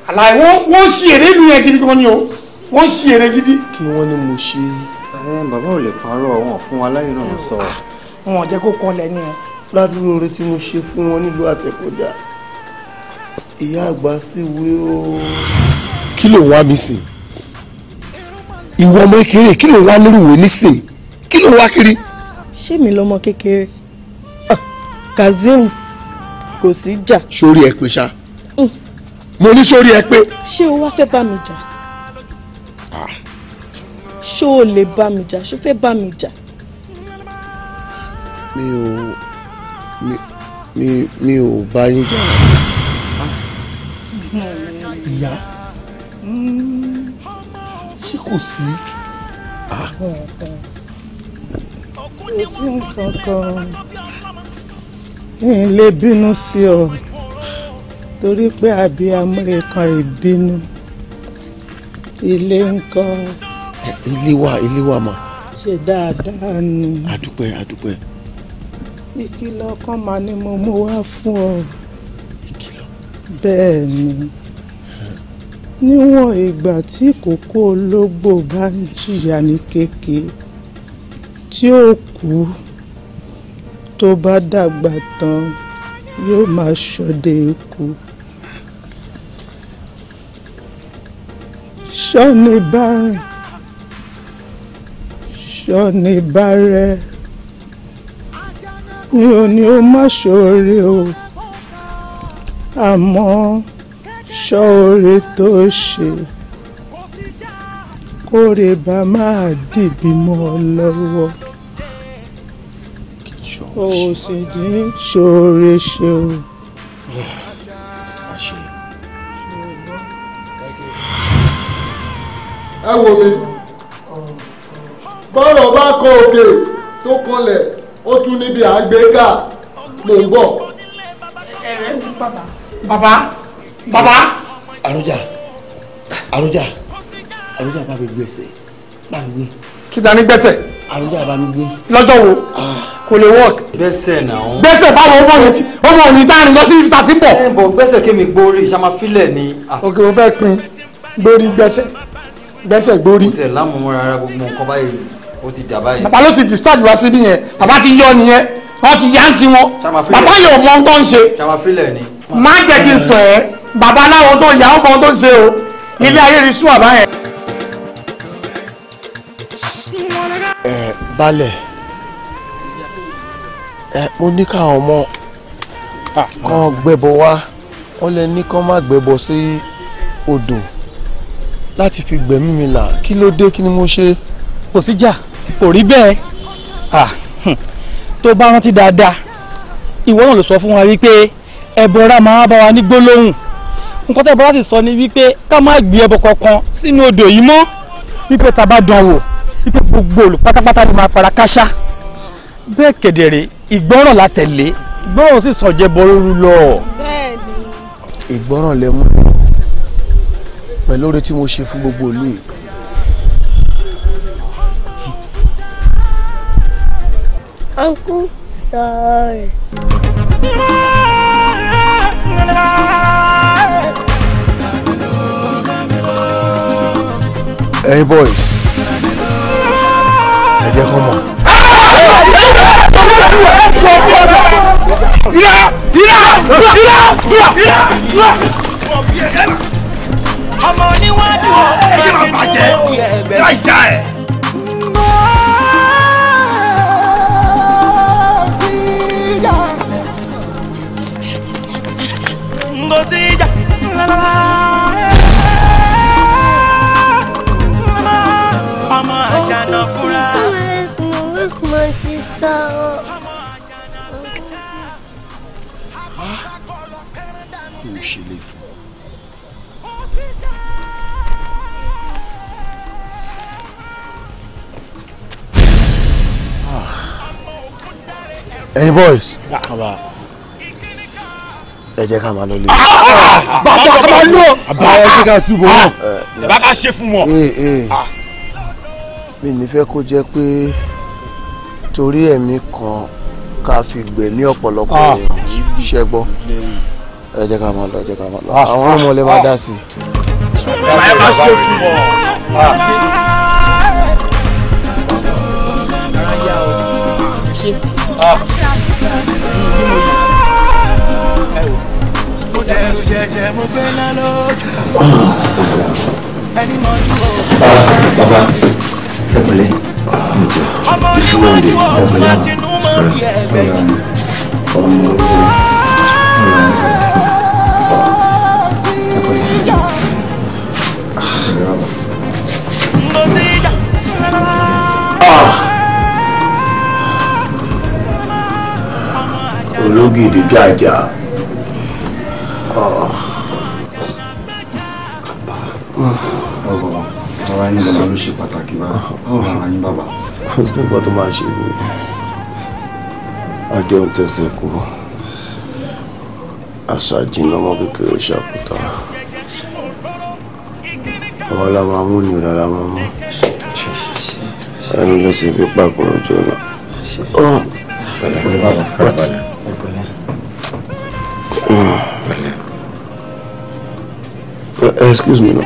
àlàyé wọn wọn ṣì èrè lu gidi gan ni o wọn ṣì èrè gidi. kí wọ́n ní mo ṣe. bàbá ò lè parọ́ wọn ò fún wa láyè náà sọ. Ah, wọn ò jẹ́ kó kanlẹ̀ ni. ládùúgbò rẹ mo ṣe fún wọn nílùú àtẹ̀kọjá ìyá àgbà sì wé o. kí ló ń wá mi sìn ìwọ ọmọ kékeré kí ló ń wá lórí ìwé nísìn kí ló ń wá kiri. ṣé mi lọmọ kékeré kazeem kò sí jà. sórí ẹ pé ṣá hmm. mo ní sórí ẹ pé. ṣé o wá fẹ́ bá mi jà ah. ṣé o lè bá mi jà ṣó fẹ́ bá mi jà. mi ò mi mi ò bá yín jà ìyá ṣé kò sí ah. kò sí nǹkan kan n lè bínú sí ọ torí pé àbíamọ kan ìbínú ilé nǹkan. ilé wa ilé wa mà. ṣe dáadáa ni. àdúpẹ́ àdúpẹ́. ìkìlọ̀ kan mà ni mo mú wá fún ọ bẹ́ẹ̀ ni níwọ̀n ìgbà tí ìkókó ológbò bá ń jìyà ní kéke tí ó kú tó bá dàgbà tán yóò máa ṣọdẹ ikú. ṣọ́ni bá rìn ṣọ́ni bá ò ní ó má ṣoore o. Ni àmọ́ ṣọ́ọ̀rẹ́ tó ṣe kóre bá máa dìbì mọ́ ọ lọ́wọ́ o sì ní ṣọ́ọ̀rẹ́ ṣe o. ẹ wo mi bọ́rọ̀ bá kọ òkè tó kanlẹ̀ ó tún níbi à mò ń bọ̀. ẹ̀rẹ́ ń bàbá bàbá bàbá. àròjà àròjà àròjà bá mi gbé ẹsẹ̀ bá mi gbé. kí ta ni gbẹ́sẹ̀. àròjà bá mi gbé. lọ́jọ́ wo ah. kò lè work. gbẹ́sẹ̀ náà. gbẹ́sẹ̀ báwo ọmọ yẹn ọmọ òní tá a rìn lọ sí ibi tá a ti ń bọ̀. ẹ bọ gbẹ́sẹ̀ kémi gbórí ìṣàmáfilẹ̀ ni. òkè ah. mo fẹ́ pin gbórí gbẹ́sẹ̀ gbẹ́sẹ̀ gbórí. mo tẹ̀ lámùmúra gbogbo nǹkan báyìí ó ti dà báyìí. bàbá ló ti discharge wá síbí yẹn bàbá ti yọ nìyẹn wọ́n ti yá ń ti wọn bàbá yóò mọ ohun tó ń ṣe má jẹ́ kí n tọ̀ ẹ́ bàbá aláwo tó yà ó mọ ohun tó ń ṣe o ilé ayé rí sùn àbá ẹ balẹ̀ ẹ mo ní káwọn ọmọ ah. kan gbẹbọ wá wọ́n lè ní kán má gbẹbọ sí odò láti fi gbẹ̀mí mi là kí ló dé kí ni mo ṣe. kò sí jà kò rí bẹ́ẹ̀ ah. hmm tó bá rántí dáadáa ìwọ náà ló sọ fún wa wípé ẹbọra máa bá wa ní gbólóhùn nǹkan tẹ́ bọ́lá sì sọ ni wípé ká má gbé ẹbọ kankan sínú odò yìí mọ́ wípé tá a bá dán wò wípé gbogbo olù pátápátá ni máa fara káṣá bẹ́ẹ̀ kedere ìgbọ́ràn la tẹ̀lé ìgbọ́ràn sì sàn jẹ́ bọ́rọ́rù lọ. ìgbọ́ràn lẹ mú pẹ̀lú oore tí mo ṣe fún gbogbo ìlú yìí uncle sorry. Hey boys, ẹ come on! mọ̀. ọmọ oníwájú ọ̀hún ẹ̀jẹ̀ máa bàjẹ́ láì já ẹ̀. Ah. Hey boys. Nah, ẹ jẹ́ ká máa lọ lé. bàbá ká máa lọ. bàbá ṣe ká sí wọn. bàbá ká ṣe fún wọn. Eh, eh. Ah. mi ní fẹ́ kó jẹ́ pé torí ẹ̀mí kan ká fi gbẹ̀mí ọ̀pọ̀lọpọ̀ ah. èèyàn ṣẹ́ gbọ́ ẹ ká máa lọ ẹ ká máa lọ ah. àwọn ọmọ máa dá sí i. bàbá ká ṣe fún wọn. up. jẹ́jẹ́ mo gbé ná lójú. ẹni mọ ju o. Ah, bàbá ẹ pẹ̀lẹ́ ọmọ níwájú o láti nú mọ bí ẹgbẹ́ jì. Ah. ológìdí gàjà ọ̀rọ̀ ọ̀rọ̀ ẹni bàbá ló ṣe pàtàkì bá ọ̀rọ̀ ẹni bàbá. fún sígbà tó máa ṣe ni àjọ ń tẹ̀sẹ̀ kú àṣà jìnnà ọmọ kékeré ṣàkótá àwọn aláwọ̀ amúnira la máa mú ẹnu lẹ́sẹ̀ bí pàkúrò jọ̀nà. excuse me náà.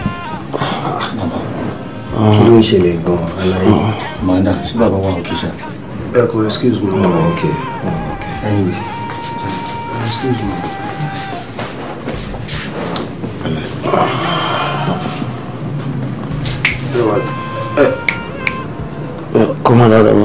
kí ló ń ṣẹlẹ̀ gan-an aláyé. manda sí bàbá wa òkè sá. ẹ kò excuse me náà. Oh, okay oh, okay anyway excuse me. Ah. Eh, come on, Adam.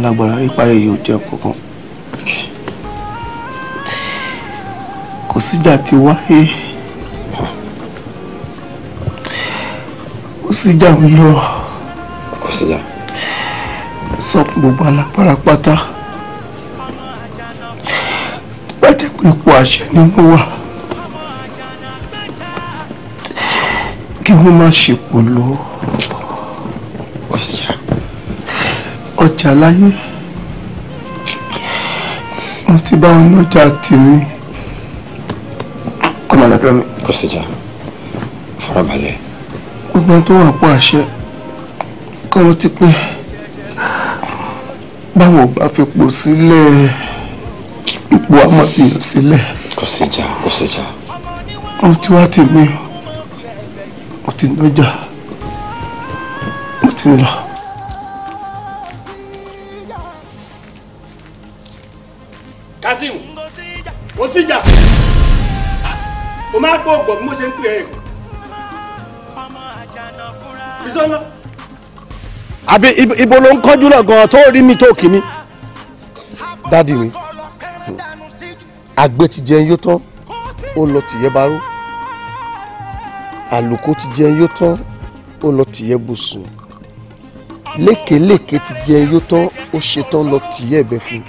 alágbára ipa èyí ò jẹ́ kankan. kò síjà tí wáyé ó sì jà mí lọ. kò síjà. sọ fún gbogbo alágbára pátá bá jẹ́ pé ipò àṣẹ ni mo wà. kí wọ́n má ṣèpò lọ. kò síjà ọjà láyé mo ti bá wọn lọ́jà tèmi. kọ́mọ lọ́dọ̀ mi. kò síjà farabalẹ̀. gbogbo tó wà pọ̀ àṣẹ kọ́ ló ti pé báwọn ò bá fi pò sílẹ̀ ipò amọ̀fihàn sílẹ̀. kò síjà kò síjà. mo ti wá tèmi mo ti lọ́jà mo ti lọ. àbí ibo ló ń kọjú lọ gan tó rí mi tó kì mí. dádì mi àgbẹ̀ ti jẹun yóò tán ó lọ tìyẹ́ barú àlùkò ti jẹun yóò tán ó lọ tìyẹ́ bùsùn lékeléke ti jẹun yóò tán ó ṣetán lọ tìyẹ́ ẹ̀bẹ̀ fún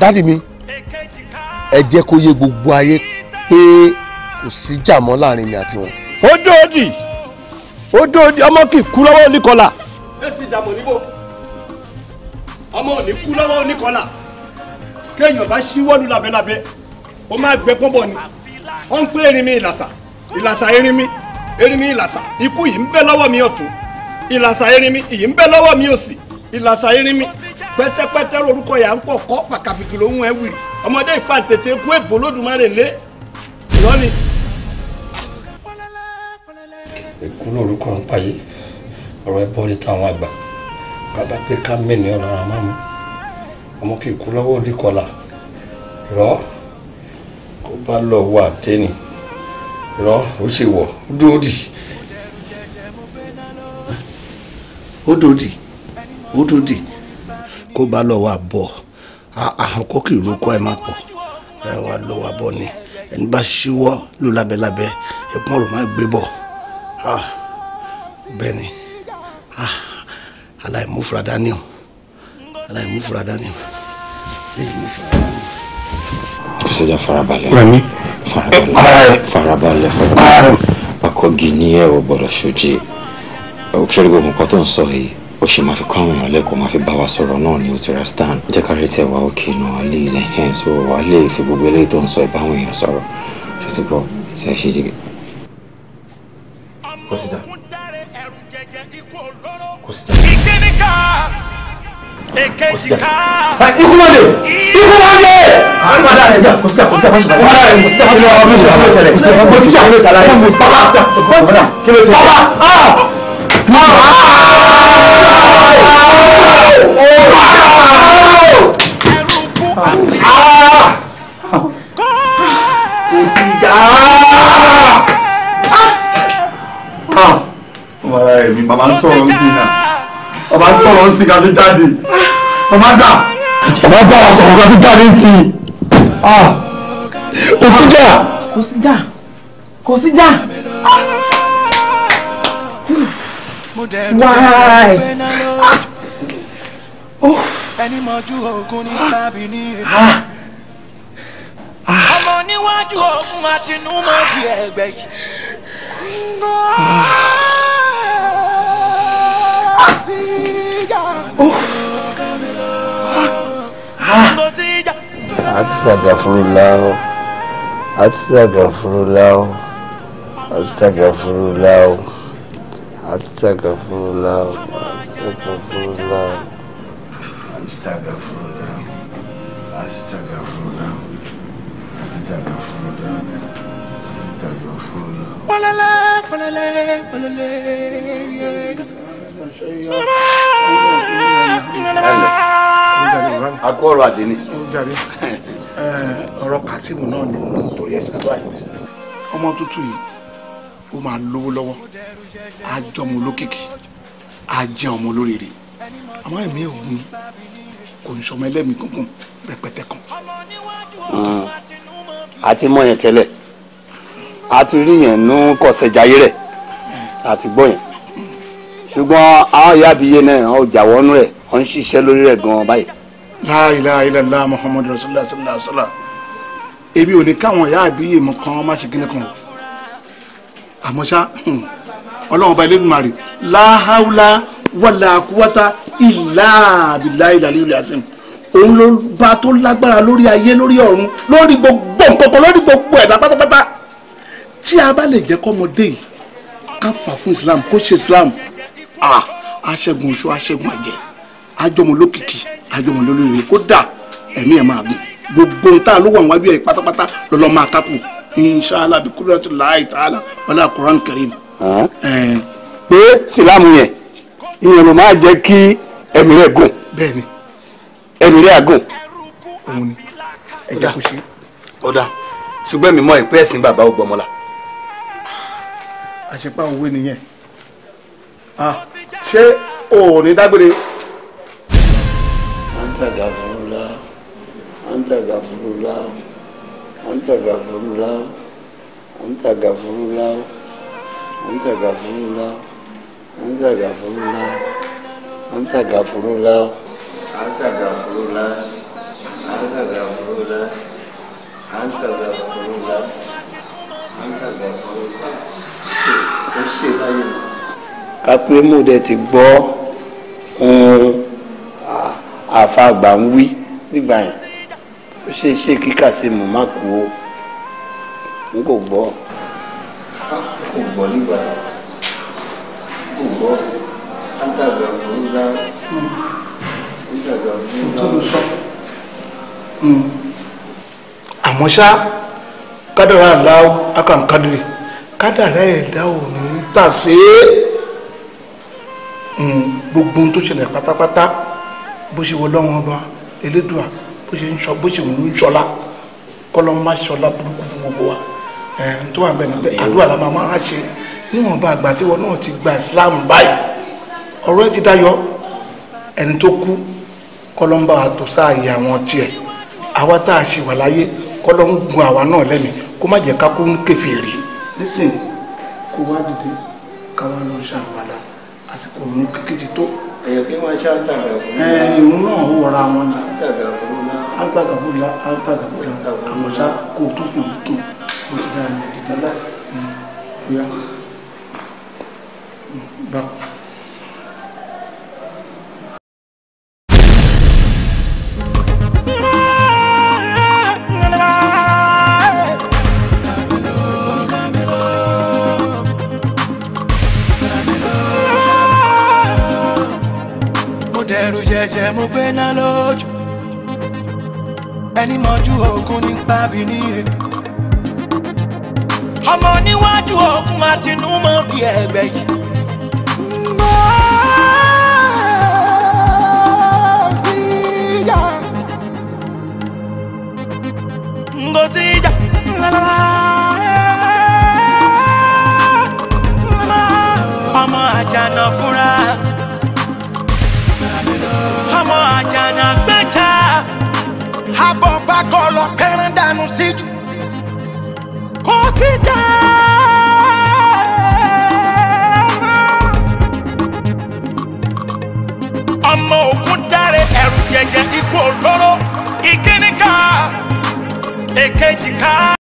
dádì mi ẹ jẹ́ kó yé gbogbo ayé pé kò sí jà mọ́ láàrin mi àti wọn. ó dòdì ó dòdì ọmọ kì kú lọ́wọ́ oníkọlà dàmọ̀ níbò ọmọ ò ní kú lọ́wọ́ oníkọlà kéèyàn bá ṣíwọ́lu labẹ́labẹ́ ó máa gbẹ pọ́nbọ̀ ni ó ń pé erinmi ìlàsà ìlàsà erinmi erinmi ìlàsà ikú yìí ń bẹ lọ́wọ́ mi ọ̀tún ìlàsà erinmi yìí ń bẹ lọ́wọ́ mi òsì ìlàsà erinmi pẹ́tẹ́pẹ́tẹ́ lórúkọ yà ń pọ̀ kọ́ fàkàfìkì ló ń wẹ́ wìrì ọmọdé ìpàǹtẹ̀tẹ̀ kú èbó lódùmarè lé ìrọ́ni. ìkú lórúkọ ń payé ọ̀rọ̀ táwọn àgbà bàbá pé ká mẹ́ni ọ̀làrà máa mú ọmọ kì í kú lọ́wọ́ oníkọlà rọ́ kó bá lọ wà tẹ́ni rọ́ ó ṣe wọ̀ ó dúró dì. ó dúró dì ó dúró dì kó bá lọ wà bọ̀ àkọ́kọ́ kì í ro ẹ má pọ̀ ẹ wà lọ wà bọ̀ ni ẹni bá ṣíwọ́ lù lábẹ́lábẹ́ ẹ̀pọ̀n rò má gbé bọ̀ ah, bẹ́ẹ̀ ni. Ah aláìmúfura dání o Daniel. dání o aláìmúfura dání o. kò sẹ́jà farabalẹ̀ farabalẹ̀ farabalẹ̀ farabalẹ̀ akọ́gi ní ẹ̀ ò gbọ́dọ̀ ṣojì òṣèré gbogbo nǹkan tó ń sọ yìí ó ṣe máa fi kọ́ àwọn èèyàn lẹ́kọ̀ọ́ máa fi bá wa sọ̀rọ̀ náà ní òtúra stan jẹ́ ká rí tẹ̀ wá òkè náà lè yẹn hẹ́n so wà á lè fi gbogbo eléyìí tó ń sọ ìbáwọn èèyàn sọ̀rọ̀ ṣe ti gbọ́ sí ẹ̀ ṣe jìgì. kò sí dá kò sí dá èkejì ká. ikú máa bàbá bàbá sọ̀rọ̀ n sinna ọba sọ̀rọ̀ ń sìn ká fi jáde ọba dà ọba bá wa sọ̀rọ̀ ká fi jáde ń kò sí jà. kò sí jà kò sí jà. wáyé ah. ah. ah. ọmọ níwájú ogun àtinúmọ̀ bí ẹgbẹ́ yìí. Astagfirullah o Astagfirullah o Astagfirullah o Astagfirullah o Astagfirullah o Astagfirullah Astagfirullah Astagfirullah Astagfirullah Astagfirullah akọrọ àdéni. ọ̀rọ̀ kásìmù náà ni torí ẹ̀ ṣàdúrà yìí. ọmọ tuntun yìí ó máa lówó lọ́wọ́ á jọmọ olókìkí á jẹ ọmọ olóríire àmọ́ ẹ̀mí ògùn kò ń sọmọ ẹlẹ́mìí kankan rẹpẹtẹ kan. àti hmm. mọ̀ yẹn tẹ́lẹ̀ àti rí yẹn nú kọ̀sẹ̀jáyé rẹ̀ àti gbọ́ yẹn ṣùgbọ́n àwọn ìyá àbíyé náà ọ̀ jàwọ́nú rẹ̀ ọ̀ ń ṣiṣẹ́ lórí rẹ̀ gan-an báyìí. la ilaha illallah muhammadu rasulillah sallallahu alaihi wa sallam èmi ò ní káwọn ìyá àbíyé mi kan má ṣe kíni kan àmọ́ ṣá hmm, ọlọ́run ọba Elédùmarè la hawla wala quwwata illa billahi al-aliyyil azim òun ló bá tó lágbára lórí ayé lórí ọ̀run lórí gbogbo nǹkankan lórí gbogbo ẹ̀dá pátápátá tí a bá lè jẹ́ kọ́mọdé yìí ká fà fún islam kó ṣe islam Ah, aṣẹ́gun oṣù aṣẹ́gun àjẹ́ ajọmọ lókìkí ajọmọ lólórí kódà ẹ̀mí ẹ̀ máa gùn gbogbo nta ló wà wájú ẹ̀ pátápátá lọ́lọ́ máa kápò inṣàlá bí kúrẹ́tù láì tààlà wọlé àkùrán kẹrìm. pé sílámù yẹn ìyẹn ló máa jẹ́ kí ẹ̀mí rẹ̀ gùn bẹ́ẹ̀ni ẹ̀mí rẹ̀ àgùn. òun ni ẹja kò ṣe. ọ̀dà ṣùgbọ́n mi mọ ìpẹ́ ẹ̀sìn bàbá ògbọ́mọlá. àṣepá òwe nìyẹn. ah ṣé o ò ní dágbére. àǹtàgà fúnra àǹtàgà fúnra àǹtàgà fúnra àǹtàgà fúnra àǹtàgà fúnra àǹtàgà fúnra àǹtàgà fúnra àǹtàgà fúnra àǹtàgà fúnra àǹtàgà fúnra àǹtàgà fúnra ó ṣe láyé kápẹ́mù dẹ̀ ti gbọ́ ohun àfàgbà ń wí nígbà yẹn ó ṣe ṣe kíkà sí mò má kú o n kò gbọ́ kò gbọ́ nígbà yẹn kò gbọ́ ádàgbà fún ńlá ádàgbà fún ńlá. àmọ́ ṣá kádàrá làwọn akàǹkadìrì kádàrá ẹ̀dá ò ní tà Mm, gbogbo ohun tó ṣẹlẹ̀ pátápátá bó ṣe wọ lọ́wọ́n ọba elédùà bó ṣe ń sọ bó ṣe ń ló ń sọlá kọ́lọ́ má sọlá burúkú fún gbogbo wa eh, tó wà bẹ́ẹ̀ ni pé àdúrà la máa máa ṣe níwọ̀nba àgbà tí wọn náà ti gba Islam báyìí ọ̀rọ̀ ẹ ti dayọ ẹni tó kú kọ́lọ́mbà tó sáàyè àwọn tiẹ̀ àwa tá a ṣe wà láyé kọ́lọ́ngun àwa náà lẹ́mìí kó má jẹ́ ká kó ń kẹfì rí. nísìnyí kó wá dìde ká lọ ṣàmàlà àsìkò òun kékeré tó. ẹ̀yọ̀ kí wọ́n ṣe àǹtàgbà òun náà. ẹ̀ ìrún náà ó wọra wọn ni. àǹtàgbà òun náà. àǹtàgbà òun náà àǹtàgbà òun náà àwọn ṣá kó o tó fún un kí o ti dára ní ìdílé. báwo. ẹ̀rù jẹ̀jẹ̀ mo gbé náà lójú ẹni mọ́jú ogun nípa bí níye. ọmọ níwájú ogun àtinúmọ̀ bí ẹgbẹ́ yìí. la la la. ọmọ àjànà fúnra. ọ̀nà gbẹ́ka. abọ́ bá kọ́ lọ kẹrin dànù síjú. kò síjà. ọmọ òkun dáre ẹrù jẹjẹ ikú olóró ìkíníkà èkejì ká.